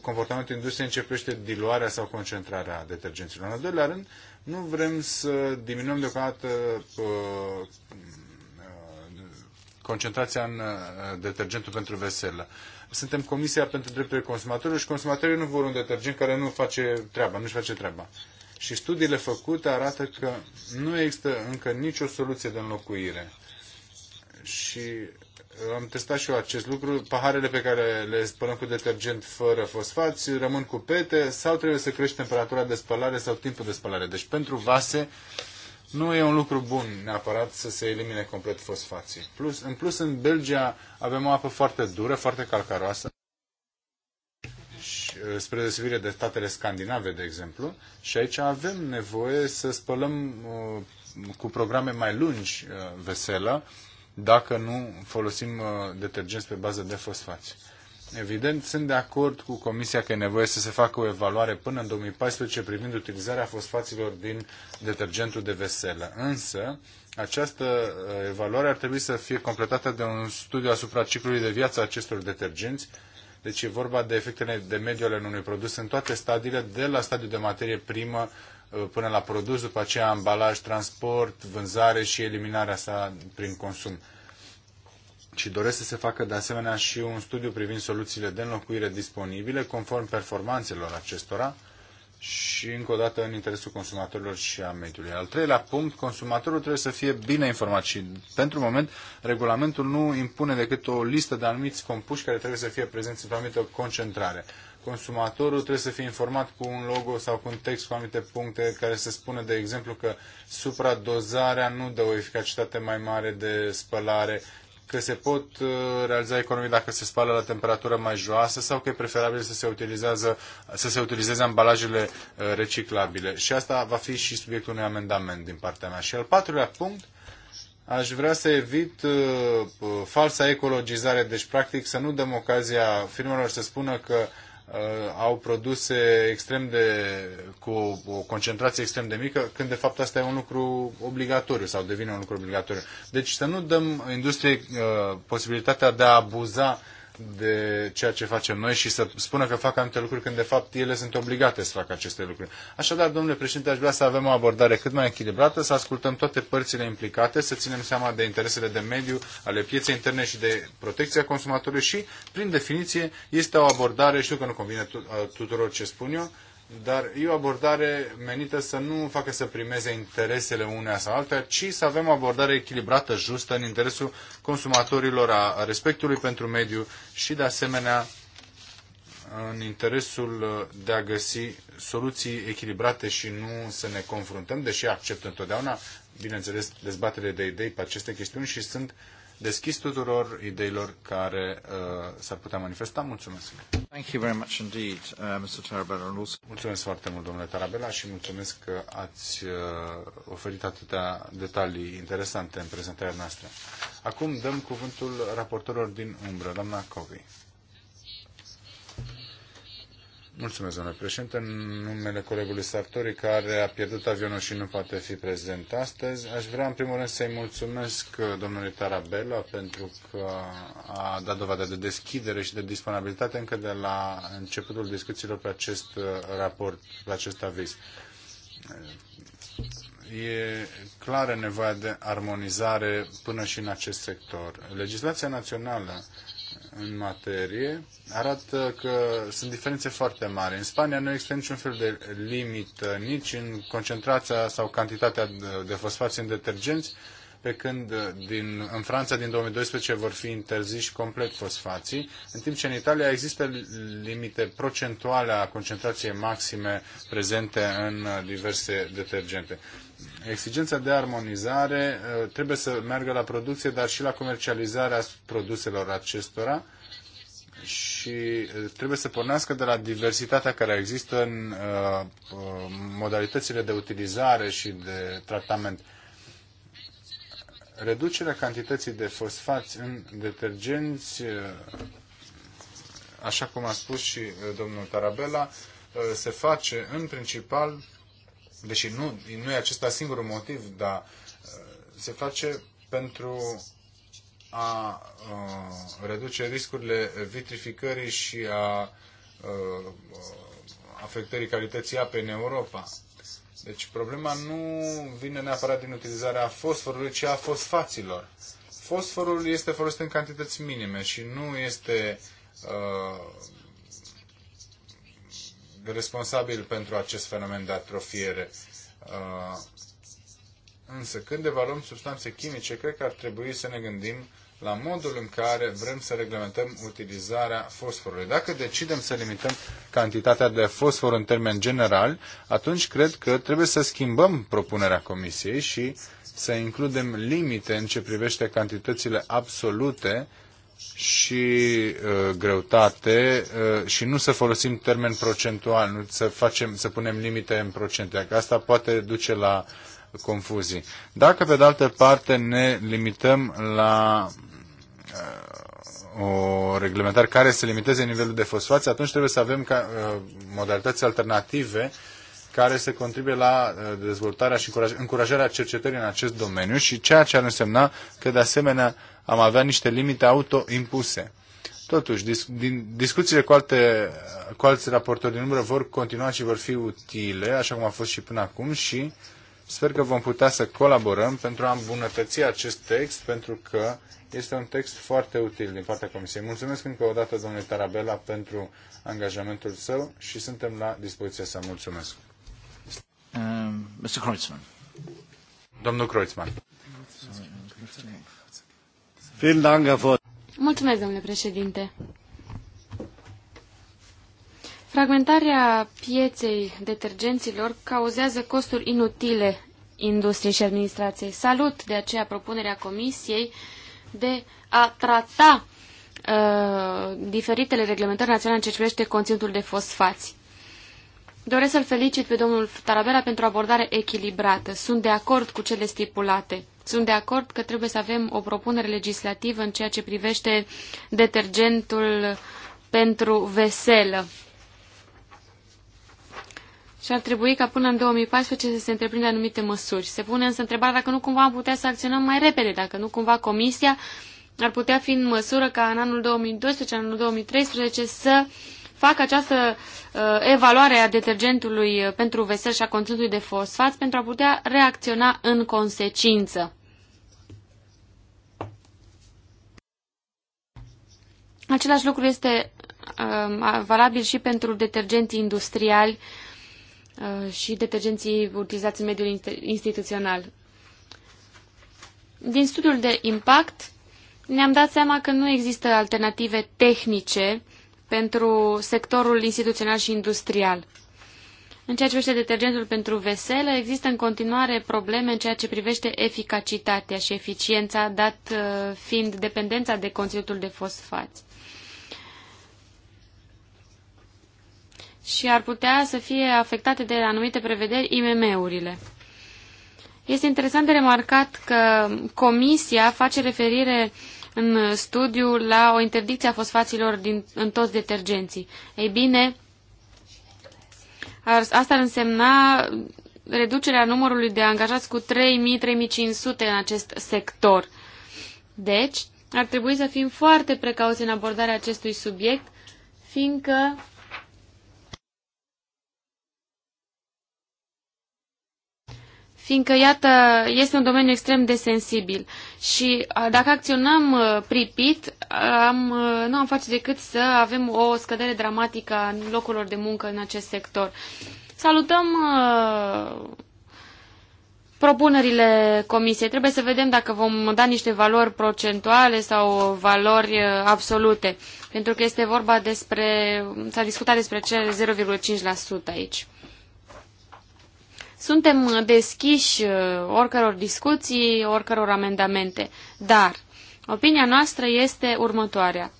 comportamentul industriei începește diluarea sau concentrarea detergenților. În al doilea rând, nu vrem să diminuăm deocamdată uh, uh, concentrația în detergentul pentru veselă suntem Comisia pentru Drepturile Consumatorilor și consumatorii nu vor un detergent care nu face treaba, nu-și face treaba. Și studiile făcute arată că nu există încă nicio soluție de înlocuire. Și am testat și eu acest lucru. Paharele pe care le spălăm cu detergent fără fosfați rămân cu pete sau trebuie să crești temperatura de spălare sau timpul de spălare. Deci pentru vase nu e un lucru bun neapărat să se elimine complet fosfații. Plus, în plus, în Belgia avem o apă foarte dură, foarte calcaroasă, și, uh, spre deosebire de statele scandinave, de exemplu, și aici avem nevoie să spălăm uh, cu programe mai lungi uh, veselă dacă nu folosim uh, detergenți pe bază de fosfații. Evident, sunt de acord cu Comisia că e nevoie să se facă o evaluare până în 2014 privind utilizarea fosfaților din detergentul de veselă. Însă, această uh, evaluare ar trebui să fie completată de un studiu asupra ciclului de viață a acestor detergenți. Deci e vorba de efectele de mediu ale unui produs în toate stadiile, de la stadiul de materie primă uh, până la produs, după aceea ambalaj, transport, vânzare și eliminarea sa prin consum și doresc să se facă de asemenea și un studiu privind soluțiile de înlocuire disponibile conform performanțelor acestora și încă o dată în interesul consumatorilor și a mediului. Al treilea punct, consumatorul trebuie să fie bine informat și pentru moment regulamentul nu impune decât o listă de anumiți compuși care trebuie să fie prezenți într-o anumită concentrare. Consumatorul trebuie să fie informat cu un logo sau cu un text cu anumite puncte care se spune, de exemplu, că supradozarea nu dă o eficacitate mai mare de spălare că se pot uh, realiza economii dacă se spală la temperatură mai joasă sau că e preferabil să se, utilizează, să se utilizeze ambalajele uh, reciclabile. Și asta va fi și subiectul unui amendament din partea mea. Și al patrulea punct, aș vrea să evit uh, falsa ecologizare, deci practic să nu dăm ocazia firmelor să spună că Uh, au produse extrem de, cu o concentrație extrem de mică, când de fapt asta e un lucru obligatoriu sau devine un lucru obligatoriu. Deci să nu dăm industriei uh, posibilitatea de a abuza de ceea ce facem noi și să spună că fac anumite lucruri când de fapt ele sunt obligate să facă aceste lucruri. Așadar, domnule președinte, aș vrea să avem o abordare cât mai echilibrată, să ascultăm toate părțile implicate, să ținem seama de interesele de mediu, ale pieței interne și de protecția consumatorului și, prin definiție, este o abordare, știu că nu convine tuturor ce spun eu, dar e o abordare menită să nu facă să primeze interesele unea sau alta ci să avem o abordare echilibrată, justă, în interesul consumatorilor, a respectului pentru mediu și, de asemenea, în interesul uh, de a găsi soluții echilibrate și nu să ne confruntăm, deși accept întotdeauna, bineînțeles, dezbatere de idei pe aceste chestiuni și sunt uh, deschis tuturor ideilor care uh, s-ar putea manifesta. Mulțumesc! Thank you very much indeed, uh, Mr. Tarabella. Mulțumesc foarte mult, domnule Tarabella, și mulțumesc că ați uh, oferit atâtea detalii interesante în prezentarea noastră. Acum dăm cuvântul raportorilor din umbră, doamna Covey. Mulțumesc, domnule președinte. În numele colegului Sartori, care a pierdut avionul și nu poate fi prezent astăzi, aș vrea în primul rând să-i mulțumesc uh, domnului Tarabella pentru că a dat dovadă de deschidere și de disponibilitate încă de la începutul discuțiilor pe acest uh, raport, pe acest aviz. Uh, e clară nevoia de armonizare până și în acest sector. Legislația națională în materie arată că sunt diferențe foarte mari. În Spania nu există niciun fel de limită, nici în concentrația sau cantitatea de fosfați în detergenți, pe când din, în Franța din 2012 vor fi interziși complet fosfații, în timp ce în Italia există limite procentuale a concentrației maxime prezente în diverse detergente. Exigența de armonizare uh, trebuie să meargă la producție, dar și la comercializarea produselor acestora și uh, trebuie să pornească de la diversitatea care există în uh, modalitățile de utilizare și de tratament. Reducerea cantității de fosfați în detergenți, așa cum a spus și domnul Tarabella, se face în principal deși nu, nu e acesta singurul motiv, dar uh, se face pentru a a uh, reduce riscurile vitrificării și a a uh, afectării calității apei în Europa. Deci problema nu vine neapărat din utilizarea fosforului, ci a fosfaților. Fosforul este folosit în cantități minime și nu este uh, responsabil pentru acest fenomen de atrofiere. Uh, însă când evaluăm substanțe chimice, cred că ar trebui să ne gândim la modul în care vrem să reglementăm utilizarea fosforului. Dacă decidem să limităm cantitatea de fosfor în termen general, atunci cred că trebuie să schimbăm propunerea Comisiei și să includem limite în ce privește cantitățile absolute și uh, greutate uh, și nu să folosim termen procentual, nu să, facem, să punem limite în procente. Că asta poate duce la confuzii. Dacă, pe de altă parte, ne limităm la uh, o reglementare care să limiteze nivelul de fosfați, atunci trebuie să avem ca, uh, modalități alternative care să contribuie la uh, dezvoltarea și încurajarea cercetării în acest domeniu și ceea ce ar însemna că, de asemenea, uh, am avea niște limite autoimpuse. Totuși, dis, din, discuțiile cu, alte, cu alți raportori din umbră vor continua și vor fi utile, așa cum a fost și până acum, și sper că vom putea să colaborăm pentru a îmbunătăți acest text, pentru că este un text foarte util din partea Comisiei. Mulțumesc încă o dată, domnule Tarabella, pentru angajamentul său și suntem la dispoziție să mulțumesc. Um, Mr. Kreutzmann. Domnul Kreutzmann. Mulțumesc, domnule președinte. Fragmentarea pieței detergenților cauzează costuri inutile industriei și administrației. Salut de aceea propunerea Comisiei de a trata uh, diferitele reglementări naționale în ce privește conținutul de fosfați. Doresc să-l felicit pe domnul Tarabella pentru abordare echilibrată. Sunt de acord cu cele stipulate. Sunt de acord că trebuie să avem o propunere legislativă în ceea ce privește detergentul pentru veselă. Și ar trebui ca până în 2014 să se întreprindă anumite măsuri. Se pune însă întrebarea dacă nu cumva am putea să acționăm mai repede, dacă nu cumva Comisia ar putea fi în măsură ca în anul 2012, anul 2013 să fac această uh, evaluare a detergentului uh, pentru vesel și a conținutului de fosfați pentru a putea reacționa în consecință. Același lucru este uh, valabil și pentru detergenții industriali uh, și detergenții utilizați în mediul instituțional. Din studiul de impact ne-am dat seama că nu există alternative tehnice pentru sectorul instituțional și industrial. În ceea ce privește detergentul pentru veselă, există în continuare probleme în ceea ce privește eficacitatea și eficiența, dat uh, fiind dependența de conținutul de fosfați. Și ar putea să fie afectate de anumite prevederi IMM-urile. Este interesant de remarcat că Comisia face referire uh, în studiu la o interdicție a fosfaților din, în toți detergenții. Ei bine, ar, asta ar însemna reducerea numărului de angajați cu 3.000-3.500 în acest sector. Deci, ar trebui să fim foarte precauți în abordarea acestui subiect, fiindcă fiindcă, iată, este un domeniu extrem de sensibil. Și dacă acționăm pripit, am, nu am face decât să avem o scădere dramatică a locurilor de muncă în acest sector. Salutăm propunerile comisiei. Trebuie să vedem dacă vom da niște valori procentuale sau valori absolute, pentru că este vorba despre, s-a discutat despre cele 0,5% aici. Suntem deschiși uh, oricăror discuții, oricăror amendamente, dar opinia noastră este următoarea.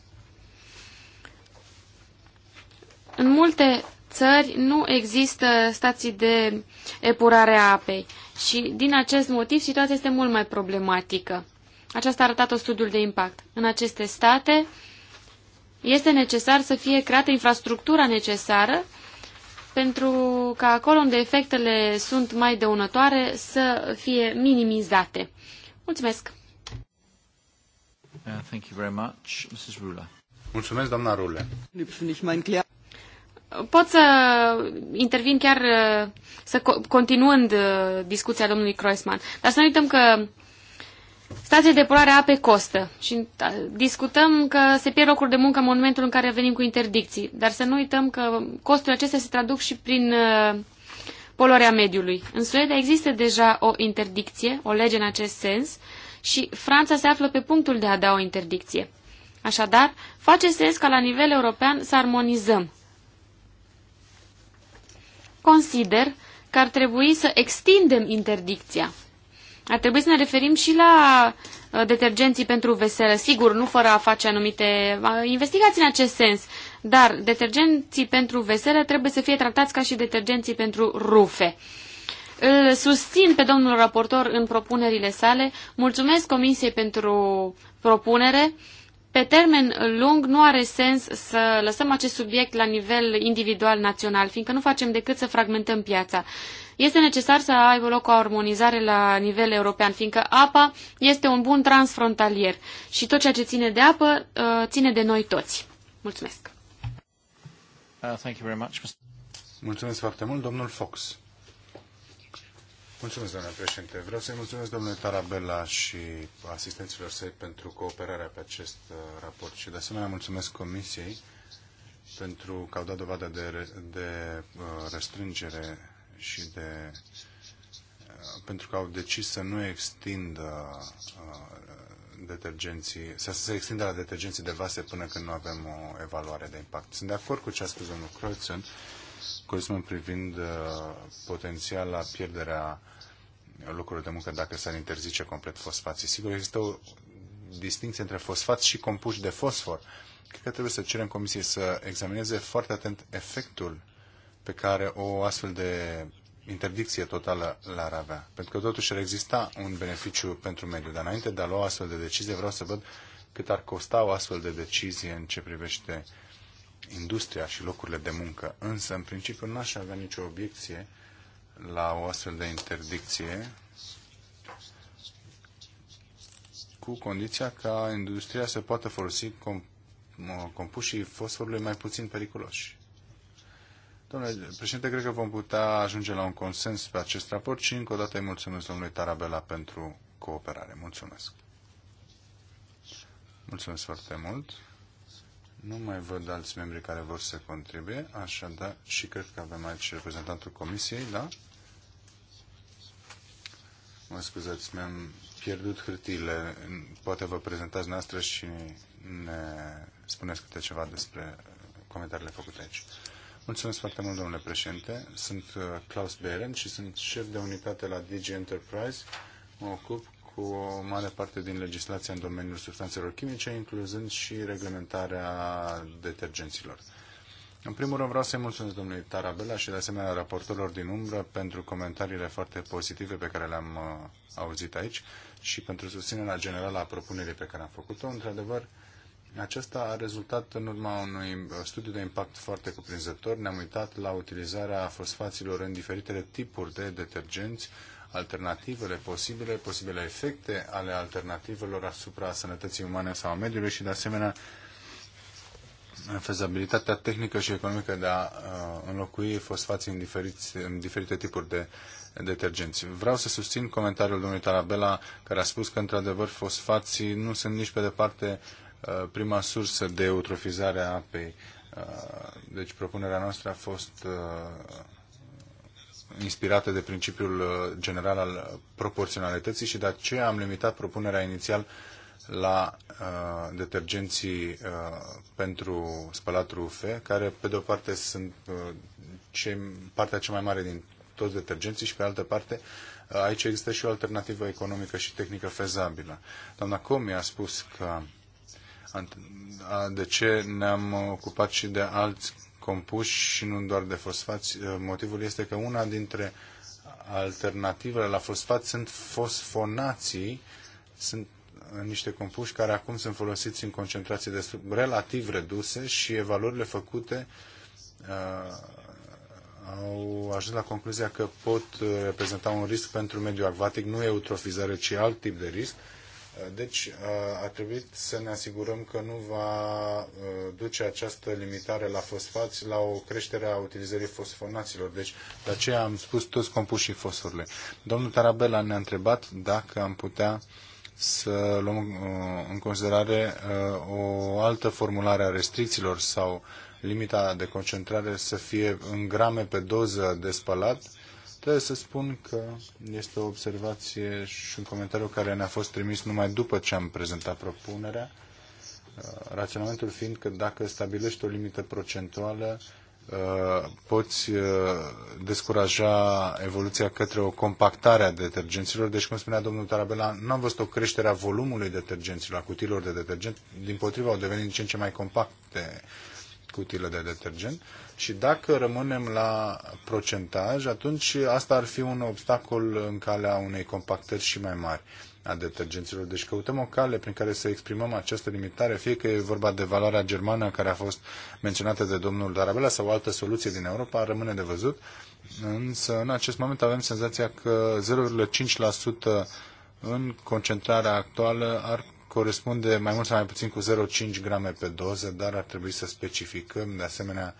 În multe țări nu există stații de epurare a apei și din acest motiv situația este mult mai problematică. Aceasta a arătat-o studiul de impact. În aceste state este necesar să fie creată infrastructura necesară pentru ca acolo unde efectele sunt mai dăunătoare să fie minimizate. Mulțumesc! Uh, thank you very much, Mrs. Rula. Mulțumesc, doamna Rule. Pot să intervin chiar uh, să continuând uh, discuția domnului Croisman, dar să nu uităm că Stația de poluare a apei costă și da, discutăm că se pierd locuri de muncă în momentul în care venim cu interdicții, dar să nu uităm că costurile acestea se traduc și prin uh, poluarea mediului. În Suedia există deja o interdicție, o lege în acest sens și Franța se află pe punctul de a da o interdicție. Așadar, face sens ca la nivel european să armonizăm. Consider că ar trebui să extindem interdicția ar trebui să ne referim și la uh, detergenții pentru veselă. Sigur, nu fără a face anumite uh, investigații în acest sens, dar detergenții pentru veselă trebuie să fie tratați ca și detergenții pentru rufe. Îl susțin pe domnul raportor în propunerile sale. Mulțumesc Comisiei pentru propunere. Pe termen lung nu are sens să lăsăm acest subiect la nivel individual național, fiindcă nu facem decât să fragmentăm piața. Este necesar să aibă loc o armonizare la nivel european, fiindcă apa este un bun transfrontalier și tot ceea ce ține de apă uh, ține de noi toți. Mulțumesc! Uh, thank you very much. Mulțumesc foarte mult, domnul Fox. Mulțumesc, domnule președinte. Vreau să-i mulțumesc domnului Tarabella și asistenților săi pentru cooperarea pe acest uh, raport și de asemenea mulțumesc Comisiei pentru că au dat dovadă de, de uh, restrângere și de uh, pentru că au decis să nu extindă uh, detergenții, să se extindă la detergenții de vase până când nu avem o evaluare de impact. Sunt de acord cu ce a spus domnul Croțen, Cosmin privind uh, potențiala pierderea lucrurilor de muncă dacă s-ar interzice complet fosfații. Sigur, există o distinție între fosfați și compuși de fosfor. Cred că trebuie să cerem comisiei să examineze foarte atent efectul pe care o astfel de interdicție totală l-ar avea. Pentru că totuși ar exista un beneficiu pentru mediu. Dar înainte de a lua astfel de decizie, vreau să văd cât ar costa o astfel de decizie în ce privește industria și locurile de muncă. Însă, în principiu, n-aș avea nicio obiecție la o astfel de interdicție cu condiția ca industria să poată folosi compușii fosforului mai puțin periculoși. Domnule președinte, cred că vom putea ajunge la un consens pe acest raport și încă o dată îi mulțumesc domnului Tarabela pentru cooperare. Mulțumesc. Mulțumesc foarte mult. Nu mai văd alți membri care vor să contribuie, Așa da. și cred că avem aici reprezentantul comisiei, da? Mă scuzați, mi-am pierdut hârtiile. Poate vă prezentați noastră și ne spuneți câte ceva despre comentariile făcute aici. Mulțumesc foarte mult, domnule președinte. Sunt uh, Klaus Beren și sunt șef de unitate la DG Enterprise. Mă ocup cu o mare parte din legislația în domeniul substanțelor chimice, incluzând și reglementarea detergenților. În primul rând vreau să-i mulțumesc domnului Tarabella și de asemenea raportorilor din umbră pentru comentariile foarte pozitive pe care le-am uh, auzit aici și pentru susținerea generală a propunerii pe care am făcut-o. Într-adevăr, aceasta a rezultat în urma unui studiu de impact foarte cuprinzător. Ne-am uitat la utilizarea fosfaților în diferitele tipuri de detergenți, alternativele posibile, posibile efecte ale alternativelor asupra sănătății umane sau a mediului și, de asemenea, fezabilitatea tehnică și economică de a uh, înlocui fosfații în, diferiți, în diferite tipuri de detergenți. Vreau să susțin comentariul domnului Tarabela care a spus că, într-adevăr, fosfații nu sunt nici pe departe Uh, prima sursă de eutrofizare a apei. Uh, deci propunerea noastră a fost uh, inspirată de principiul general al proporționalității și de aceea am limitat propunerea inițial la detergenții pentru spălat rufe, care pe de o parte sunt uh, partea cea mai mare din toți detergenții și pe altă parte aici există și o alternativă economică și tehnică fezabilă. Doamna Comi a spus că uh, de ce ne-am ocupat și de alți compuși și nu doar de fosfați. Motivul este că una dintre alternativele la fosfat sunt fosfonații, sunt niște compuși care acum sunt folosiți în concentrații de relativ reduse și evaluările făcute uh, au ajuns la concluzia că pot reprezenta un risc pentru mediul acvatic, nu eutrofizare, ci alt tip de risc. Uh, Uh, deci uh, a trebuit să ne asigurăm că nu va uh, duce această limitare la fosfați la o creștere a utilizării fosfonaților. Deci de aceea am spus toți compușii fosforile. Domnul Tarabela ne-a întrebat dacă am putea să luăm în considerare o altă formulare a restricțiilor sau limita de concentrare să fie în grame pe doză de spălat Trebuie să spun că este o observație și un comentariu care ne-a fost trimis numai după ce am prezentat propunerea, uh, raționamentul fiind că dacă stabilești o limită procentuală, uh, poți uh, descuraja evoluția către o compactare a detergenților. Deci, cum spunea domnul Tarabela, nu am văzut o creștere a volumului detergenților, a cutiilor de detergent. Din potriva, au devenit din ce în ce mai compacte cutiile de detergent și dacă rămânem la procentaj, atunci asta ar fi un obstacol în calea unei compactări și mai mari a detergenților. Deci căutăm o cale prin care să exprimăm această limitare, fie că e vorba de valoarea germană care a fost menționată de domnul Darabela sau o altă soluție din Europa, rămâne de văzut. Însă în acest moment avem senzația că 0,5% în concentrarea actuală ar corespunde mai mult sau mai puțin cu 0,5 grame pe doză, dar ar trebui să specificăm de asemenea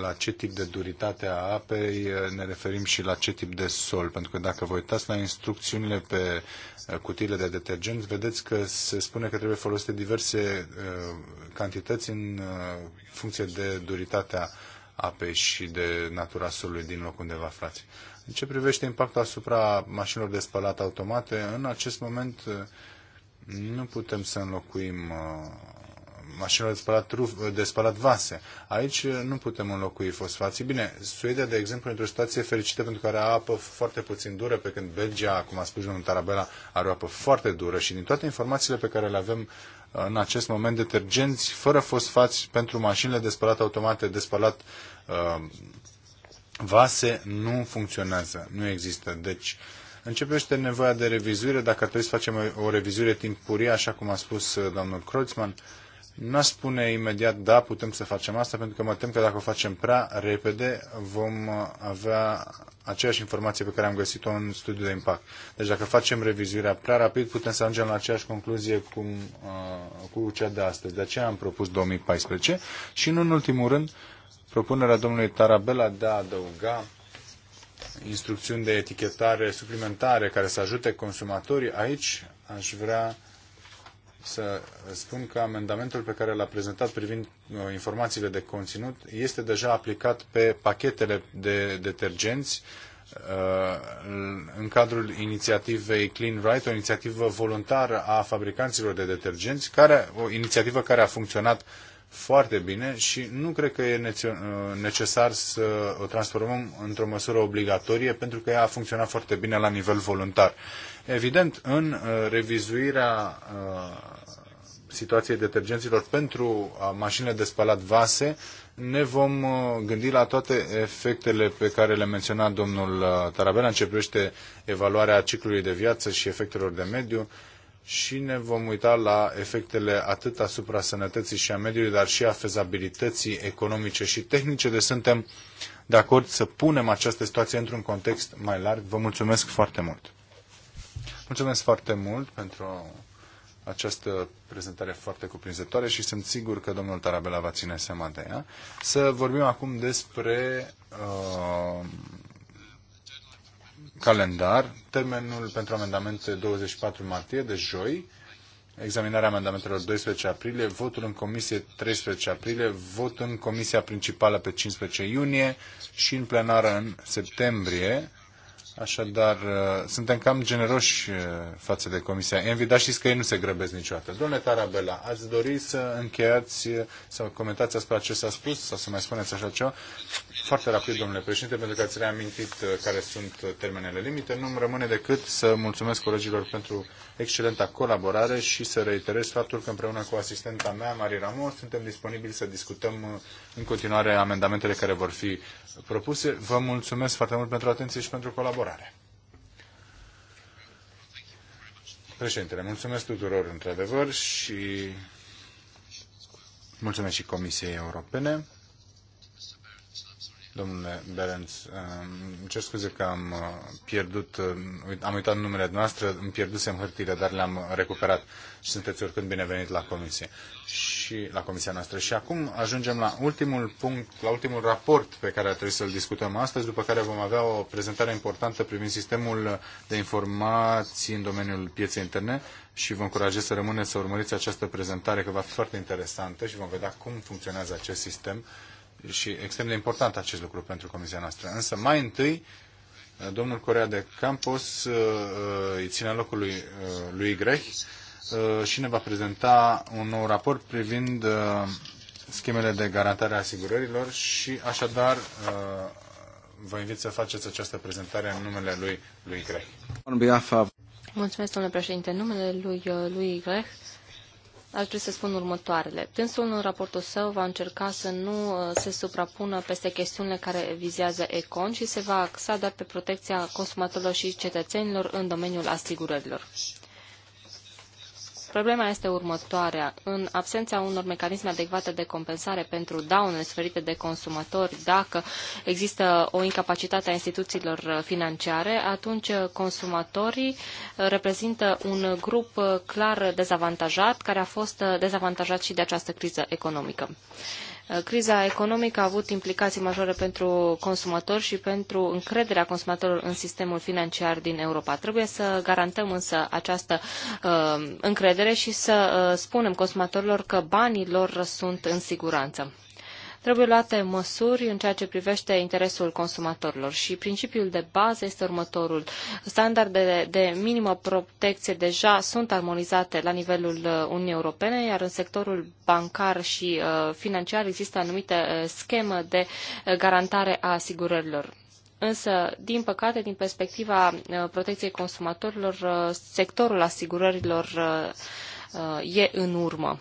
la ce tip de duritate a apei ne referim și la ce tip de sol. Pentru că dacă vă uitați la instrucțiunile pe uh, cutiile de detergent, vedeți că se spune că trebuie folosite diverse uh, cantități în uh, funcție de duritatea apei și de natura solului din loc unde vă aflați. În ce privește impactul asupra mașinilor de spălat automate, în acest moment uh, nu putem să înlocuim uh, mașinile de spălat, de spălat vase. Aici uh, nu putem înlocui fosfații. Bine, Suedia, de exemplu, într-o situație fericită pentru că are apă foarte puțin dură, pe când Belgia, cum a spus domnul Tarabela, are o apă foarte dură și din toate informațiile pe care le avem uh, în acest moment, detergenți fără fosfați pentru mașinile de spălat automate, de spălat uh, vase, nu funcționează, nu există. Deci, uh, Începește nevoia de revizuire, dacă trebuie să facem o revizuire timpurie, așa cum a spus uh, domnul Kreutzmann, nu spune imediat, da, putem să facem asta, pentru că mă tem că dacă o facem prea repede, vom uh, avea aceeași informație pe care am găsit-o în studiul de impact. Deci dacă facem revizuirea prea rapid, putem să ajungem la aceeași concluzie cum, uh, cu cea de astăzi. De aceea am propus 2014 și, nu în ultimul rând, propunerea domnului Tarabella de a adăuga instrucțiuni de etichetare suplimentare care să ajute consumatorii, aici aș vrea să spun că amendamentul pe care l-a prezentat privind uh, informațiile de conținut este deja aplicat pe pachetele de detergenți uh, în cadrul inițiativei Clean Right, o inițiativă voluntară a fabricanților de detergenți, care, o inițiativă care a funcționat foarte bine și nu cred că e necesar să o transformăm într-o măsură obligatorie pentru că ea a funcționat foarte bine la nivel voluntar. Evident, în uh, revizuirea uh, situației detergenților pentru uh, mașinile de spălat vase, ne vom gândi la toate efectele pe care le menționa domnul Tarabela începește ce evaluarea ciclului de viață și efectelor de mediu și ne vom uita la efectele atât asupra sănătății și a mediului, dar și a fezabilității economice și tehnice. Deci suntem de acord să punem această situație într-un context mai larg. Vă mulțumesc foarte mult! Mulțumesc foarte mult pentru această prezentare foarte cuprinzătoare și sunt sigur că domnul Tarabela va ține seama de ea. Să vorbim acum despre uh, calendar. Termenul pentru amendamente 24 martie, de deci joi, examinarea amendamentelor 12 aprilie, votul în comisie 13 aprilie, vot în comisia principală pe 15 iunie și în plenară în septembrie, Așadar, uh, suntem cam generoși uh, față de Comisia Envi, dar știți că ei nu se grăbesc niciodată. Domnule Tarabela, ați dori să încheiați uh, sau comentați asupra ce s-a spus sau să mai spuneți așa ceva? Foarte rapid, domnule președinte, pentru că ați reamintit care sunt termenele limite. Nu-mi rămâne decât să mulțumesc colegilor pentru excelenta colaborare și să reiterez faptul că împreună cu asistenta mea, Mari Ramos, suntem disponibili să discutăm uh, în continuare amendamentele care vor fi propuse. Vă mulțumesc foarte mult pentru atenție și pentru colaborare. Președintele, mulțumesc tuturor într-adevăr și mulțumesc și Comisiei Europene domnule Berenț. Um, îmi cer scuze că am uh, pierdut, uh, am uitat numele noastre, îmi pierdusem hârtile, dar le-am recuperat și sunteți oricând binevenit la comisie și la comisia noastră. Și acum ajungem la ultimul punct, la ultimul raport pe care ar trebui să-l discutăm astăzi, după care vom avea o prezentare importantă privind sistemul de informații în domeniul pieței interne și vă încurajez să rămâneți să urmăriți această prezentare, că va fi foarte interesantă și vom vedea cum funcționează acest sistem și extrem de important acest lucru pentru comisia noastră. Însă mai întâi, domnul Corea de Campos uh, îi ține locul lui, uh, lui Grech uh, și ne va prezenta un nou raport privind schemele de garantare a asigurărilor și așadar vă invit să faceți această prezentare în numele lui, lui Grech. Mulțumesc, domnule președinte. În numele lui, lui Grech aș vrea să spun următoarele. Dânsul în raportul său va încerca să nu uh, se suprapună peste chestiunile care vizează Econ și se va axa doar pe protecția consumatorilor și cetățenilor în domeniul asigurărilor. Problema este următoarea. În absența unor mecanisme adecvate de compensare pentru daune suferite de consumatori, dacă există o incapacitate a instituțiilor financiare, atunci consumatorii reprezintă un grup clar dezavantajat, care a fost dezavantajat și de această criză economică. Uh, criza economică a avut implicații majore pentru consumatori și pentru încrederea consumatorilor în sistemul financiar din Europa. Trebuie să garantăm însă această uh, încredere și să uh, spunem consumatorilor că banii lor sunt în siguranță. Trebuie luate măsuri în ceea ce privește interesul consumatorilor și principiul de bază este următorul. Standardele de minimă protecție deja sunt armonizate la nivelul uh, Uniunii Europene, iar în sectorul bancar și uh, financiar există anumite uh, scheme de garantare a asigurărilor. Însă, din păcate, din perspectiva protecției consumatorilor, sectorul asigurărilor e în urmă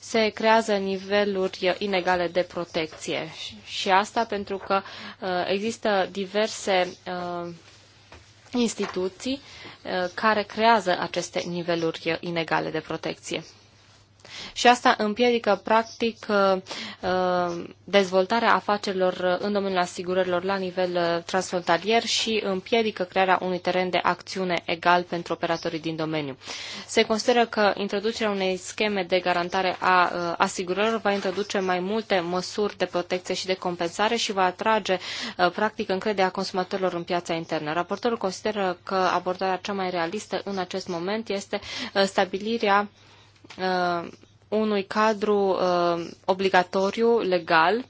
se creează niveluri inegale de protecție. Și asta pentru că uh, există diverse uh, instituții uh, care creează aceste niveluri inegale de protecție. Și asta împiedică, practic, uh, uh, dezvoltarea afacerilor în domeniul asigurărilor la nivel uh, transfrontalier și împiedică crearea unui teren de acțiune egal pentru operatorii din domeniu. Se consideră că introducerea unei scheme de garantare a asigurărilor va introduce mai multe măsuri de protecție și de compensare și va atrage, practic, încrederea consumatorilor în piața internă. Raportorul consideră că abordarea cea mai realistă în acest moment este stabilirea uh, unui cadru uh, obligatoriu legal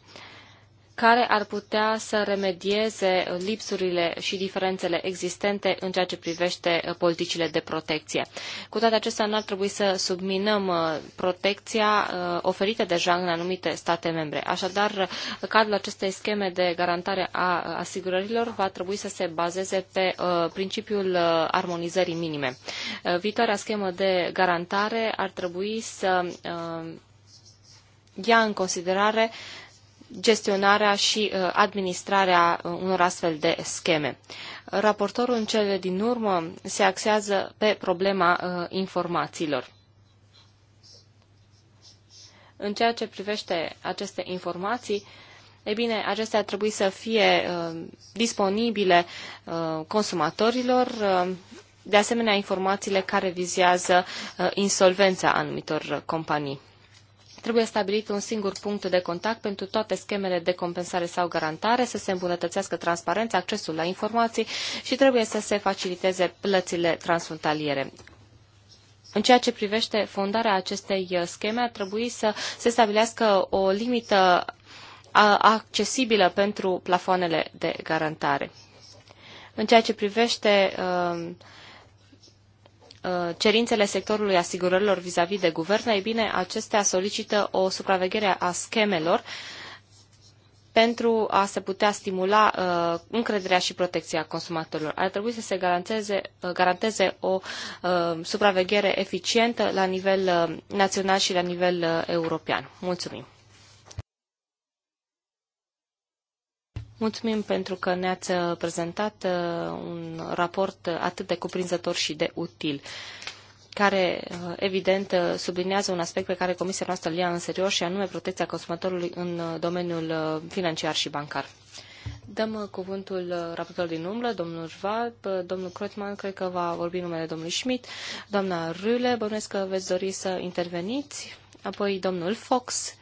care ar putea să remedieze lipsurile și diferențele existente în ceea ce privește uh, politicile de protecție. Cu toate acestea, nu ar trebui să subminăm uh, protecția uh, oferită deja în anumite state membre. Așadar, cadrul acestei scheme de garantare a asigurărilor va trebui să se bazeze pe principiul armonizării minime. Viitoarea schemă de garantare ar trebui să ia în considerare uh, gestionarea și uh, administrarea uh, unor astfel de scheme. Raportorul în cele din urmă se axează pe problema uh, informațiilor. În ceea ce privește aceste informații, e bine, acestea ar trebui să fie uh, disponibile uh, consumatorilor, uh, de asemenea informațiile care vizează uh, insolvența anumitor companii. Trebuie stabilit un singur punct de contact pentru toate schemele de compensare sau garantare, să se îmbunătățească transparența, accesul la informații și trebuie să se faciliteze plățile transfrontaliere. În ceea ce privește fondarea acestei uh, scheme, ar trebui să se stabilească o limită accesibilă pentru plafoanele de garantare. În ceea ce privește uh, Uh, cerințele sectorului asigurărilor vis-a-vis de guvern, ei bine, acestea solicită o supraveghere a schemelor pentru a se putea stimula uh, încrederea și protecția consumatorilor. Ar trebui să se garanteze, uh, garanteze o uh, supraveghere eficientă la nivel uh, național și la nivel uh, european. Mulțumim! Mulțumim pentru că ne-ați uh, prezentat uh, un raport uh, atât de cuprinzător și de util care, evident, sublinează un aspect pe care Comisia noastră îl ia în serios și anume protecția consumatorului în domeniul financiar și bancar. Dăm cuvântul raportorului din umbră, domnul Vab, domnul Kreutmann, cred că va vorbi numele domnului Schmidt, doamna Râle, bănuiesc că veți dori să interveniți, apoi domnul Fox.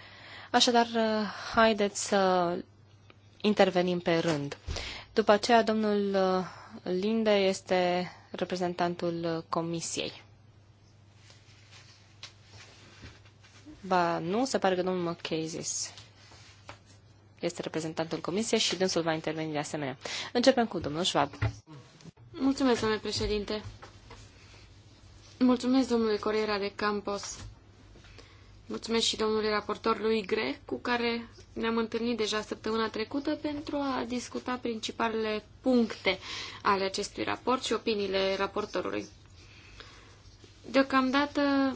Așadar, haideți să intervenim pe rând. După aceea, domnul uh, Linde este reprezentantul uh, comisiei. Ba, nu, se pare că domnul McCasis este reprezentantul comisiei și dânsul va interveni de asemenea. Începem cu domnul Schwab. Mulțumesc, domnule președinte. Mulțumesc, domnule Corriera de Campos. Mulțumesc și domnului raportor lui Gre, cu care ne-am întâlnit deja săptămâna trecută pentru a discuta principalele puncte ale acestui raport și opiniile raportorului. Deocamdată,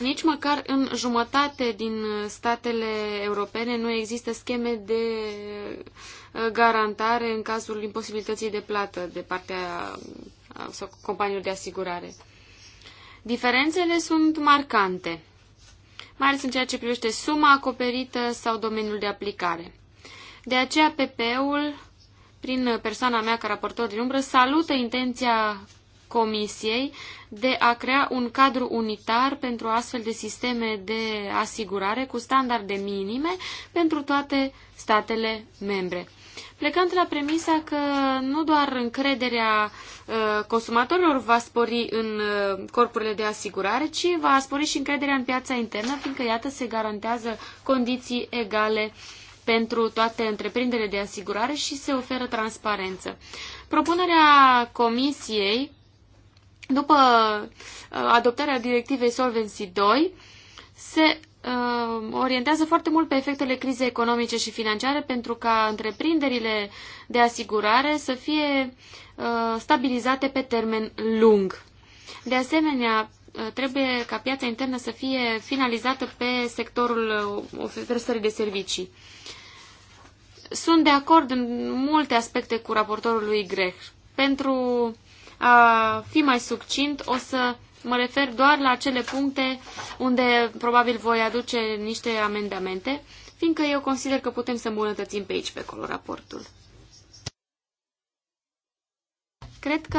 nici măcar în jumătate din statele europene nu există scheme de uh, garantare în cazul imposibilității de plată de partea uh, companiilor de asigurare. Diferențele sunt marcante, mai ales în ceea ce privește suma acoperită sau domeniul de aplicare. De aceea, PP-ul, prin persoana mea ca raportor din umbră, salută intenția Comisiei de a crea un cadru unitar pentru astfel de sisteme de asigurare cu standarde minime pentru toate statele membre plecând la premisa că nu doar încrederea uh, consumatorilor va spori în uh, corpurile de asigurare, ci va spori și încrederea în piața internă, fiindcă, iată, se garantează condiții egale pentru toate întreprinderile de asigurare și se oferă transparență. Propunerea Comisiei, după uh, adoptarea directivei Solvency 2, se uh, orientează foarte mult pe efectele crizei economice și financiare pentru ca întreprinderile de asigurare să fie uh, stabilizate pe termen lung. De asemenea, uh, trebuie ca piața internă să fie finalizată pe sectorul uh, oferării de servicii. Sunt de acord în multe aspecte cu raportorul lui Grech. Pentru a fi mai succint, o să Mă refer doar la acele puncte unde probabil voi aduce niște amendamente, fiindcă eu consider că putem să îmbunătățim pe aici, pe acolo, raportul. Cred că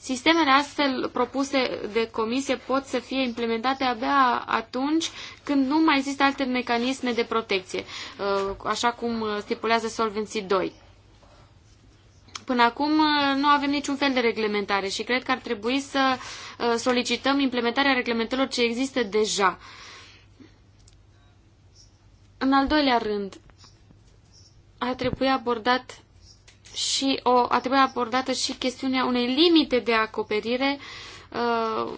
Sistemele astfel propuse de comisie pot să fie implementate abia atunci când nu mai există alte mecanisme de protecție, uh, așa cum stipulează Solvency 2. Până acum uh, nu avem niciun fel de reglementare și cred că ar trebui să uh, solicităm implementarea reglementelor ce există deja. În al doilea rând, ar trebui abordat și o, ar trebui abordată și chestiunea unei limite de acoperire uh,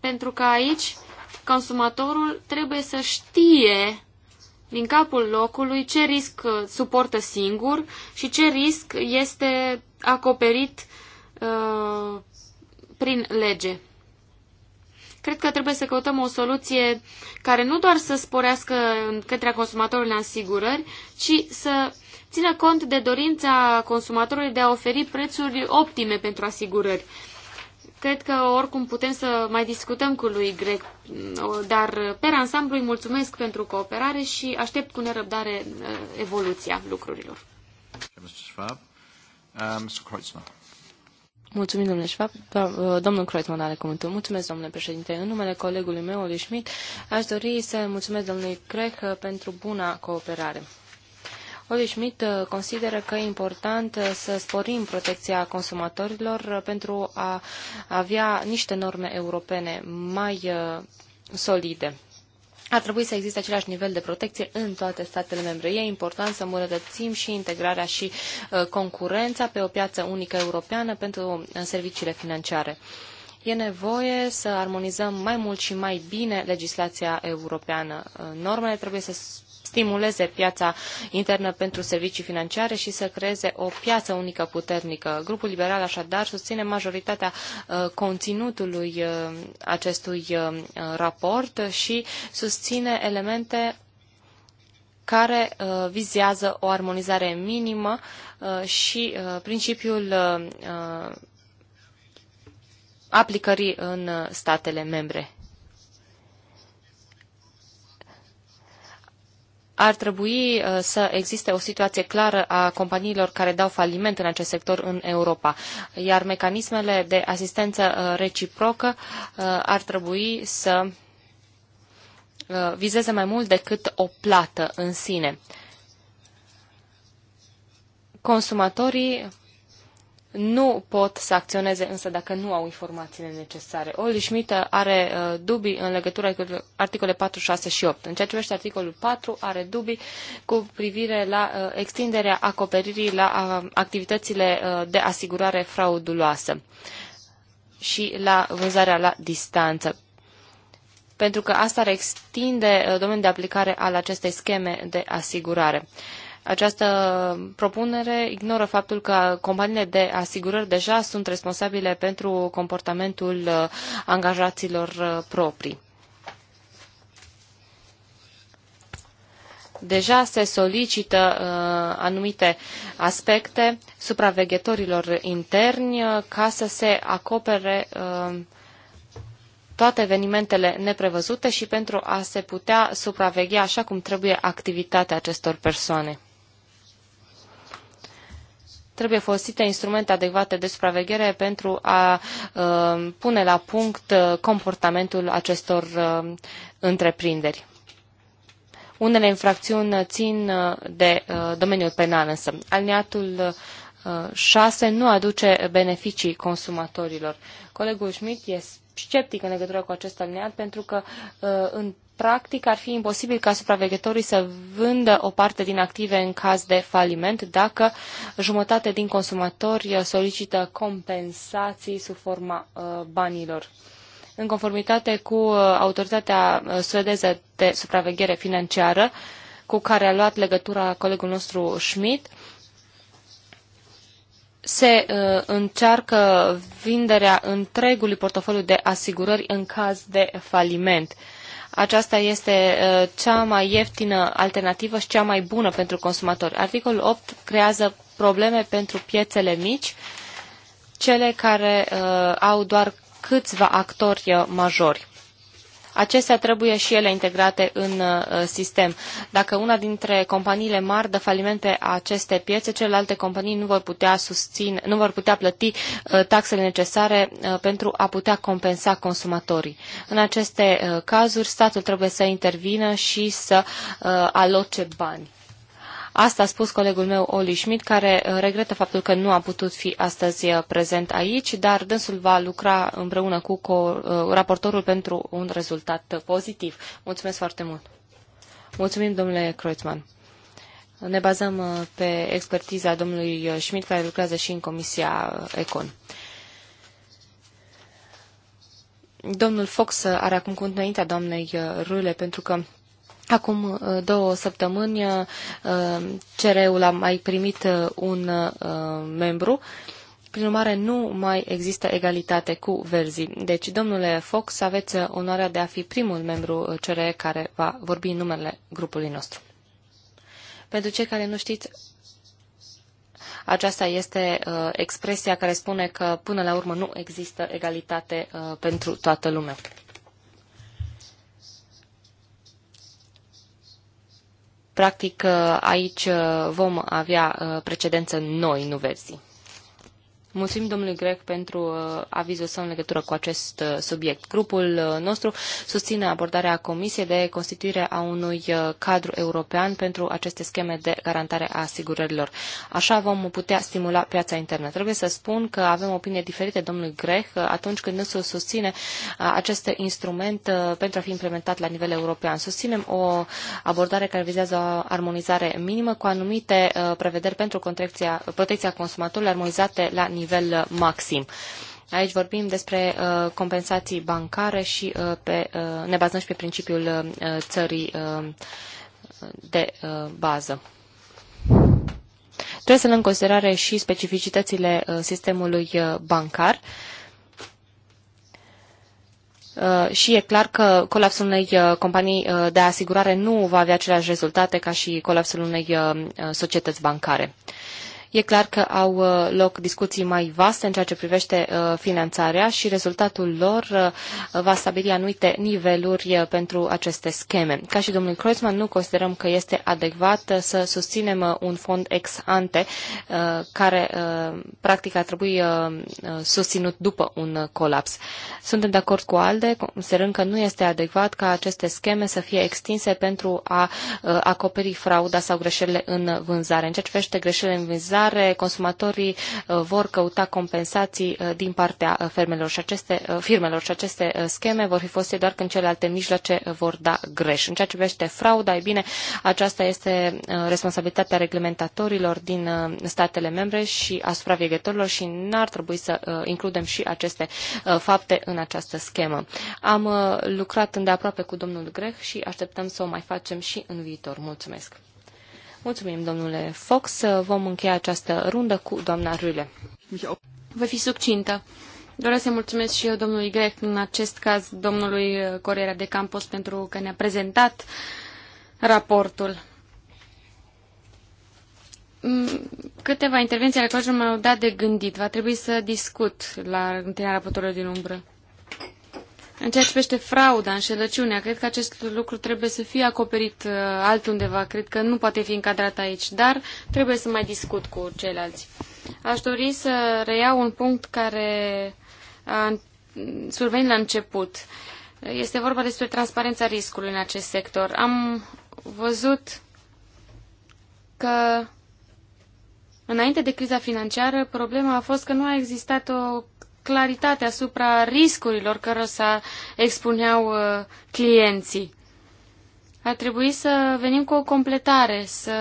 pentru că aici consumatorul trebuie să știe din capul locului ce risc uh, suportă singur și ce risc este acoperit uh, prin lege. Cred că trebuie să căutăm o soluție care nu doar să sporească către consumatorul în asigurări, ci să țină cont de dorința consumatorului de a oferi prețuri optime pentru asigurări. Uh, Cred că oricum putem să mai discutăm cu lui Greg, dar pe ansamblu îi mulțumesc pentru cooperare și aștept cu nerăbdare uh, evoluția lucrurilor. Uh, Mulțumim, domnule Schwab. Da, uh, domnul Kreutzmann are cuvântul. Mulțumesc, domnule președinte. În numele colegului meu, Oli Schmidt, aș dori să mulțumesc domnului Greg pentru buna cooperare. Olli Schmidt uh, consideră că e important uh, să sporim protecția consumatorilor uh, pentru a avea niște norme europene mai solide. Ar trebui să existe același nivel de protecție în toate statele membre. E important să îmbunătățim și integrarea și concurența pe o piață unică europeană pentru serviciile financiare e nevoie să armonizăm mai mult și mai bine legislația europeană. Normele trebuie să stimuleze piața internă pentru servicii financiare și să creeze o piață unică puternică. Grupul Liberal așadar susține majoritatea uh, conținutului uh, acestui uh, raport și susține elemente care vizează o armonizare minimă și principiul aplicării în statele membre. ar trebui uh, să existe o situație clară a companiilor care dau faliment în acest sector în Europa, iar mecanismele de asistență uh, reciprocă uh, ar trebui să vizeze mai mult decât o plată în sine. Consumatorii nu pot să acționeze însă dacă nu au informațiile necesare. Oli Schmidt are uh, dubii în legătură cu articole 4, 6 și 8. În ceea ce privește articolul 4, are dubii cu privire la uh, extinderea acoperirii la uh, activitățile uh, de asigurare frauduloasă și la vânzarea la distanță pentru că asta ar extinde uh, domeniul de aplicare al acestei scheme de asigurare. Această propunere ignoră faptul că companiile de asigurări deja sunt responsabile pentru comportamentul uh, angajaților uh, proprii. deja se solicită uh, anumite aspecte supraveghetorilor interni uh, ca să se acopere uh, toate evenimentele neprevăzute și pentru a se putea supraveghea așa cum trebuie activitatea acestor persoane. Trebuie folosite instrumente adecvate de supraveghere pentru a ă, pune la punct ă, comportamentul acestor ă, întreprinderi. Unele infracțiuni țin de domeniul penal, însă alineatul 6 nu aduce beneficii consumatorilor. Colegul Schmidt este sceptic în legătură cu acest alineat pentru că în practic ar fi imposibil ca supraveghetorii să vândă o parte din active în caz de faliment dacă jumătate din consumatori solicită compensații sub forma uh, banilor. În conformitate cu uh, autoritatea uh, suedeză de supraveghere financiară, cu care a luat legătura colegul nostru Schmidt, se uh, încearcă vinderea întregului portofoliu de asigurări în caz de faliment aceasta este uh, cea mai ieftină alternativă și cea mai bună pentru consumatori. Articolul 8 creează probleme pentru piețele mici, cele care uh, au doar câțiva actori uh, majori acestea trebuie și ele integrate în uh, sistem. Dacă una dintre companiile mari dă faliment pe aceste piețe, celelalte companii nu vor putea susține, nu vor putea plăti uh, taxele necesare uh, pentru a putea compensa consumatorii. În aceste cazuri, statul trebuie să intervină și să aloce bani. Asta a spus colegul meu, Oli Schmidt, care uh, regretă faptul că nu a putut fi astăzi uh, prezent aici, dar dânsul va lucra împreună cu uh, raportorul pentru un rezultat pozitiv. Mulțumesc foarte mult! Mulțumim, domnule Kreutzmann! Ne bazăm pe expertiza domnului Schmidt, care lucrează și în Comisia Econ. Domnul Fox are acum cuvânt înaintea doamnei Rule pentru că Acum uh, două săptămâni uh, CRU-ul a mai primit uh, un membru. Prin urmare, nu mai există egalitate cu verzii. Deci, domnule Fox, aveți onoarea de a fi primul membru CRE care va vorbi în numele grupului nostru. Pentru cei care nu știți, aceasta este uh, expresia care spune că până la urmă nu există egalitate uh, pentru toată lumea. Practic, aici uh, vom avea uh, precedență noi, nu versii. Mulțumim domnului Grec pentru uh, avizul său în legătură cu acest uh, subiect. Grupul uh, nostru susține abordarea Comisiei de constituire a unui cadru european pentru aceste scheme de garantare a asigurărilor. Așa vom putea stimula piața internă. Trebuie să spun că avem opinie diferite domnului Grec atunci când însul susține acest instrument pentru a fi implementat la nivel european. Susținem o abordare care vizează o armonizare minimă cu anumite prevederi pentru protecția consumatorilor armonizate la nivel nivel uh, maxim. Aici vorbim despre uh, compensații bancare și uh, pe, uh, ne bazăm și pe principiul uh, țării uh, de uh, bază. Trebuie să luăm în considerare și specificitățile uh, sistemului uh, bancar. Uh, și e clar că colapsul unei uh, companii uh, de asigurare nu va avea aceleași rezultate ca și colapsul unei uh, uh, societăți bancare. Uh, E clar că au uh, loc discuții mai vaste în ceea ce privește uh, finanțarea și rezultatul lor uh, va stabili anumite niveluri pentru aceste scheme. Ca și domnul Kreuzmann, nu considerăm că este adecvat să susținem un fond ex ante care practic ar trebui susținut după un colaps. Suntem de acord cu ALDE, considerând că nu este adecvat ca aceste scheme să fie extinse pentru a acoperi frauda sau greșelile în vânzare. În ceea ce privește greșelile în vânzare, care consumatorii uh, vor căuta compensații uh, din partea uh, firmelor, și aceste, firmelor și aceste scheme vor fi foste doar când celelalte mijloace vor da greș. În ceea ce privește frauda, e bine, aceasta este responsabilitatea reglementatorilor din statele membre și a supraveghetorilor și n-ar trebui să includem și aceste fapte în această schemă. Am lucrat îndeaproape cu domnul Greh și așteptăm să o mai facem și în viitor. Mulțumesc! Mulțumim, domnule Fox. Vom încheia această rundă cu doamna Râle. Voi fi succintă. Doresc să mulțumesc și eu domnului Grec, în acest caz domnului Correa de Campos, pentru că ne-a prezentat raportul. Mm, câteva intervenții ale colegilor m-au dat de gândit. Va trebui să discut la întâlnirea raportului din umbră. În ceea ce privește frauda, înșelăciunea, cred că acest lucru trebuie să fie acoperit uh, altundeva. Cred că nu poate fi încadrat aici, dar trebuie să mai discut cu ceilalți. Aș dori să reiau un punct care a survenit la început. Este vorba despre transparența riscului în acest sector. Am văzut că Înainte de criza financiară, problema a fost că nu a existat o claritate asupra riscurilor care o să expuneau uh, clienții. Ar trebui să venim cu o completare, să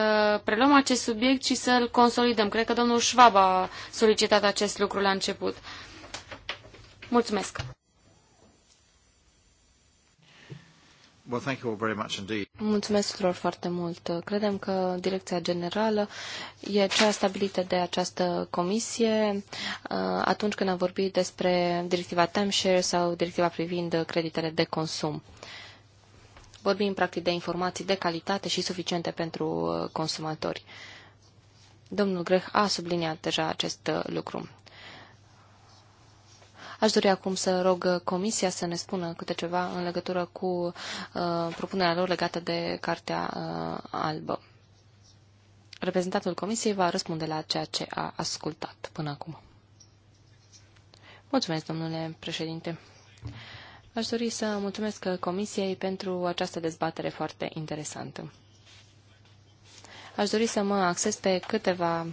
preluăm acest subiect și să-l consolidăm. Cred că domnul Schwab a solicitat acest lucru la început. Mulțumesc! Well, thank you all very much indeed. Mulțumesc tuturor foarte mult. Credem că direcția generală e cea stabilită de această comisie uh, atunci când am vorbit despre directiva timeshare sau directiva privind creditele de consum. Vorbim practic de informații de calitate și suficiente pentru uh, consumatori. Domnul Greh a subliniat deja acest uh, lucru. Aș dori acum să rog uh, Comisia să ne spună câte ceva în legătură cu uh, propunerea lor legată de Cartea uh, Albă. Reprezentantul Comisiei va răspunde la ceea ce a ascultat până acum. Mulțumesc, domnule președinte. Aș dori să mulțumesc uh, Comisiei pentru această dezbatere foarte interesantă. Aș dori să mă acces pe câteva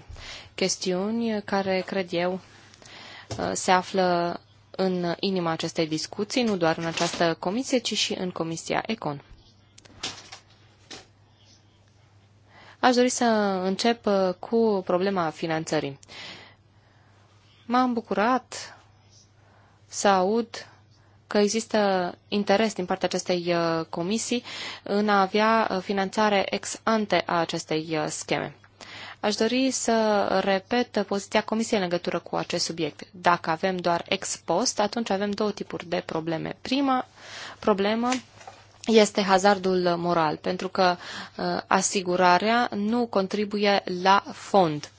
chestiuni care, cred eu, uh, se află în inima acestei discuții, nu doar în această comisie, ci și în Comisia Econ. Aș dori să încep uh, cu problema finanțării. M-am bucurat să aud că există interes din partea acestei uh, comisii în a avea uh, finanțare ex ante a acestei scheme. Aș dori să repet poziția Comisiei în legătură cu acest subiect. Dacă avem doar ex post, atunci avem două tipuri de probleme. Prima problemă este hazardul moral, pentru că uh, asigurarea nu contribuie la fond.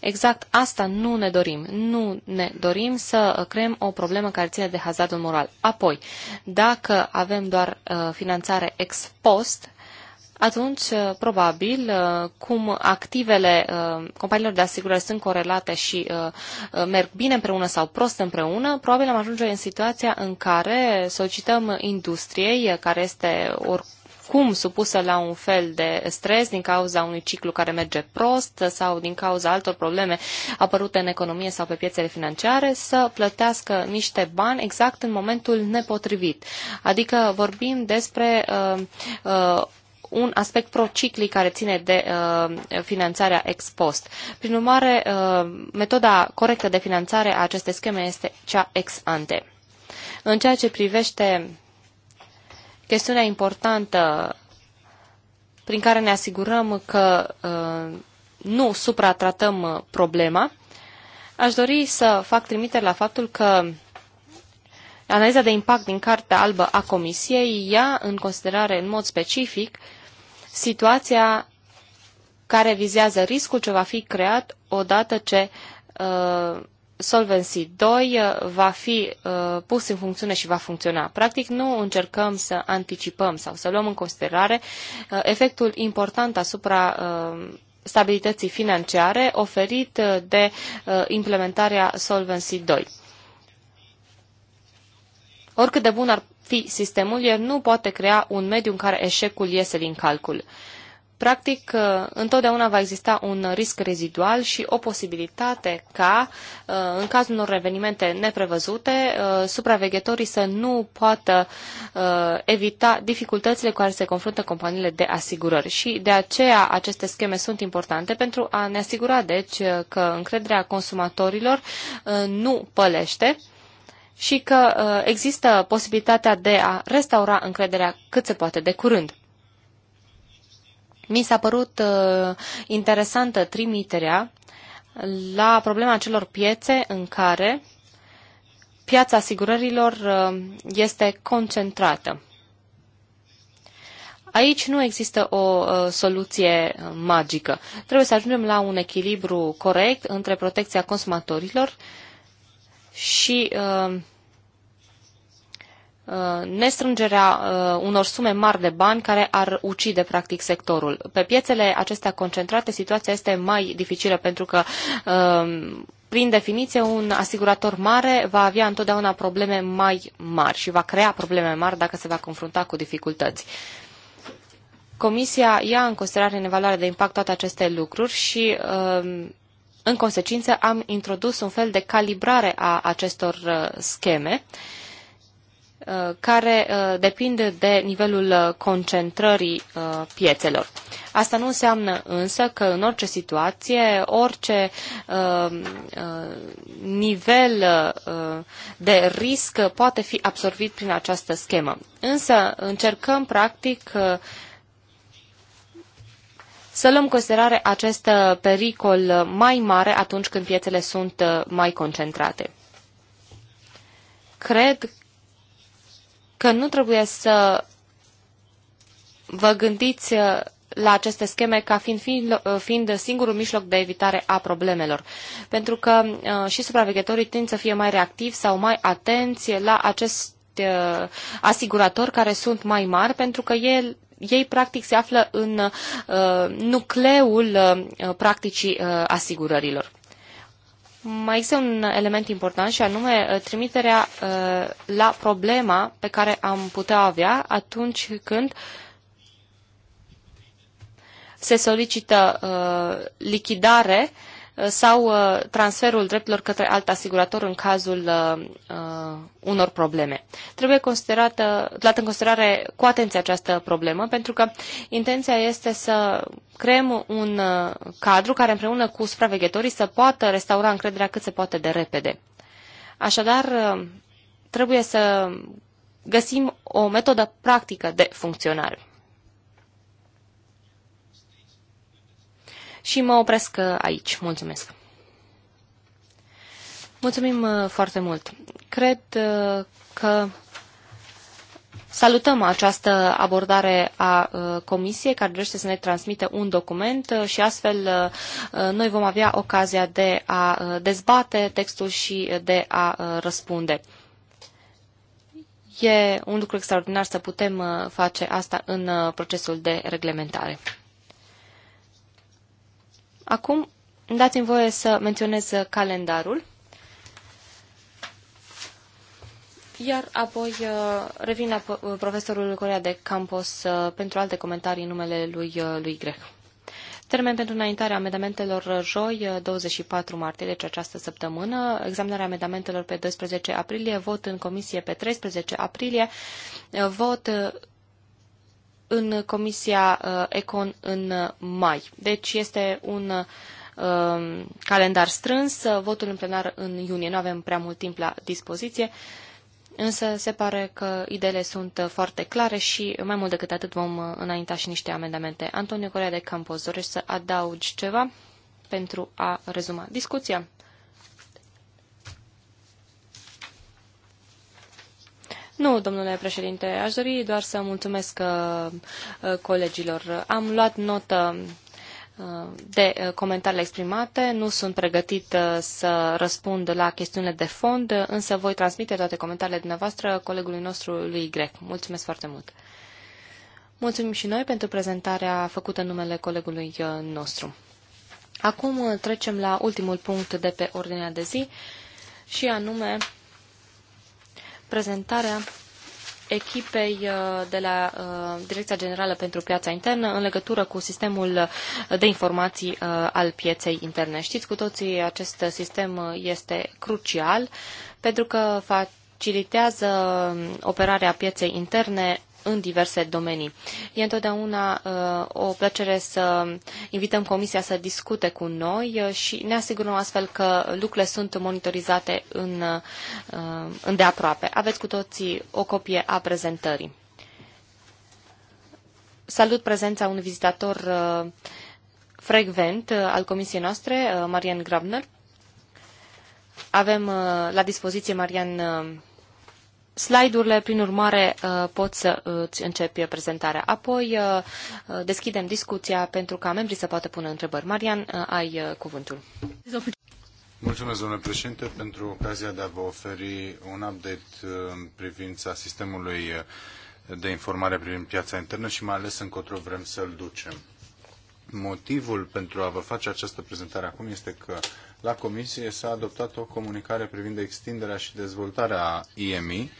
Exact asta nu ne dorim. Nu ne dorim să creăm o problemă care ține de hazardul moral. Apoi, dacă avem doar uh, finanțare ex post, atunci, uh, probabil, uh, cum activele uh, companiilor de asigurări sunt corelate și merg bine împreună sau prost împreună, probabil am ajunge în situația în care solicităm industriei, care este oricum cum supusă la un fel de stres din cauza unui ciclu care merge prost sau din cauza altor probleme apărute în economie sau pe piețele financiare, să plătească niște bani exact în momentul nepotrivit. Adică vorbim despre uh, uh, un aspect prociclic care ține de uh, finanțarea ex post. Prin urmare, uh, metoda corectă de finanțare a acestei scheme este cea ex ante. În ceea ce privește chestiunea importantă prin care ne asigurăm că uh, nu supratratăm uh, problema, aș dori să fac trimitere la faptul că analiza de impact din Cartea Albă a Comisiei ia în considerare în mod specific situația care vizează riscul ce va fi creat odată ce uh, Solvency 2 uh, va fi uh, pus în funcțiune și va funcționa. Practic nu încercăm să anticipăm sau să luăm în considerare uh, efectul important asupra uh, stabilității financiare oferit uh, de uh, implementarea Solvency 2. Oricât de bun ar fi sistemul, el nu poate crea un mediu în care eșecul iese din calcul. Practic, uh, întotdeauna va exista un risc rezidual și o posibilitate ca, uh, în cazul unor evenimente neprevăzute, uh, supraveghetorii să nu poată evita dificultățile cu care se confruntă companiile de asigurări. Și de aceea aceste scheme sunt importante pentru a ne asigura, deci, că încrederea consumatorilor nu pălește și că uh, există posibilitatea de a restaura încrederea cât se poate de curând. Mi s-a părut uh, interesantă trimiterea la problema celor piețe în care piața asigurărilor uh, este concentrată. Aici nu există o uh, soluție magică. Trebuie să ajungem la un echilibru corect între protecția consumatorilor uh, și uh, uh nestrângerea uh, unor sume mari de bani care ar ucide practic sectorul. Pe piețele acestea concentrate situația este mai dificilă pentru că uh, prin definiție un asigurator mare va avea întotdeauna probleme mai mari și va crea probleme mari dacă se va confrunta cu dificultăți. Comisia ia în considerare în evaluare de impact toate aceste lucruri și în consecință, am introdus un fel de calibrare a acestor uh, scheme uh, care uh, depinde de nivelul concentrării piețelor. Asta nu înseamnă însă că în orice situație, orice nivel de risc poate fi absorbit prin această schemă. Însă încercăm practic să luăm considerare acest uh, pericol uh, mai mare atunci când piețele sunt uh, mai concentrate. Cred că nu trebuie să vă gândiți la aceste scheme ca fiind, fiind, fiind singurul mijloc de evitare a problemelor. Pentru că uh, și supraveghetorii tind să fie mai reactivi sau mai atenți la acest uh, asigurator care sunt mai mari pentru că el, ei practic se află în uh, nucleul uh, practicii uh, asigurărilor. Mai este un element important și anume uh, trimiterea uh, la problema pe care am putea avea atunci când se solicită uh, lichidare uh, sau uh, transferul drepturilor către alt asigurator în cazul uh, uh, unor probleme. Trebuie considerată, luată în considerare cu atenție această problemă, pentru că intenția este să creăm un cadru care împreună cu supraveghetorii să poată restaura încrederea cât se poate de repede. Așadar, trebuie să găsim o metodă practică de funcționare. și mă opresc uh, aici. Mulțumesc! Mulțumim uh, foarte mult! Cred uh, că Salutăm această abordare a Comisiei care dorește să ne transmită un document și astfel noi vom avea ocazia de a dezbate textul și de a răspunde. E un lucru extraordinar să putem face asta în procesul de reglementare. Acum, dați-mi voie să menționez calendarul. Iar apoi uh, revin la uh, profesorul Corea de Campos uh, pentru alte comentarii în numele lui, lui Greh. Termen pentru înaintarea amendamentelor joi, 24 martie, deci această săptămână, examinarea amendamentelor pe 12 aprilie, vot în comisie pe 13 aprilie, vot în Comisia uh, Econ în uh, mai. Deci este un uh, calendar strâns, votul în plenar în iunie. Nu avem prea mult timp la dispoziție, însă se pare că ideile sunt foarte clare și mai mult decât atât vom înainta și niște amendamente. Antonio Corea de Campos, dorești să adaugi ceva pentru a rezuma discuția? Nu, domnule președinte, aș dori doar să mulțumesc uh, uh, colegilor. Am luat notă uh, de comentariile exprimate. Nu sunt pregătit să răspund la chestiunile de fond, însă voi transmite toate comentariile dumneavoastră colegului nostru lui Grec. Mulțumesc foarte mult! Mulțumim și noi pentru prezentarea făcută în numele colegului nostru. Acum trecem la ultimul punct de pe ordinea de zi și anume prezentarea echipei uh, de la uh, Direcția Generală pentru Piața Internă în legătură cu sistemul de informații uh, al pieței interne. Știți cu toții, acest sistem este crucial pentru că facilitează um, operarea pieței interne în diverse domenii. E întotdeauna uh, o plăcere să invităm Comisia să discute cu noi uh, și ne asigurăm astfel că lucrurile sunt monitorizate în, uh, îndeaproape. Aveți cu toții o copie a prezentării. Salut prezența unui vizitator frecvent al comisiei noastre, Marian Grabner. Avem la dispoziție Marian Slide-urile, prin urmare, uh, pot să îți începi prezentarea. Apoi uh, uh, deschidem discuția pentru ca membrii să poată pune întrebări. Marian, ai cuvântul. Mulțumesc, domnule președinte, pentru ocazia de a vă oferi un update în privința sistemului de informare privind piața internă și mai ales încotro vrem să-l ducem motivul pentru a vă face această prezentare acum este că la Comisie s-a adoptat o comunicare privind extinderea și dezvoltarea IMI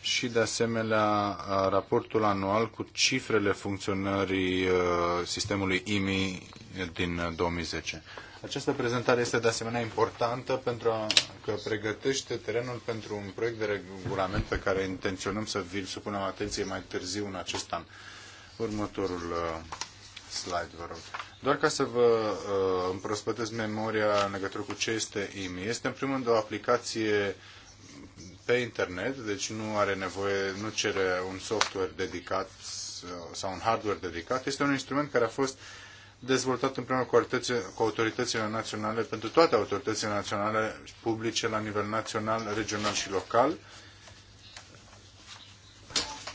și, de asemenea, raportul anual cu cifrele funcționării uh, sistemului IMI din 2010. Uh, această prezentare este de asemenea importantă pentru a, că pregătește terenul pentru un proiect de regulament pe care intenționăm să vi-l supunem atenție mai târziu în acest an. Următorul uh, slide, vă rog. Doar ca să vă uh, împrospătez memoria în legătură cu ce este IMI. Este în primul rând o aplicație pe internet, deci nu are nevoie, nu cere un software dedicat sau un hardware dedicat. Este un instrument care a fost dezvoltat împreună cu, cu autoritățile naționale, pentru toate autoritățile naționale publice la nivel național, regional și local.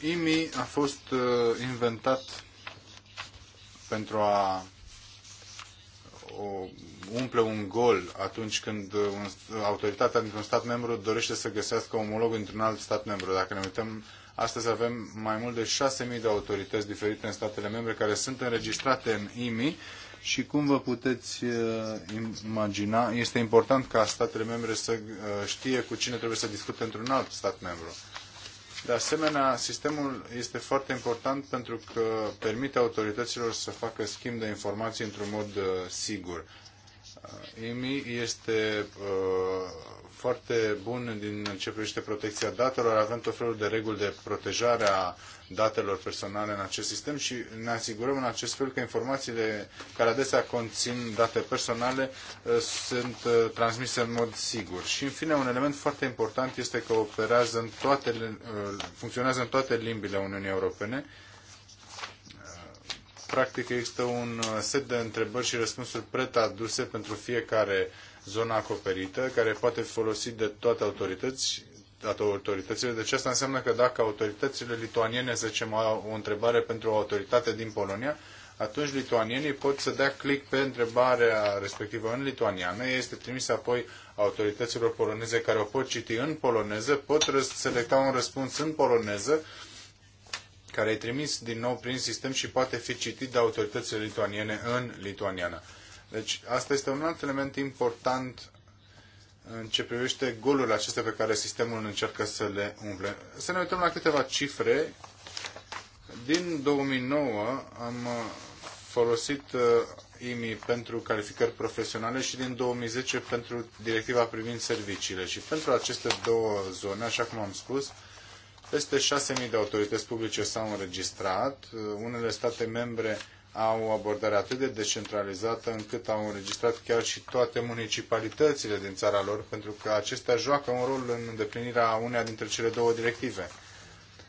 IMI a fost uh, inventat pentru a umple un gol atunci când un, autoritatea dintr-un stat membru dorește să găsească omolog într-un alt stat membru. Dacă ne uităm, astăzi avem mai mult de 6.000 de autorități diferite în statele membre care sunt înregistrate în IMI și cum vă puteți uh, imagina, este important ca statele membre să uh, știe cu cine trebuie să discute într-un alt stat membru. De asemenea, sistemul este foarte important pentru că permite autorităților să facă schimb de informații într-un mod uh, sigur. IMI uh, este uh, foarte bun din ce privește protecția datelor, avem tot felul de reguli de protejare a datelor personale în acest sistem și ne asigurăm în acest fel că informațiile care adesea conțin date personale uh, sunt uh, transmise în mod sigur. Și în fine, un element foarte important este că operează în toate, uh, funcționează în toate limbile Uniunii Europene. Practic există un set de întrebări și răspunsuri pretaduse pentru fiecare zona acoperită, care poate fi folosit de toate autorități autoritățile. Deci asta înseamnă că dacă autoritățile lituaniene, să zicem, au o întrebare pentru o autoritate din Polonia, atunci lituanienii pot să dea click pe întrebarea respectivă în lituaniană, este trimisă apoi autorităților poloneze care o pot citi în poloneză, pot selecta un răspuns în poloneză, care e trimis din nou prin sistem și poate fi citit de autoritățile lituaniene în lituaniană. Deci asta este un alt element important în ce privește golurile acestea pe care sistemul încearcă să le umple. Să ne uităm la câteva cifre. Din 2009 am uh, folosit IMI uh, pentru calificări profesionale și din 2010 pentru directiva privind serviciile. Și pentru aceste două zone, așa cum am spus, peste 6.000 de autorități publice s-au înregistrat. Uh, unele state membre au o abordare atât de decentralizată încât au înregistrat chiar și toate municipalitățile din țara lor, pentru că acestea joacă un rol în îndeplinirea uneia dintre cele două directive.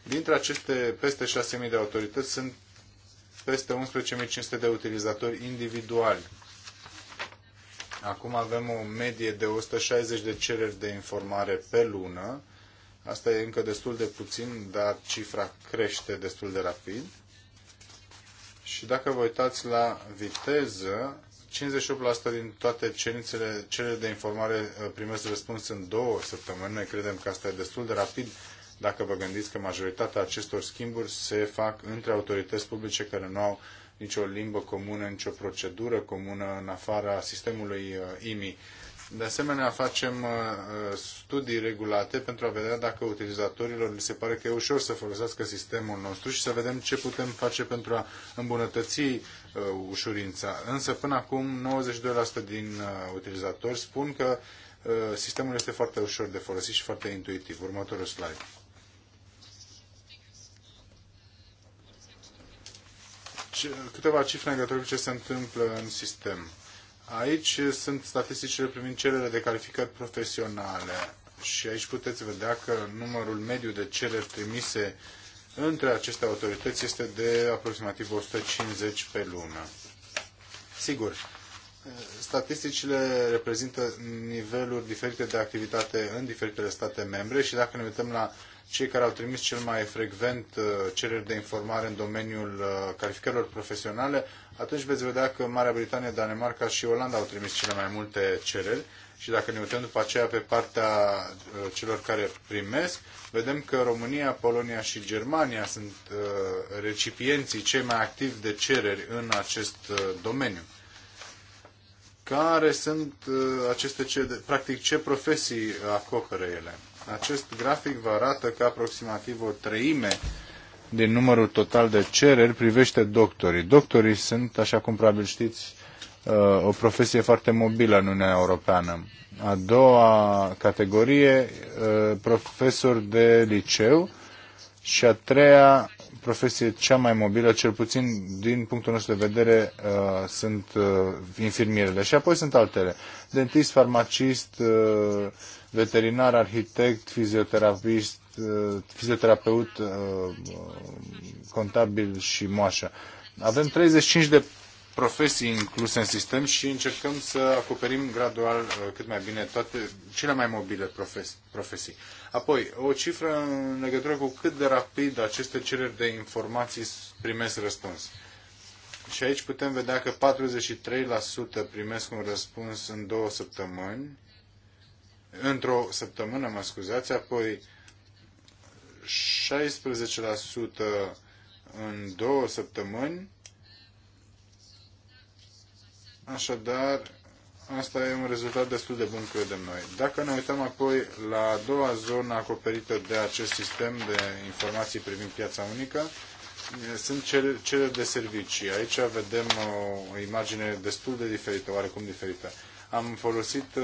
Dintre aceste peste 6.000 de autorități sunt peste 11.500 de utilizatori individuali. Acum avem o medie de 160 de cereri de informare pe lună. Asta e încă destul de puțin, dar cifra crește destul de rapid. Și dacă vă uitați la viteză, 58% din toate cerințele, cele de informare uh, primesc răspuns în două săptămâni. Noi credem că asta e destul de rapid dacă vă gândiți că majoritatea acestor schimburi se fac între autorități publice care nu au nicio limbă comună, nicio procedură comună în afara sistemului IMI. Uh, de asemenea, facem uh, uh, studii regulate pentru a vedea dacă utilizatorilor li se pare că e ușor să folosească sistemul nostru și să vedem ce putem face pentru a îmbunătăți uh, ușurința. Însă, până acum, 92% din utilizatori spun că sistemul este foarte ușor de folosit și foarte intuitiv. Următorul slide. Câteva cifre în legătură cu ce se întâmplă în sistem Aici sunt statisticile privind cerere de calificări profesionale și aici puteți vedea că numărul mediu de cereri trimise între aceste autorități este de aproximativ 150 pe lună. Sigur, statisticile reprezintă niveluri diferite de activitate în diferitele state membre și dacă ne uităm la cei care au trimis cel mai frecvent uh, cereri de informare în domeniul uh, calificărilor profesionale, atunci veți vedea că Marea Britanie, Danemarca și Olanda au trimis cele mai multe cereri și dacă ne uităm după aceea pe partea uh, celor care primesc, vedem că România, Polonia și Germania sunt recipienții cei mai activi de cereri în acest domeniu. Care sunt aceste, practic, ce profesii acoperă ele? Acest grafic vă arată că aproximativ o treime din numărul total de cereri privește doctorii. Doctorii sunt, așa cum probabil știți, uh, o profesie foarte mobilă în Uniunea Europeană. A doua categorie, uh, profesori de liceu și a treia profesie cea mai mobilă, cel puțin din punctul nostru de vedere, uh, sunt infirmierele. Și apoi sunt altele. Dentist, farmacist, veterinar, arhitect, fizioterapist, eh, fizioterapeut, eh, contabil și moașă. Avem 35 de profesii incluse în sistem și încercăm să acoperim gradual eh, cât mai bine toate cele mai mobile profesii. Apoi, o cifră în legătură cu cât de rapid aceste cereri de informații primesc răspuns. Și aici putem vedea că 43% primesc un răspuns în două săptămâni, într-o săptămână, mă scuzați, apoi 16% în două săptămâni. Așadar, asta e un rezultat destul de bun, credem noi. Dacă ne uităm apoi la a doua zonă acoperită de acest sistem de informații privind piața unică, sunt cele, cele de servicii. Aici vedem o imagine destul de diferită, oarecum diferită. Am folosit uh,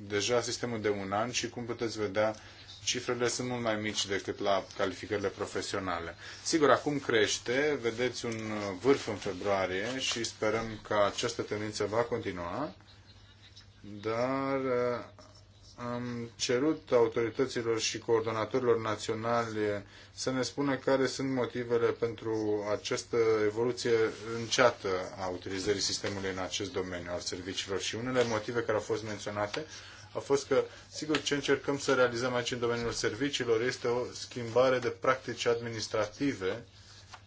deja sistemul de un an și cum puteți vedea, cifrele sunt mult mai mici decât la calificările profesionale. Sigur, acum crește, vedeți un vârf în februarie și sperăm că această tendință va continua, dar am cerut autorităților și coordonatorilor naționali să ne spună care sunt motivele pentru această evoluție înceată a utilizării sistemului în acest domeniu al serviciilor. Și unele motive care au fost menționate a fost că, sigur, ce încercăm să realizăm aici în domeniul serviciilor este o schimbare de practici administrative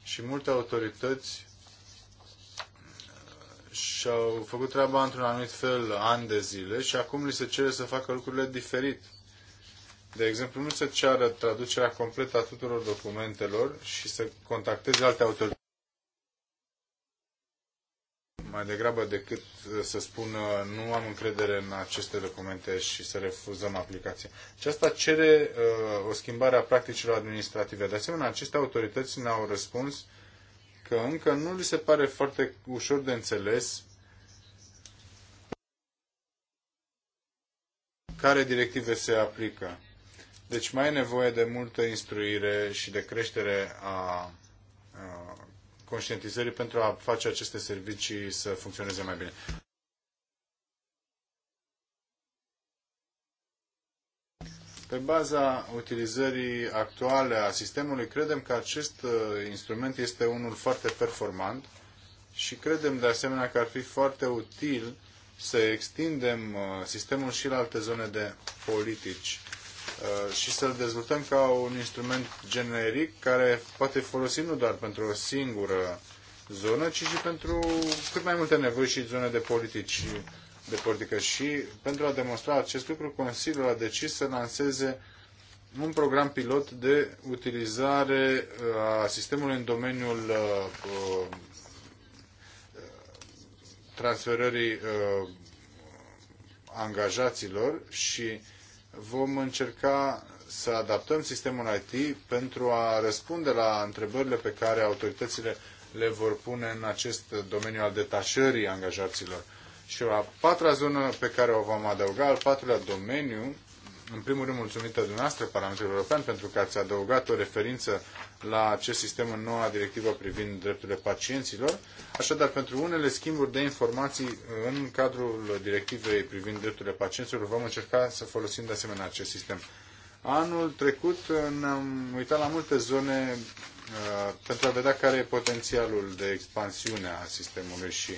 și multe autorități și-au făcut treaba într-un anumit fel ani de zile și acum li se cere să facă lucrurile diferit. De exemplu, nu se ceară traducerea completă a tuturor documentelor și să contacteze alte autorități mai degrabă decât să spună nu am încredere în aceste documente și să refuzăm aplicația. Și asta cere uh, o schimbare a practicilor administrative. De asemenea, aceste autorități ne-au răspuns uh, că încă nu li se pare foarte ușor de înțeles care directive se aplică. Deci mai e nevoie de multă instruire și de creștere a, a conștientizării pentru a face aceste servicii să funcționeze mai bine. Pe baza utilizării actuale a sistemului, credem că acest uh, instrument este unul foarte performant și credem de asemenea că ar fi foarte util să extindem uh, sistemul și la alte zone de politici uh, și să-l dezvoltăm ca un instrument generic care poate folosi nu doar pentru o singură zonă, ci și pentru cât mai multe nevoi și zone de politici de politică și pentru a demonstra acest lucru, Consiliul a decis să lanseze un program pilot de utilizare uh, a sistemului în domeniul uh, uh, transferării angajaților și vom încerca să adaptăm sistemul IT pentru a răspunde la întrebările pe care autoritățile le vor pune în acest domeniu al detașării angajaților. Și a patra zonă pe care o vom adăuga, al patrulea domeniu, în primul rând mulțumită dumneavoastră, Parlamentul European, pentru că ați adăugat o referință la acest sistem în noua directivă privind drepturile pacienților. Așadar, pentru unele schimburi de informații în cadrul directivei privind drepturile pacienților, vom încerca să folosim de asemenea acest sistem. Anul trecut ne-am uitat la multe zone uh, pentru a vedea care e potențialul de expansiune a sistemului și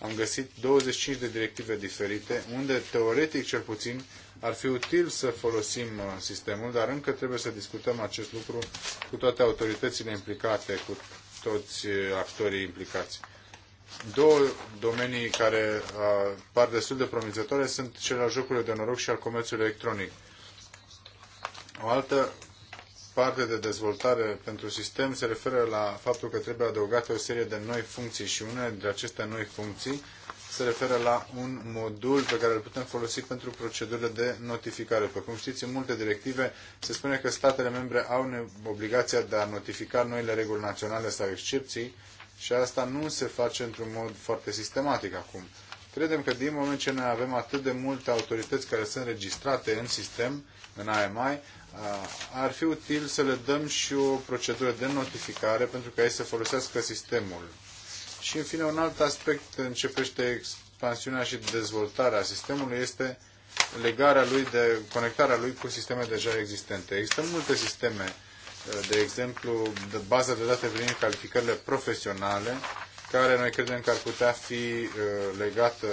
am găsit 25 de directive diferite, unde teoretic cel puțin ar fi util să folosim uh, sistemul, dar încă trebuie să discutăm acest lucru cu toate autoritățile implicate, cu toți uh, actorii implicați. Două domenii care uh, par destul de promițătoare sunt cele al jocurilor de noroc și al comerțului electronic. O altă parte de dezvoltare pentru sistem se referă la faptul că trebuie adăugate o serie de noi funcții și una dintre aceste noi funcții se referă la un modul pe care îl putem folosi pentru procedurile de notificare. După cum știți, în multe directive se spune că statele membre au obligația de a notifica noile reguli naționale sau excepții și asta nu se face într-un mod foarte sistematic acum. Credem că din moment ce noi avem atât de multe autorități care sunt registrate în sistem, în AMI, ar fi util să le dăm și o procedură de notificare pentru ca ei să folosească sistemul. Și, în fine, un alt aspect începește expansiunea și dezvoltarea sistemului este legarea lui de conectarea lui cu sisteme deja existente. Există multe sisteme, uh, de exemplu, de baza de date privind calificările profesionale, care noi credem că ar putea fi uh, legată,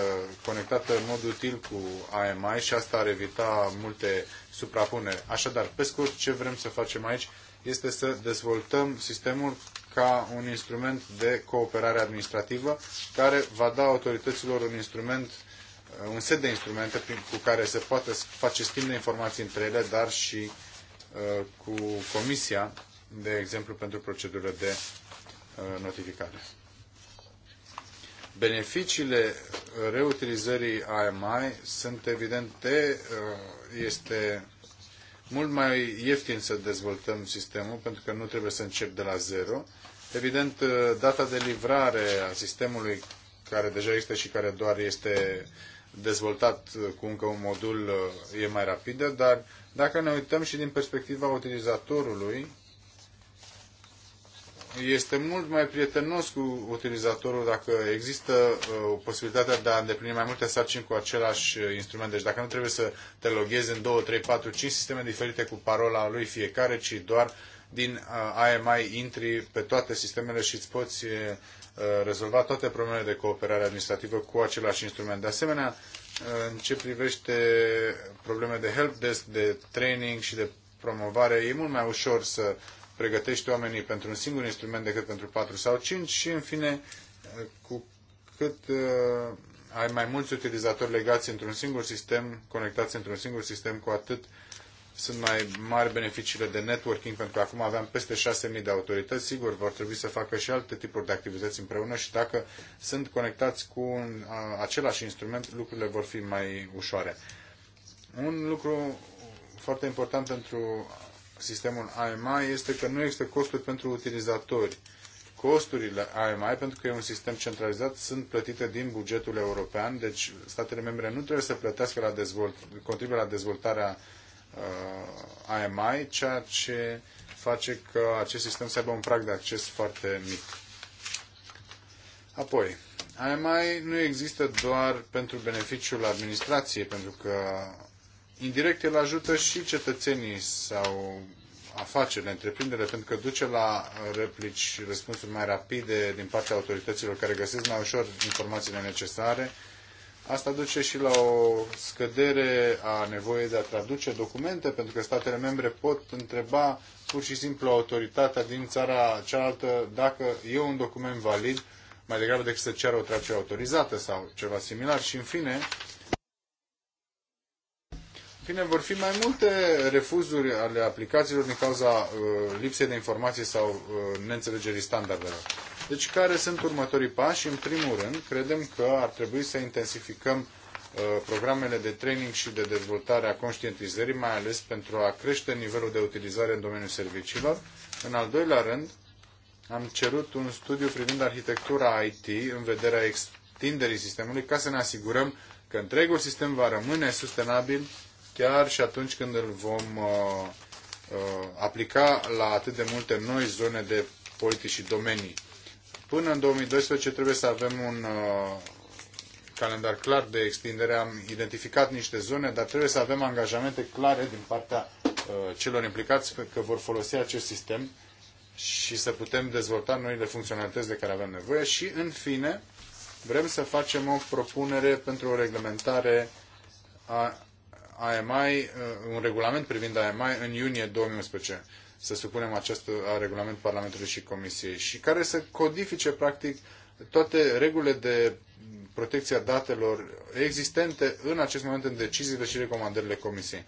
conectată în mod util cu AMI și asta ar evita multe suprapunere. Așadar, pe scurt, ce vrem să facem aici este să dezvoltăm sistemul ca un instrument de cooperare administrativă care va da autorităților un instrument uh, un set de instrumente cu care se poate face schimb de informații între ele, dar și uh, cu comisia, de exemplu, pentru procedurile de uh, notificare. Beneficiile uh, reutilizării AMI sunt evidente, uh, este mult mai ieftin să dezvoltăm sistemul, pentru că nu trebuie să încep de la zero. Evident, uh, data de livrare a sistemului care deja este și care doar este dezvoltat uh, cu încă un modul uh, e mai rapidă, dar dacă ne uităm și din perspectiva utilizatorului, este mult mai prietenos cu utilizatorul dacă există uh, o posibilitate de a îndeplini mai multe sarcini cu același uh, instrument. Deci dacă nu trebuie să te loghezi în 2, 3, 4, 5 sisteme diferite cu parola lui fiecare, ci doar din uh, AMI intri pe toate sistemele și îți poți rezolva toate problemele de cooperare administrativă cu același instrument. De asemenea, în ce privește probleme de helpdesk, de training și de promovare, e mult mai ușor să pregătești oamenii pentru un singur instrument decât pentru patru sau cinci și, în fine, cu cât uh, ai mai mulți utilizatori legați într-un singur sistem, conectați într-un singur sistem, cu atât sunt mai mari beneficiile de networking, pentru că acum aveam peste 6.000 de autorități. Sigur, vor trebui să facă și alte tipuri de activități împreună și dacă sunt conectați cu un, a, același instrument, lucrurile vor fi mai ușoare. Un lucru foarte important pentru sistemul AMI este că nu există costuri pentru utilizatori. Costurile AMI, pentru că e un sistem centralizat, sunt plătite din bugetul european, deci statele membre nu trebuie să plătească la dezvolt, contribuie la dezvoltarea uh, AMI, ceea ce face că acest sistem să aibă un prag de acces foarte mic. Apoi, AMI nu există doar pentru beneficiul administrației, pentru că indirect el ajută și cetățenii sau afacerile, întreprinderile, pentru că duce la replici, răspunsuri mai rapide din partea autorităților care găsesc mai ușor informațiile necesare. Asta duce și la o scădere a nevoii de a traduce documente, pentru că statele membre pot întreba pur și simplu autoritatea din țara cealaltă dacă e un document valid, mai degrabă decât să ceară o traducere autorizată sau ceva similar. Și în fine, Bine, vor fi mai multe refuzuri ale aplicațiilor din cauza uh, lipsei de informații sau uh, neînțelegerii standardelor. Deci, care sunt următorii pași? În primul rând, credem că ar trebui să intensificăm uh, programele de training și de dezvoltare a conștientizării, mai ales pentru a crește nivelul de utilizare în domeniul serviciilor. În al doilea rând, am cerut un studiu privind arhitectura IT în vederea extinderii sistemului ca să ne asigurăm că întregul sistem va rămâne sustenabil chiar și atunci când îl vom uh, uh, aplica la atât de multe noi zone de politici și domenii. Până în 2012 trebuie să avem un uh, calendar clar de extindere. Am identificat niște zone, dar trebuie să avem angajamente clare din partea uh, celor implicați că vor folosi acest sistem și să putem dezvolta noile funcționalități de care avem nevoie și, în fine, vrem să facem o propunere pentru o reglementare a AMI, uh, un regulament privind AMI în iunie 2011 să supunem acest uh, regulament Parlamentului și Comisiei și care să codifice practic toate regulile de protecție a datelor existente în acest moment în deciziile și recomandările Comisiei.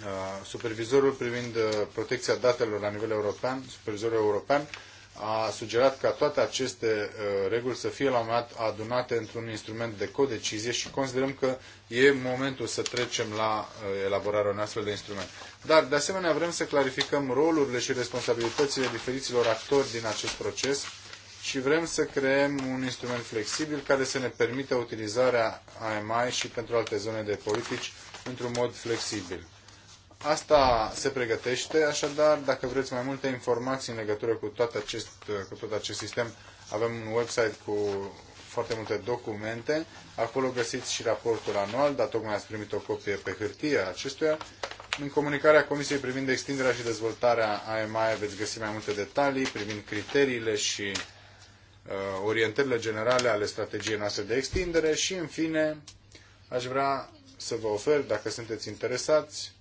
Uh, supervizorul privind protecția datelor la nivel european, supervizorul european, a sugerat ca toate aceste uh, reguli să fie la un moment dat adunate într-un instrument de codecizie și considerăm că e momentul să trecem la uh, elaborarea unui astfel de instrument. Dar, de asemenea, vrem să clarificăm rolurile și responsabilitățile diferiților actori din acest proces și vrem să creăm un instrument flexibil care să ne permită utilizarea AMI și pentru alte zone de politici într-un mod flexibil. Asta se pregătește, așadar, dacă vreți mai multe informații în legătură cu tot acest, cu tot acest sistem, avem un website cu foarte multe documente. Acolo găsiți și raportul anual, dar tocmai ați primit o copie pe hârtie a acestuia. În comunicarea Comisiei privind extinderea și dezvoltarea AMI veți găsi mai multe detalii privind criteriile și uh, orientările generale ale strategiei noastre de extindere și, în fine, aș vrea să vă ofer, dacă sunteți interesați,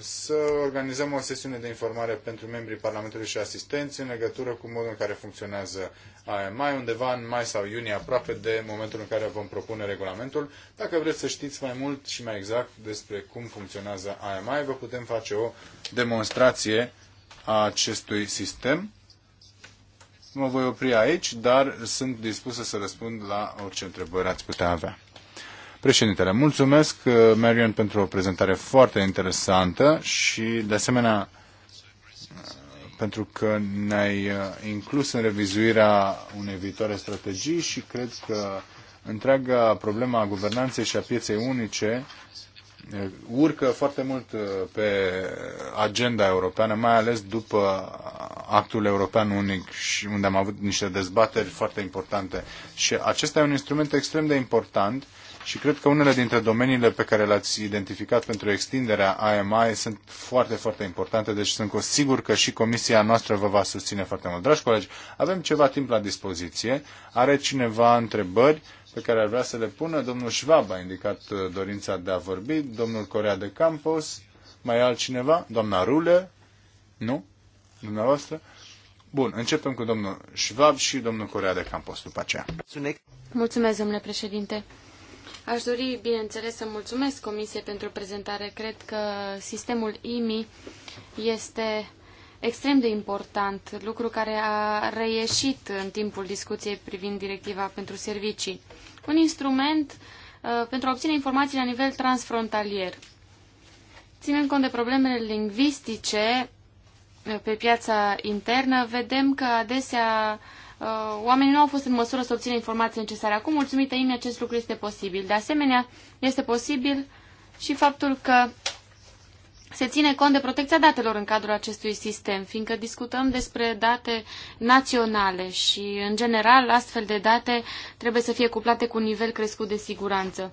să organizăm o sesiune de informare pentru membrii Parlamentului și asistenți în legătură cu modul în care funcționează AMI, undeva în mai sau iunie, aproape de momentul în care vom propune regulamentul. Dacă vreți să știți mai mult și mai exact despre cum funcționează AMI, vă putem face o demonstrație a acestui sistem. Mă voi opri aici, dar sunt dispusă să răspund la orice întrebări ați putea avea. Președintele, mulțumesc, uh, Marion, pentru o prezentare foarte interesantă și, de asemenea, uh, pentru că ne-ai uh, inclus în revizuirea unei viitoare strategii și cred că întreaga problema a guvernanței și a pieței unice urcă foarte mult pe agenda europeană, mai ales după actul european unic și unde am avut niște dezbateri foarte importante. Și acesta e un instrument extrem de important și cred că unele dintre domeniile pe care le-ați identificat pentru extinderea AMI sunt foarte, foarte importante, deci sunt sigur că și comisia noastră vă va susține foarte mult. Dragi colegi, avem ceva timp la dispoziție. Are cineva întrebări pe care ar vrea să le pună? Domnul Schwab a indicat uh, dorința de a vorbi, domnul Corea de Campos, mai alt altcineva? Doamna Rule? Nu? Dumneavoastră? Bun, începem cu domnul Schwab și domnul Corea de Campos după aceea. Mulțumesc, domnule președinte. Aș dori, bineînțeles, să mulțumesc Comisiei pentru prezentare. Cred că sistemul IMI este extrem de important, lucru care a reieșit în timpul discuției privind directiva pentru servicii. Un instrument uh, pentru a obține informații la nivel transfrontalier. Ținând cont de problemele lingvistice uh, pe piața internă, vedem că adesea uh, Uh, oamenii nu au fost în măsură să obțină informații necesare. Acum, mulțumită IMI, acest lucru este posibil. De asemenea, este posibil și faptul că se ține cont de protecția datelor în cadrul acestui sistem, fiindcă discutăm despre date naționale și, în general, astfel de date trebuie să fie cuplate cu un nivel crescut de siguranță.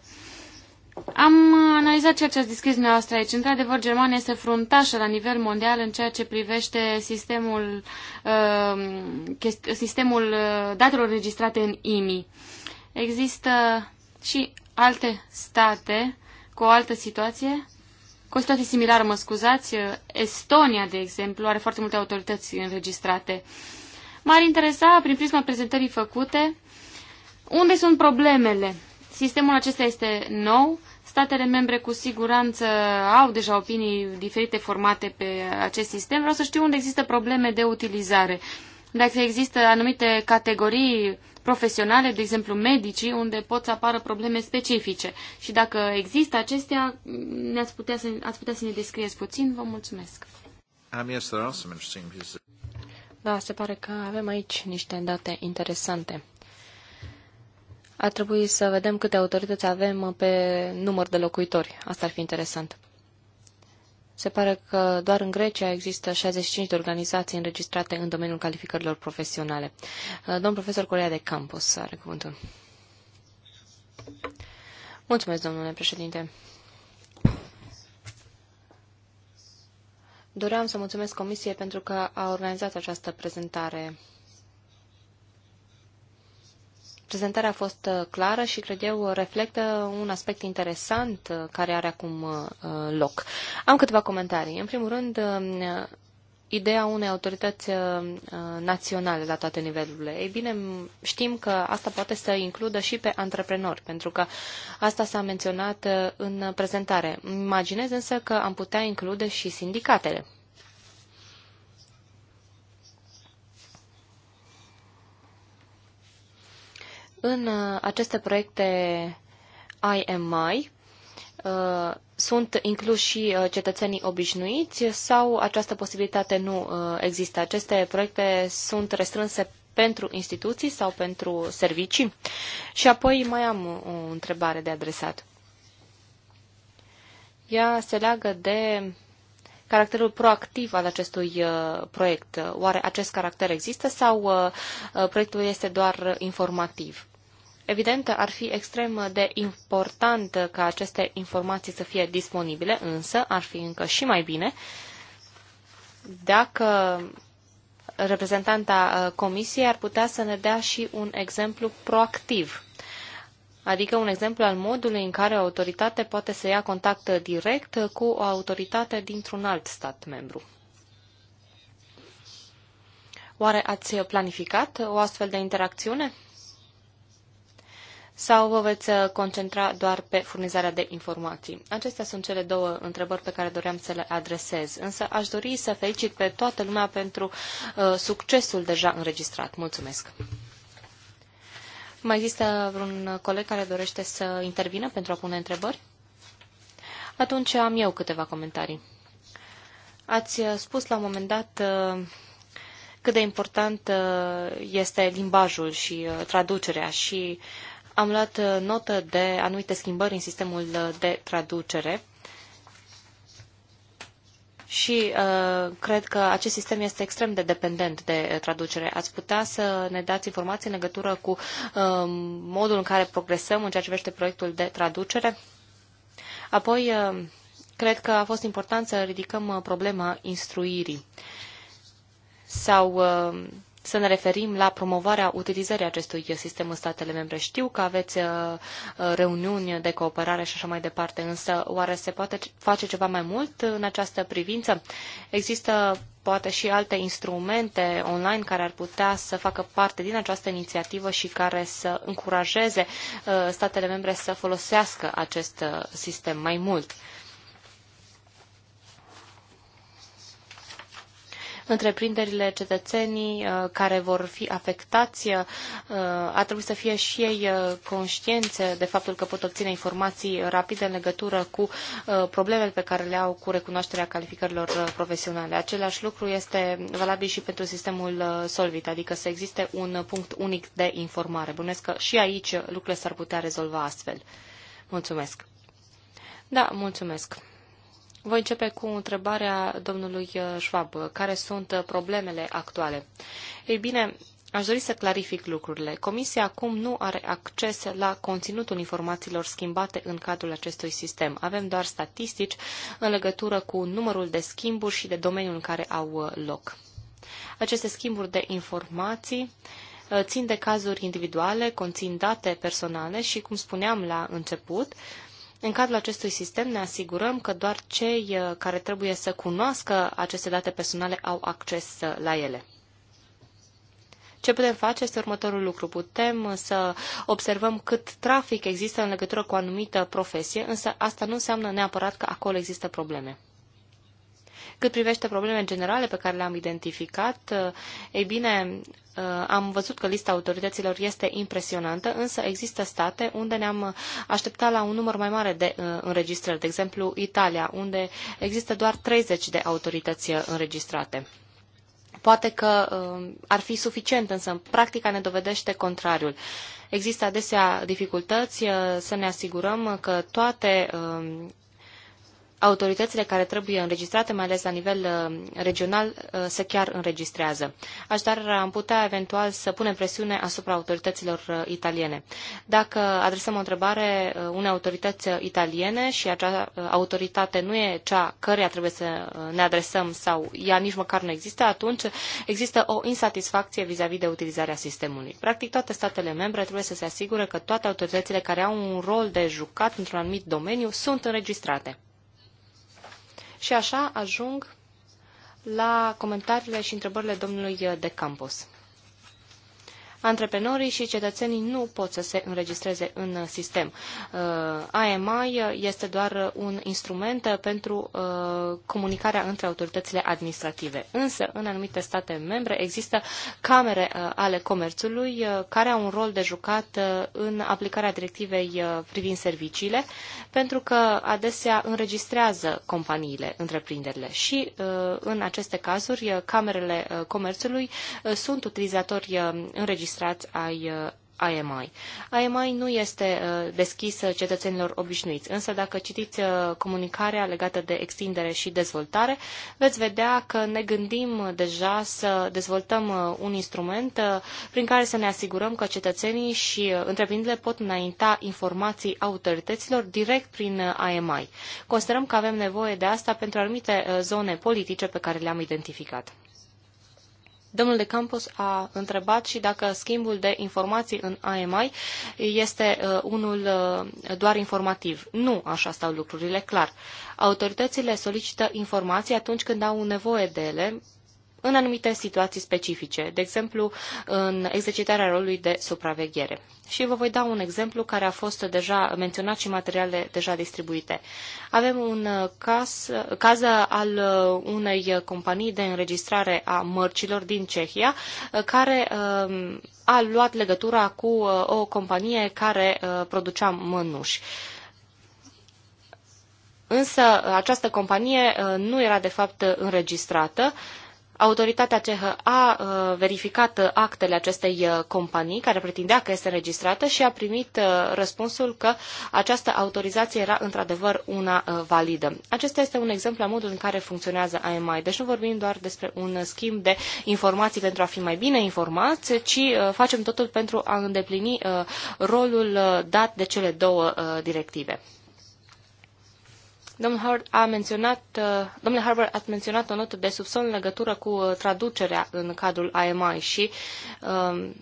Am analizat ceea ce ați descris dumneavoastră aici. Într-adevăr, Germania este fruntașă la nivel mondial în ceea ce privește sistemul, uh, sistemul uh, datelor registrate în IMI. Există și alte state cu o altă situație, cu o situație similară, mă scuzați. Estonia, de exemplu, are foarte multe autorități înregistrate. M-ar interesa, prin prisma prezentării făcute, unde sunt problemele. Sistemul acesta este nou, Statele membre cu siguranță au deja opinii diferite formate pe acest sistem. Vreau să știu unde există probleme de utilizare. Dacă există anumite categorii profesionale, de exemplu medicii, unde pot să apară probleme specifice. Și dacă există acestea, ne-ați putea să, ați putea să ne descrieți puțin. Vă mulțumesc. Um, da, se pare că avem aici niște date interesante. Ar trebui să vedem câte autorități avem pe număr de locuitori. Asta ar fi interesant. Se pare că doar în Grecia există 65 de organizații înregistrate în domeniul calificărilor profesionale. Uh, Domnul profesor Corea de Campus are cuvântul. Mulțumesc, domnule președinte. Doream să mulțumesc Comisiei pentru că a organizat această prezentare Prezentarea a fost uh, clară și, cred eu, reflectă un aspect interesant uh, care are acum uh, loc. Am câteva comentarii. În primul rând, ideea unei autorități naționale la toate nivelurile. Ei bine, știm că asta poate să includă și pe antreprenori, pentru că asta s-a menționat în prezentare. Imaginez însă că am putea include și sindicatele. În uh, aceste proiecte IMI uh, sunt incluși și uh, cetățenii obișnuiți sau această posibilitate nu există? Aceste proiecte sunt restrânse pentru instituții sau pentru servicii? Și apoi mai am o întrebare de adresat. Ea se leagă de caracterul proactiv al acestui proiect. Oare acest caracter există sau proiectul este doar informativ? Evident, ar fi extrem de important ca aceste informații să fie disponibile, însă ar fi încă și mai bine dacă reprezentanta uh, comisiei ar putea să ne dea și un exemplu proactiv, adică un exemplu al modului în care o autoritate poate să ia contact direct cu o autoritate dintr-un alt stat membru. Oare ați planificat o astfel de interacțiune? sau vă veți uh, concentra doar pe furnizarea de informații? Acestea sunt cele două întrebări pe care doream să le adresez, însă aș dori să felicit pe toată lumea pentru uh, succesul deja înregistrat. Mulțumesc! Mai există vreun coleg care dorește să intervină pentru a pune întrebări? Atunci am eu câteva comentarii. Ați uh, spus la un moment dat uh, cât de important este limbajul și traducerea și uh, am luat uh, notă de anumite schimbări în sistemul uh, de traducere și uh, cred că acest sistem este extrem de dependent de uh, traducere. Ați putea să ne dați informații în legătură cu uh, modul în care progresăm în ceea ce privește proiectul de traducere? Apoi, uh, cred că a fost important să ridicăm problema instruirii sau să ne referim la promovarea utilizării acestui sistem în statele membre. Știu că aveți uh, uh, reuniuni de cooperare și așa mai departe, însă oare se poate face ceva mai mult în această privință? Există poate și alte instrumente online care ar putea să facă parte din această inițiativă și care să încurajeze uh, statele membre să folosească acest sistem mai mult. întreprinderile, cetățenii uh, care vor fi afectați uh, ar trebui să fie și ei uh, conștienți de faptul că pot obține informații rapide în legătură cu problemele pe care le au cu recunoașterea calificărilor profesionale. Același lucru este valabil și pentru sistemul Solvit, adică să existe un punct unic de informare. Bănuiesc că și aici lucrurile s-ar putea rezolva astfel. Mulțumesc! Da, mulțumesc! Voi începe cu întrebarea domnului uh, Schwab. Care sunt uh, problemele actuale? Ei bine, aș dori să clarific lucrurile. Comisia acum nu are acces la conținutul informațiilor schimbate în cadrul acestui sistem. Avem doar statistici în legătură cu numărul de schimburi și de domeniul în care au uh, loc. Aceste schimburi de informații țin de cazuri individuale, conțin date personale și, cum spuneam la început, în cadrul acestui sistem ne asigurăm că doar cei uh, care trebuie să cunoască aceste date personale au acces uh, la ele. Ce putem face este următorul lucru. Putem uh, să observăm cât trafic există în legătură cu o anumită profesie, însă asta nu înseamnă neapărat că acolo există probleme. Cât privește problemele generale pe care le-am identificat, eh, ei bine, eh, am văzut că lista autorităților este impresionantă, însă există state unde ne-am așteptat la un număr mai mare de eh, înregistrări, de exemplu Italia, unde există doar 30 de autorități înregistrate. Poate că ar fi suficient, însă practica ne dovedește contrariul. Există adesea dificultăți să ne asigurăm că toate autoritățile care trebuie înregistrate, mai ales la nivel uh, regional, uh, se chiar înregistrează. Așadar, am putea eventual să punem presiune asupra autorităților uh, italiene. Dacă adresăm o întrebare unei autorități italiene și acea autoritate nu e cea căreia trebuie să ne adresăm sau ea nici măcar nu există, atunci există o insatisfacție vis-a-vis de utilizarea sistemului. Practic, toate statele membre trebuie să se asigure că toate autoritățile care au un rol de jucat într-un anumit domeniu sunt înregistrate. Și așa ajung la comentariile și întrebările domnului eh, De Campos antreprenorii și cetățenii nu pot să se înregistreze în sistem. AMI uh, este doar un instrument pentru uh, comunicarea între autoritățile administrative. Însă, în anumite state membre există camere uh, ale comerțului care au un rol de jucat în aplicarea directivei privind serviciile, pentru că adesea înregistrează companiile, întreprinderile și în aceste cazuri camerele comerțului sunt utilizatori înregistrați registrați ai uh, IMI. IMI nu este uh, deschis cetățenilor obișnuiți, însă dacă citiți uh, comunicarea legată de extindere și dezvoltare, veți vedea că ne gândim deja să dezvoltăm un instrument prin care să ne asigurăm că cetățenii și întreprinderile pot înainta informații autorităților direct prin IMI. Considerăm că avem nevoie de asta pentru anumite zone politice pe care le-am identificat. Domnul de campus a întrebat și dacă schimbul de informații în AMI este uh, unul uh, doar informativ. Nu așa stau lucrurile, clar. Autoritățile solicită informații atunci când au nevoie de ele în anumite situații specifice, de exemplu în exercitarea rolului de supraveghere. Și vă voi da un exemplu care a fost deja menționat și materiale deja distribuite. Avem un uh, caz, uh, caz al uh, unei companii de înregistrare a mărcilor din Cehia care um, a luat legătura cu o companie care producea mănuși. Însă această companie nu era de fapt înregistrată Autoritatea cehă a uh, verificat uh, actele acestei uh, companii care pretindea că este înregistrată și a primit răspunsul că această autorizație era într-adevăr una validă. Acesta este un exemplu al modului în care funcționează AMI. Deci nu vorbim doar despre un schimb de informații pentru a fi mai bine informați, ci facem totul pentru a îndeplini rolul dat de cele două directive. Domnul Howard a menționat, uh, domnule Harbour, ați menționat o notă de subson în legătură cu uh, traducerea în cadrul AMI și, um,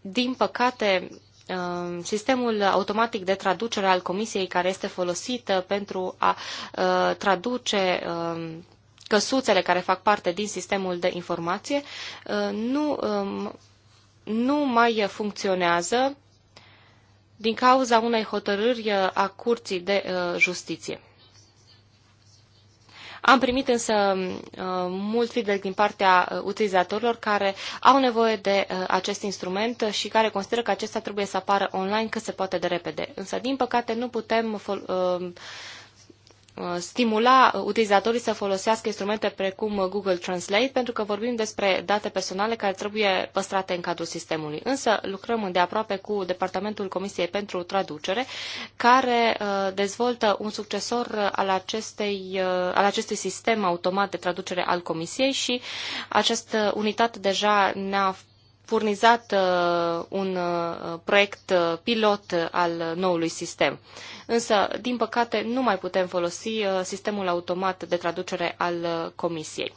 din păcate, um, sistemul automatic de traducere al comisiei care este folosit uh, pentru a traduce um, căsuțele care fac parte din sistemul de informație nu, nu mai funcționează din cauza unei hotărâri a Curții de Justiție. Am primit însă uh, mult feedback din partea uh, utilizatorilor care au nevoie de uh, acest instrument și care consideră că acesta trebuie să apară online cât se poate de repede. Însă, din păcate, nu putem Uh, stimula utilizatorii să folosească instrumente precum Google Translate, pentru că vorbim despre date personale care trebuie păstrate în cadrul sistemului. Însă lucrăm îndeaproape cu Departamentul Comisiei pentru Traducere, care uh, dezvoltă un succesor al, acestei, uh, al acestui sistem automat de traducere al Comisiei și această unitate deja ne-a furnizat uh, un uh, proiect uh, pilot al noului sistem. Însă, din păcate, nu mai putem folosi sistemul automat de traducere al Comisiei.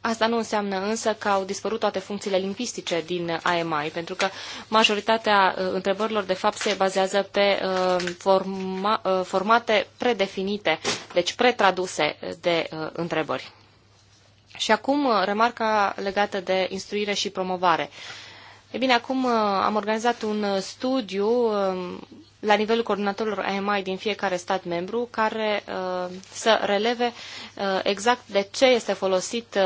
Asta nu înseamnă însă că au dispărut toate funcțiile lingvistice din AMI, pentru că majoritatea întrebărilor de fapt se bazează pe forma, formate predefinite, deci pretraduse de întrebări. Și acum uh, remarca legată de instruire și promovare. E bine, acum uh, am organizat un uh, studiu um, la nivelul coordonatorilor AMI din fiecare stat membru care să releve exact de ce este folosit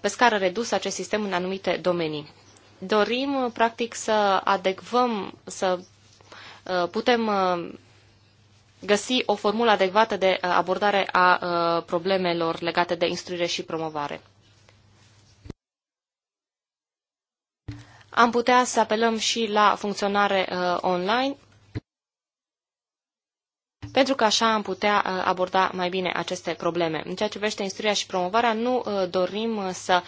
pe scară redusă acest sistem în anumite domenii. Dorim, practic, să adecvăm, să putem găsi o formulă adecvată de uh, abordare a uh, problemelor legate de instruire și promovare. Am putea să apelăm și la funcționare uh, online pentru că așa am putea uh, aborda mai bine aceste probleme. În ceea ce privește instruirea și promovarea, nu uh, dorim uh, să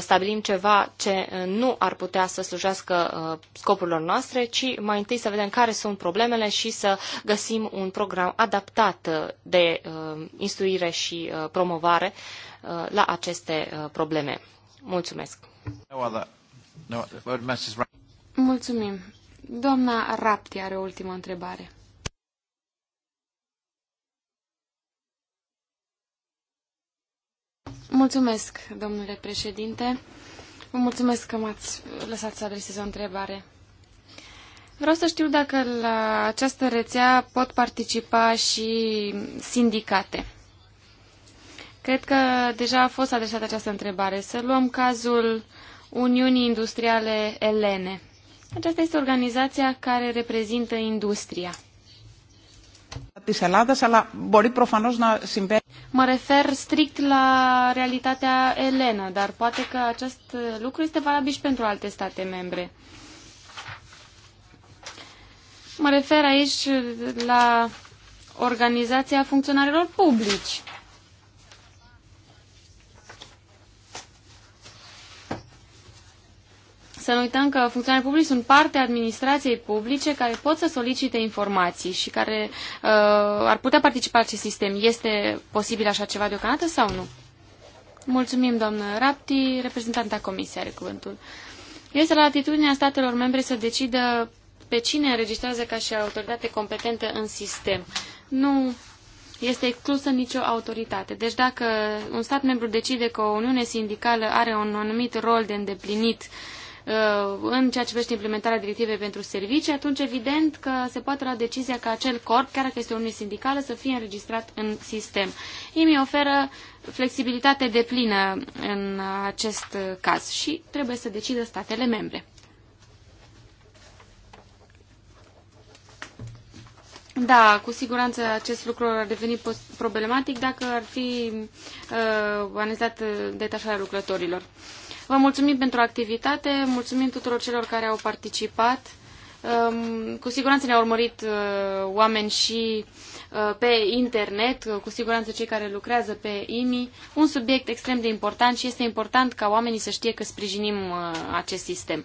stabilim ceva ce nu ar putea să slujească scopurilor noastre, ci mai întâi să vedem care sunt problemele și să găsim un program adaptat de instruire și promovare la aceste probleme. Mulțumesc! Mulțumim! Doamna Rapti are o ultimă întrebare. Mulțumesc, domnule președinte. Vă mulțumesc că m-ați lăsat să adresez o întrebare. Vreau să știu dacă la această rețea pot participa și sindicate. Cred că deja a fost adresată această întrebare. Să luăm cazul Uniunii Industriale Elene. Aceasta este organizația care reprezintă industria. Mă refer strict la realitatea elenă, dar poate că acest lucru este valabil și pentru alte state membre. Mă refer aici la organizația funcționarilor publici. să nu uităm că funcționarii publici sunt parte a administrației publice care pot să solicite informații și care uh, ar putea participa acest sistem. Este posibil așa ceva deocamdată sau nu? Mulțumim, doamnă Rapti, reprezentanta Comisiei are cuvântul. Este la atitudinea statelor membre să decidă pe cine înregistrează ca și autoritate competentă în sistem. Nu este exclusă nicio autoritate. Deci dacă un stat membru decide că o uniune sindicală are un anumit rol de îndeplinit uh, Uh, în ceea ce privește implementarea directivei pentru servicii, atunci evident că se poate lua decizia ca acel corp, chiar dacă este o uniune sindicală, să fie înregistrat în sistem. IMI oferă flexibilitate deplină în acest caz și trebuie să decidă statele membre. Da, cu siguranță acest lucru ar deveni problematic dacă ar fi uh, analizat uh, detașarea lucrătorilor. Vă mulțumim pentru activitate, mulțumim tuturor celor care au participat. Um, cu siguranță ne-au urmărit uh, oameni și uh, pe internet, uh, cu siguranță cei care lucrează pe IMI. Un subiect extrem de important și este important ca oamenii să știe că sprijinim acest sistem.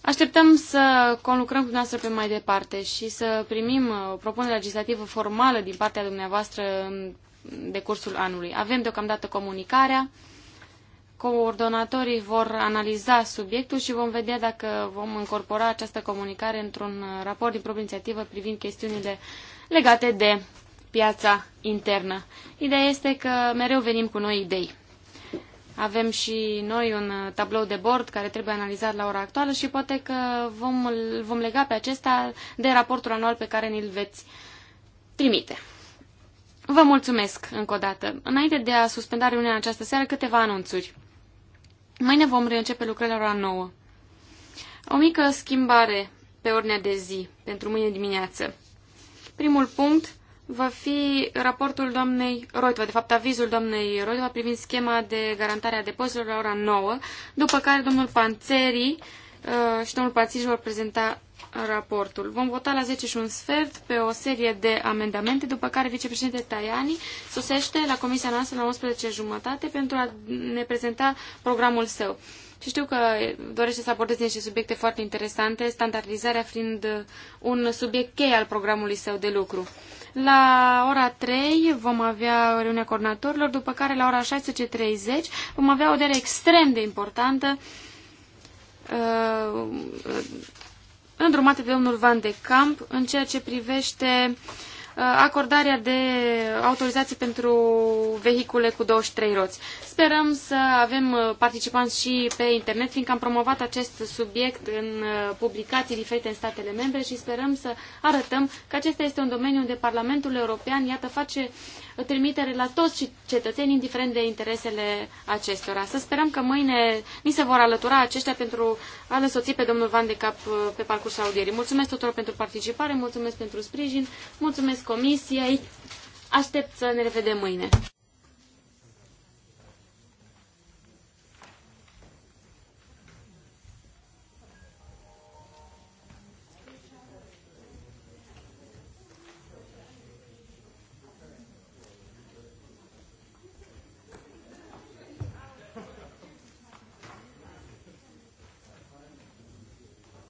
Așteptăm să conlucrăm cu dumneavoastră pe mai departe și să primim o propunere legislativă formală din partea dumneavoastră în decursul anului. Avem deocamdată comunicarea. Coordonatorii vor analiza subiectul și vom vedea dacă vom incorpora această comunicare într-un raport din propria inițiativă privind chestiunile legate de piața internă. Ideea este că mereu venim cu noi idei. Avem și noi un tablou de bord care trebuie analizat la ora actuală și poate că vom, vom lega pe acesta de raportul anual pe care ni-l veți trimite. Vă mulțumesc încă o dată. Înainte de a suspenda reuniunea această seară, câteva anunțuri. Mâine vom reîncepe lucrările la nouă. O mică schimbare pe ordinea de zi pentru mâine dimineață. Primul punct va fi raportul doamnei Roitva, de fapt avizul doamnei Roitva privind schema de garantare a depozitelor la ora 9, după care domnul Panțeri uh, și domnul Pațiș vor prezenta raportul. Vom vota la 10 și un sfert pe o serie de amendamente, după care vicepreședinte Tajani sosește la comisia noastră la 11 jumătate pentru a ne prezenta programul său. Și știu că dorește să abordeze niște subiecte foarte interesante, standardizarea fiind un subiect cheie al programului său de lucru. La ora 3 vom avea reuniunea coordonatorilor, după care la ora 16.30 vom avea o dere extrem de importantă uh, îndrumate de domnul Van de Camp în ceea ce privește uh, acordarea de autorizații pentru vehicule cu 23 roți. Sperăm să avem uh, participanți și pe internet, fiindcă am promovat acest subiect în uh, publicații diferite în statele membre și sperăm să arătăm că acesta este un domeniu unde Parlamentul European, iată, face uh, trimitere la toți cetățenii, indiferent de interesele acestora. Să sperăm că mâine ni se vor alătura aceștia pentru a-l pe domnul Van de Cap pe parcursul audierii. Mulțumesc tuturor pentru participare, mulțumesc pentru sprijin, mulțumesc comisiei. Aștept să ne revedem mâine.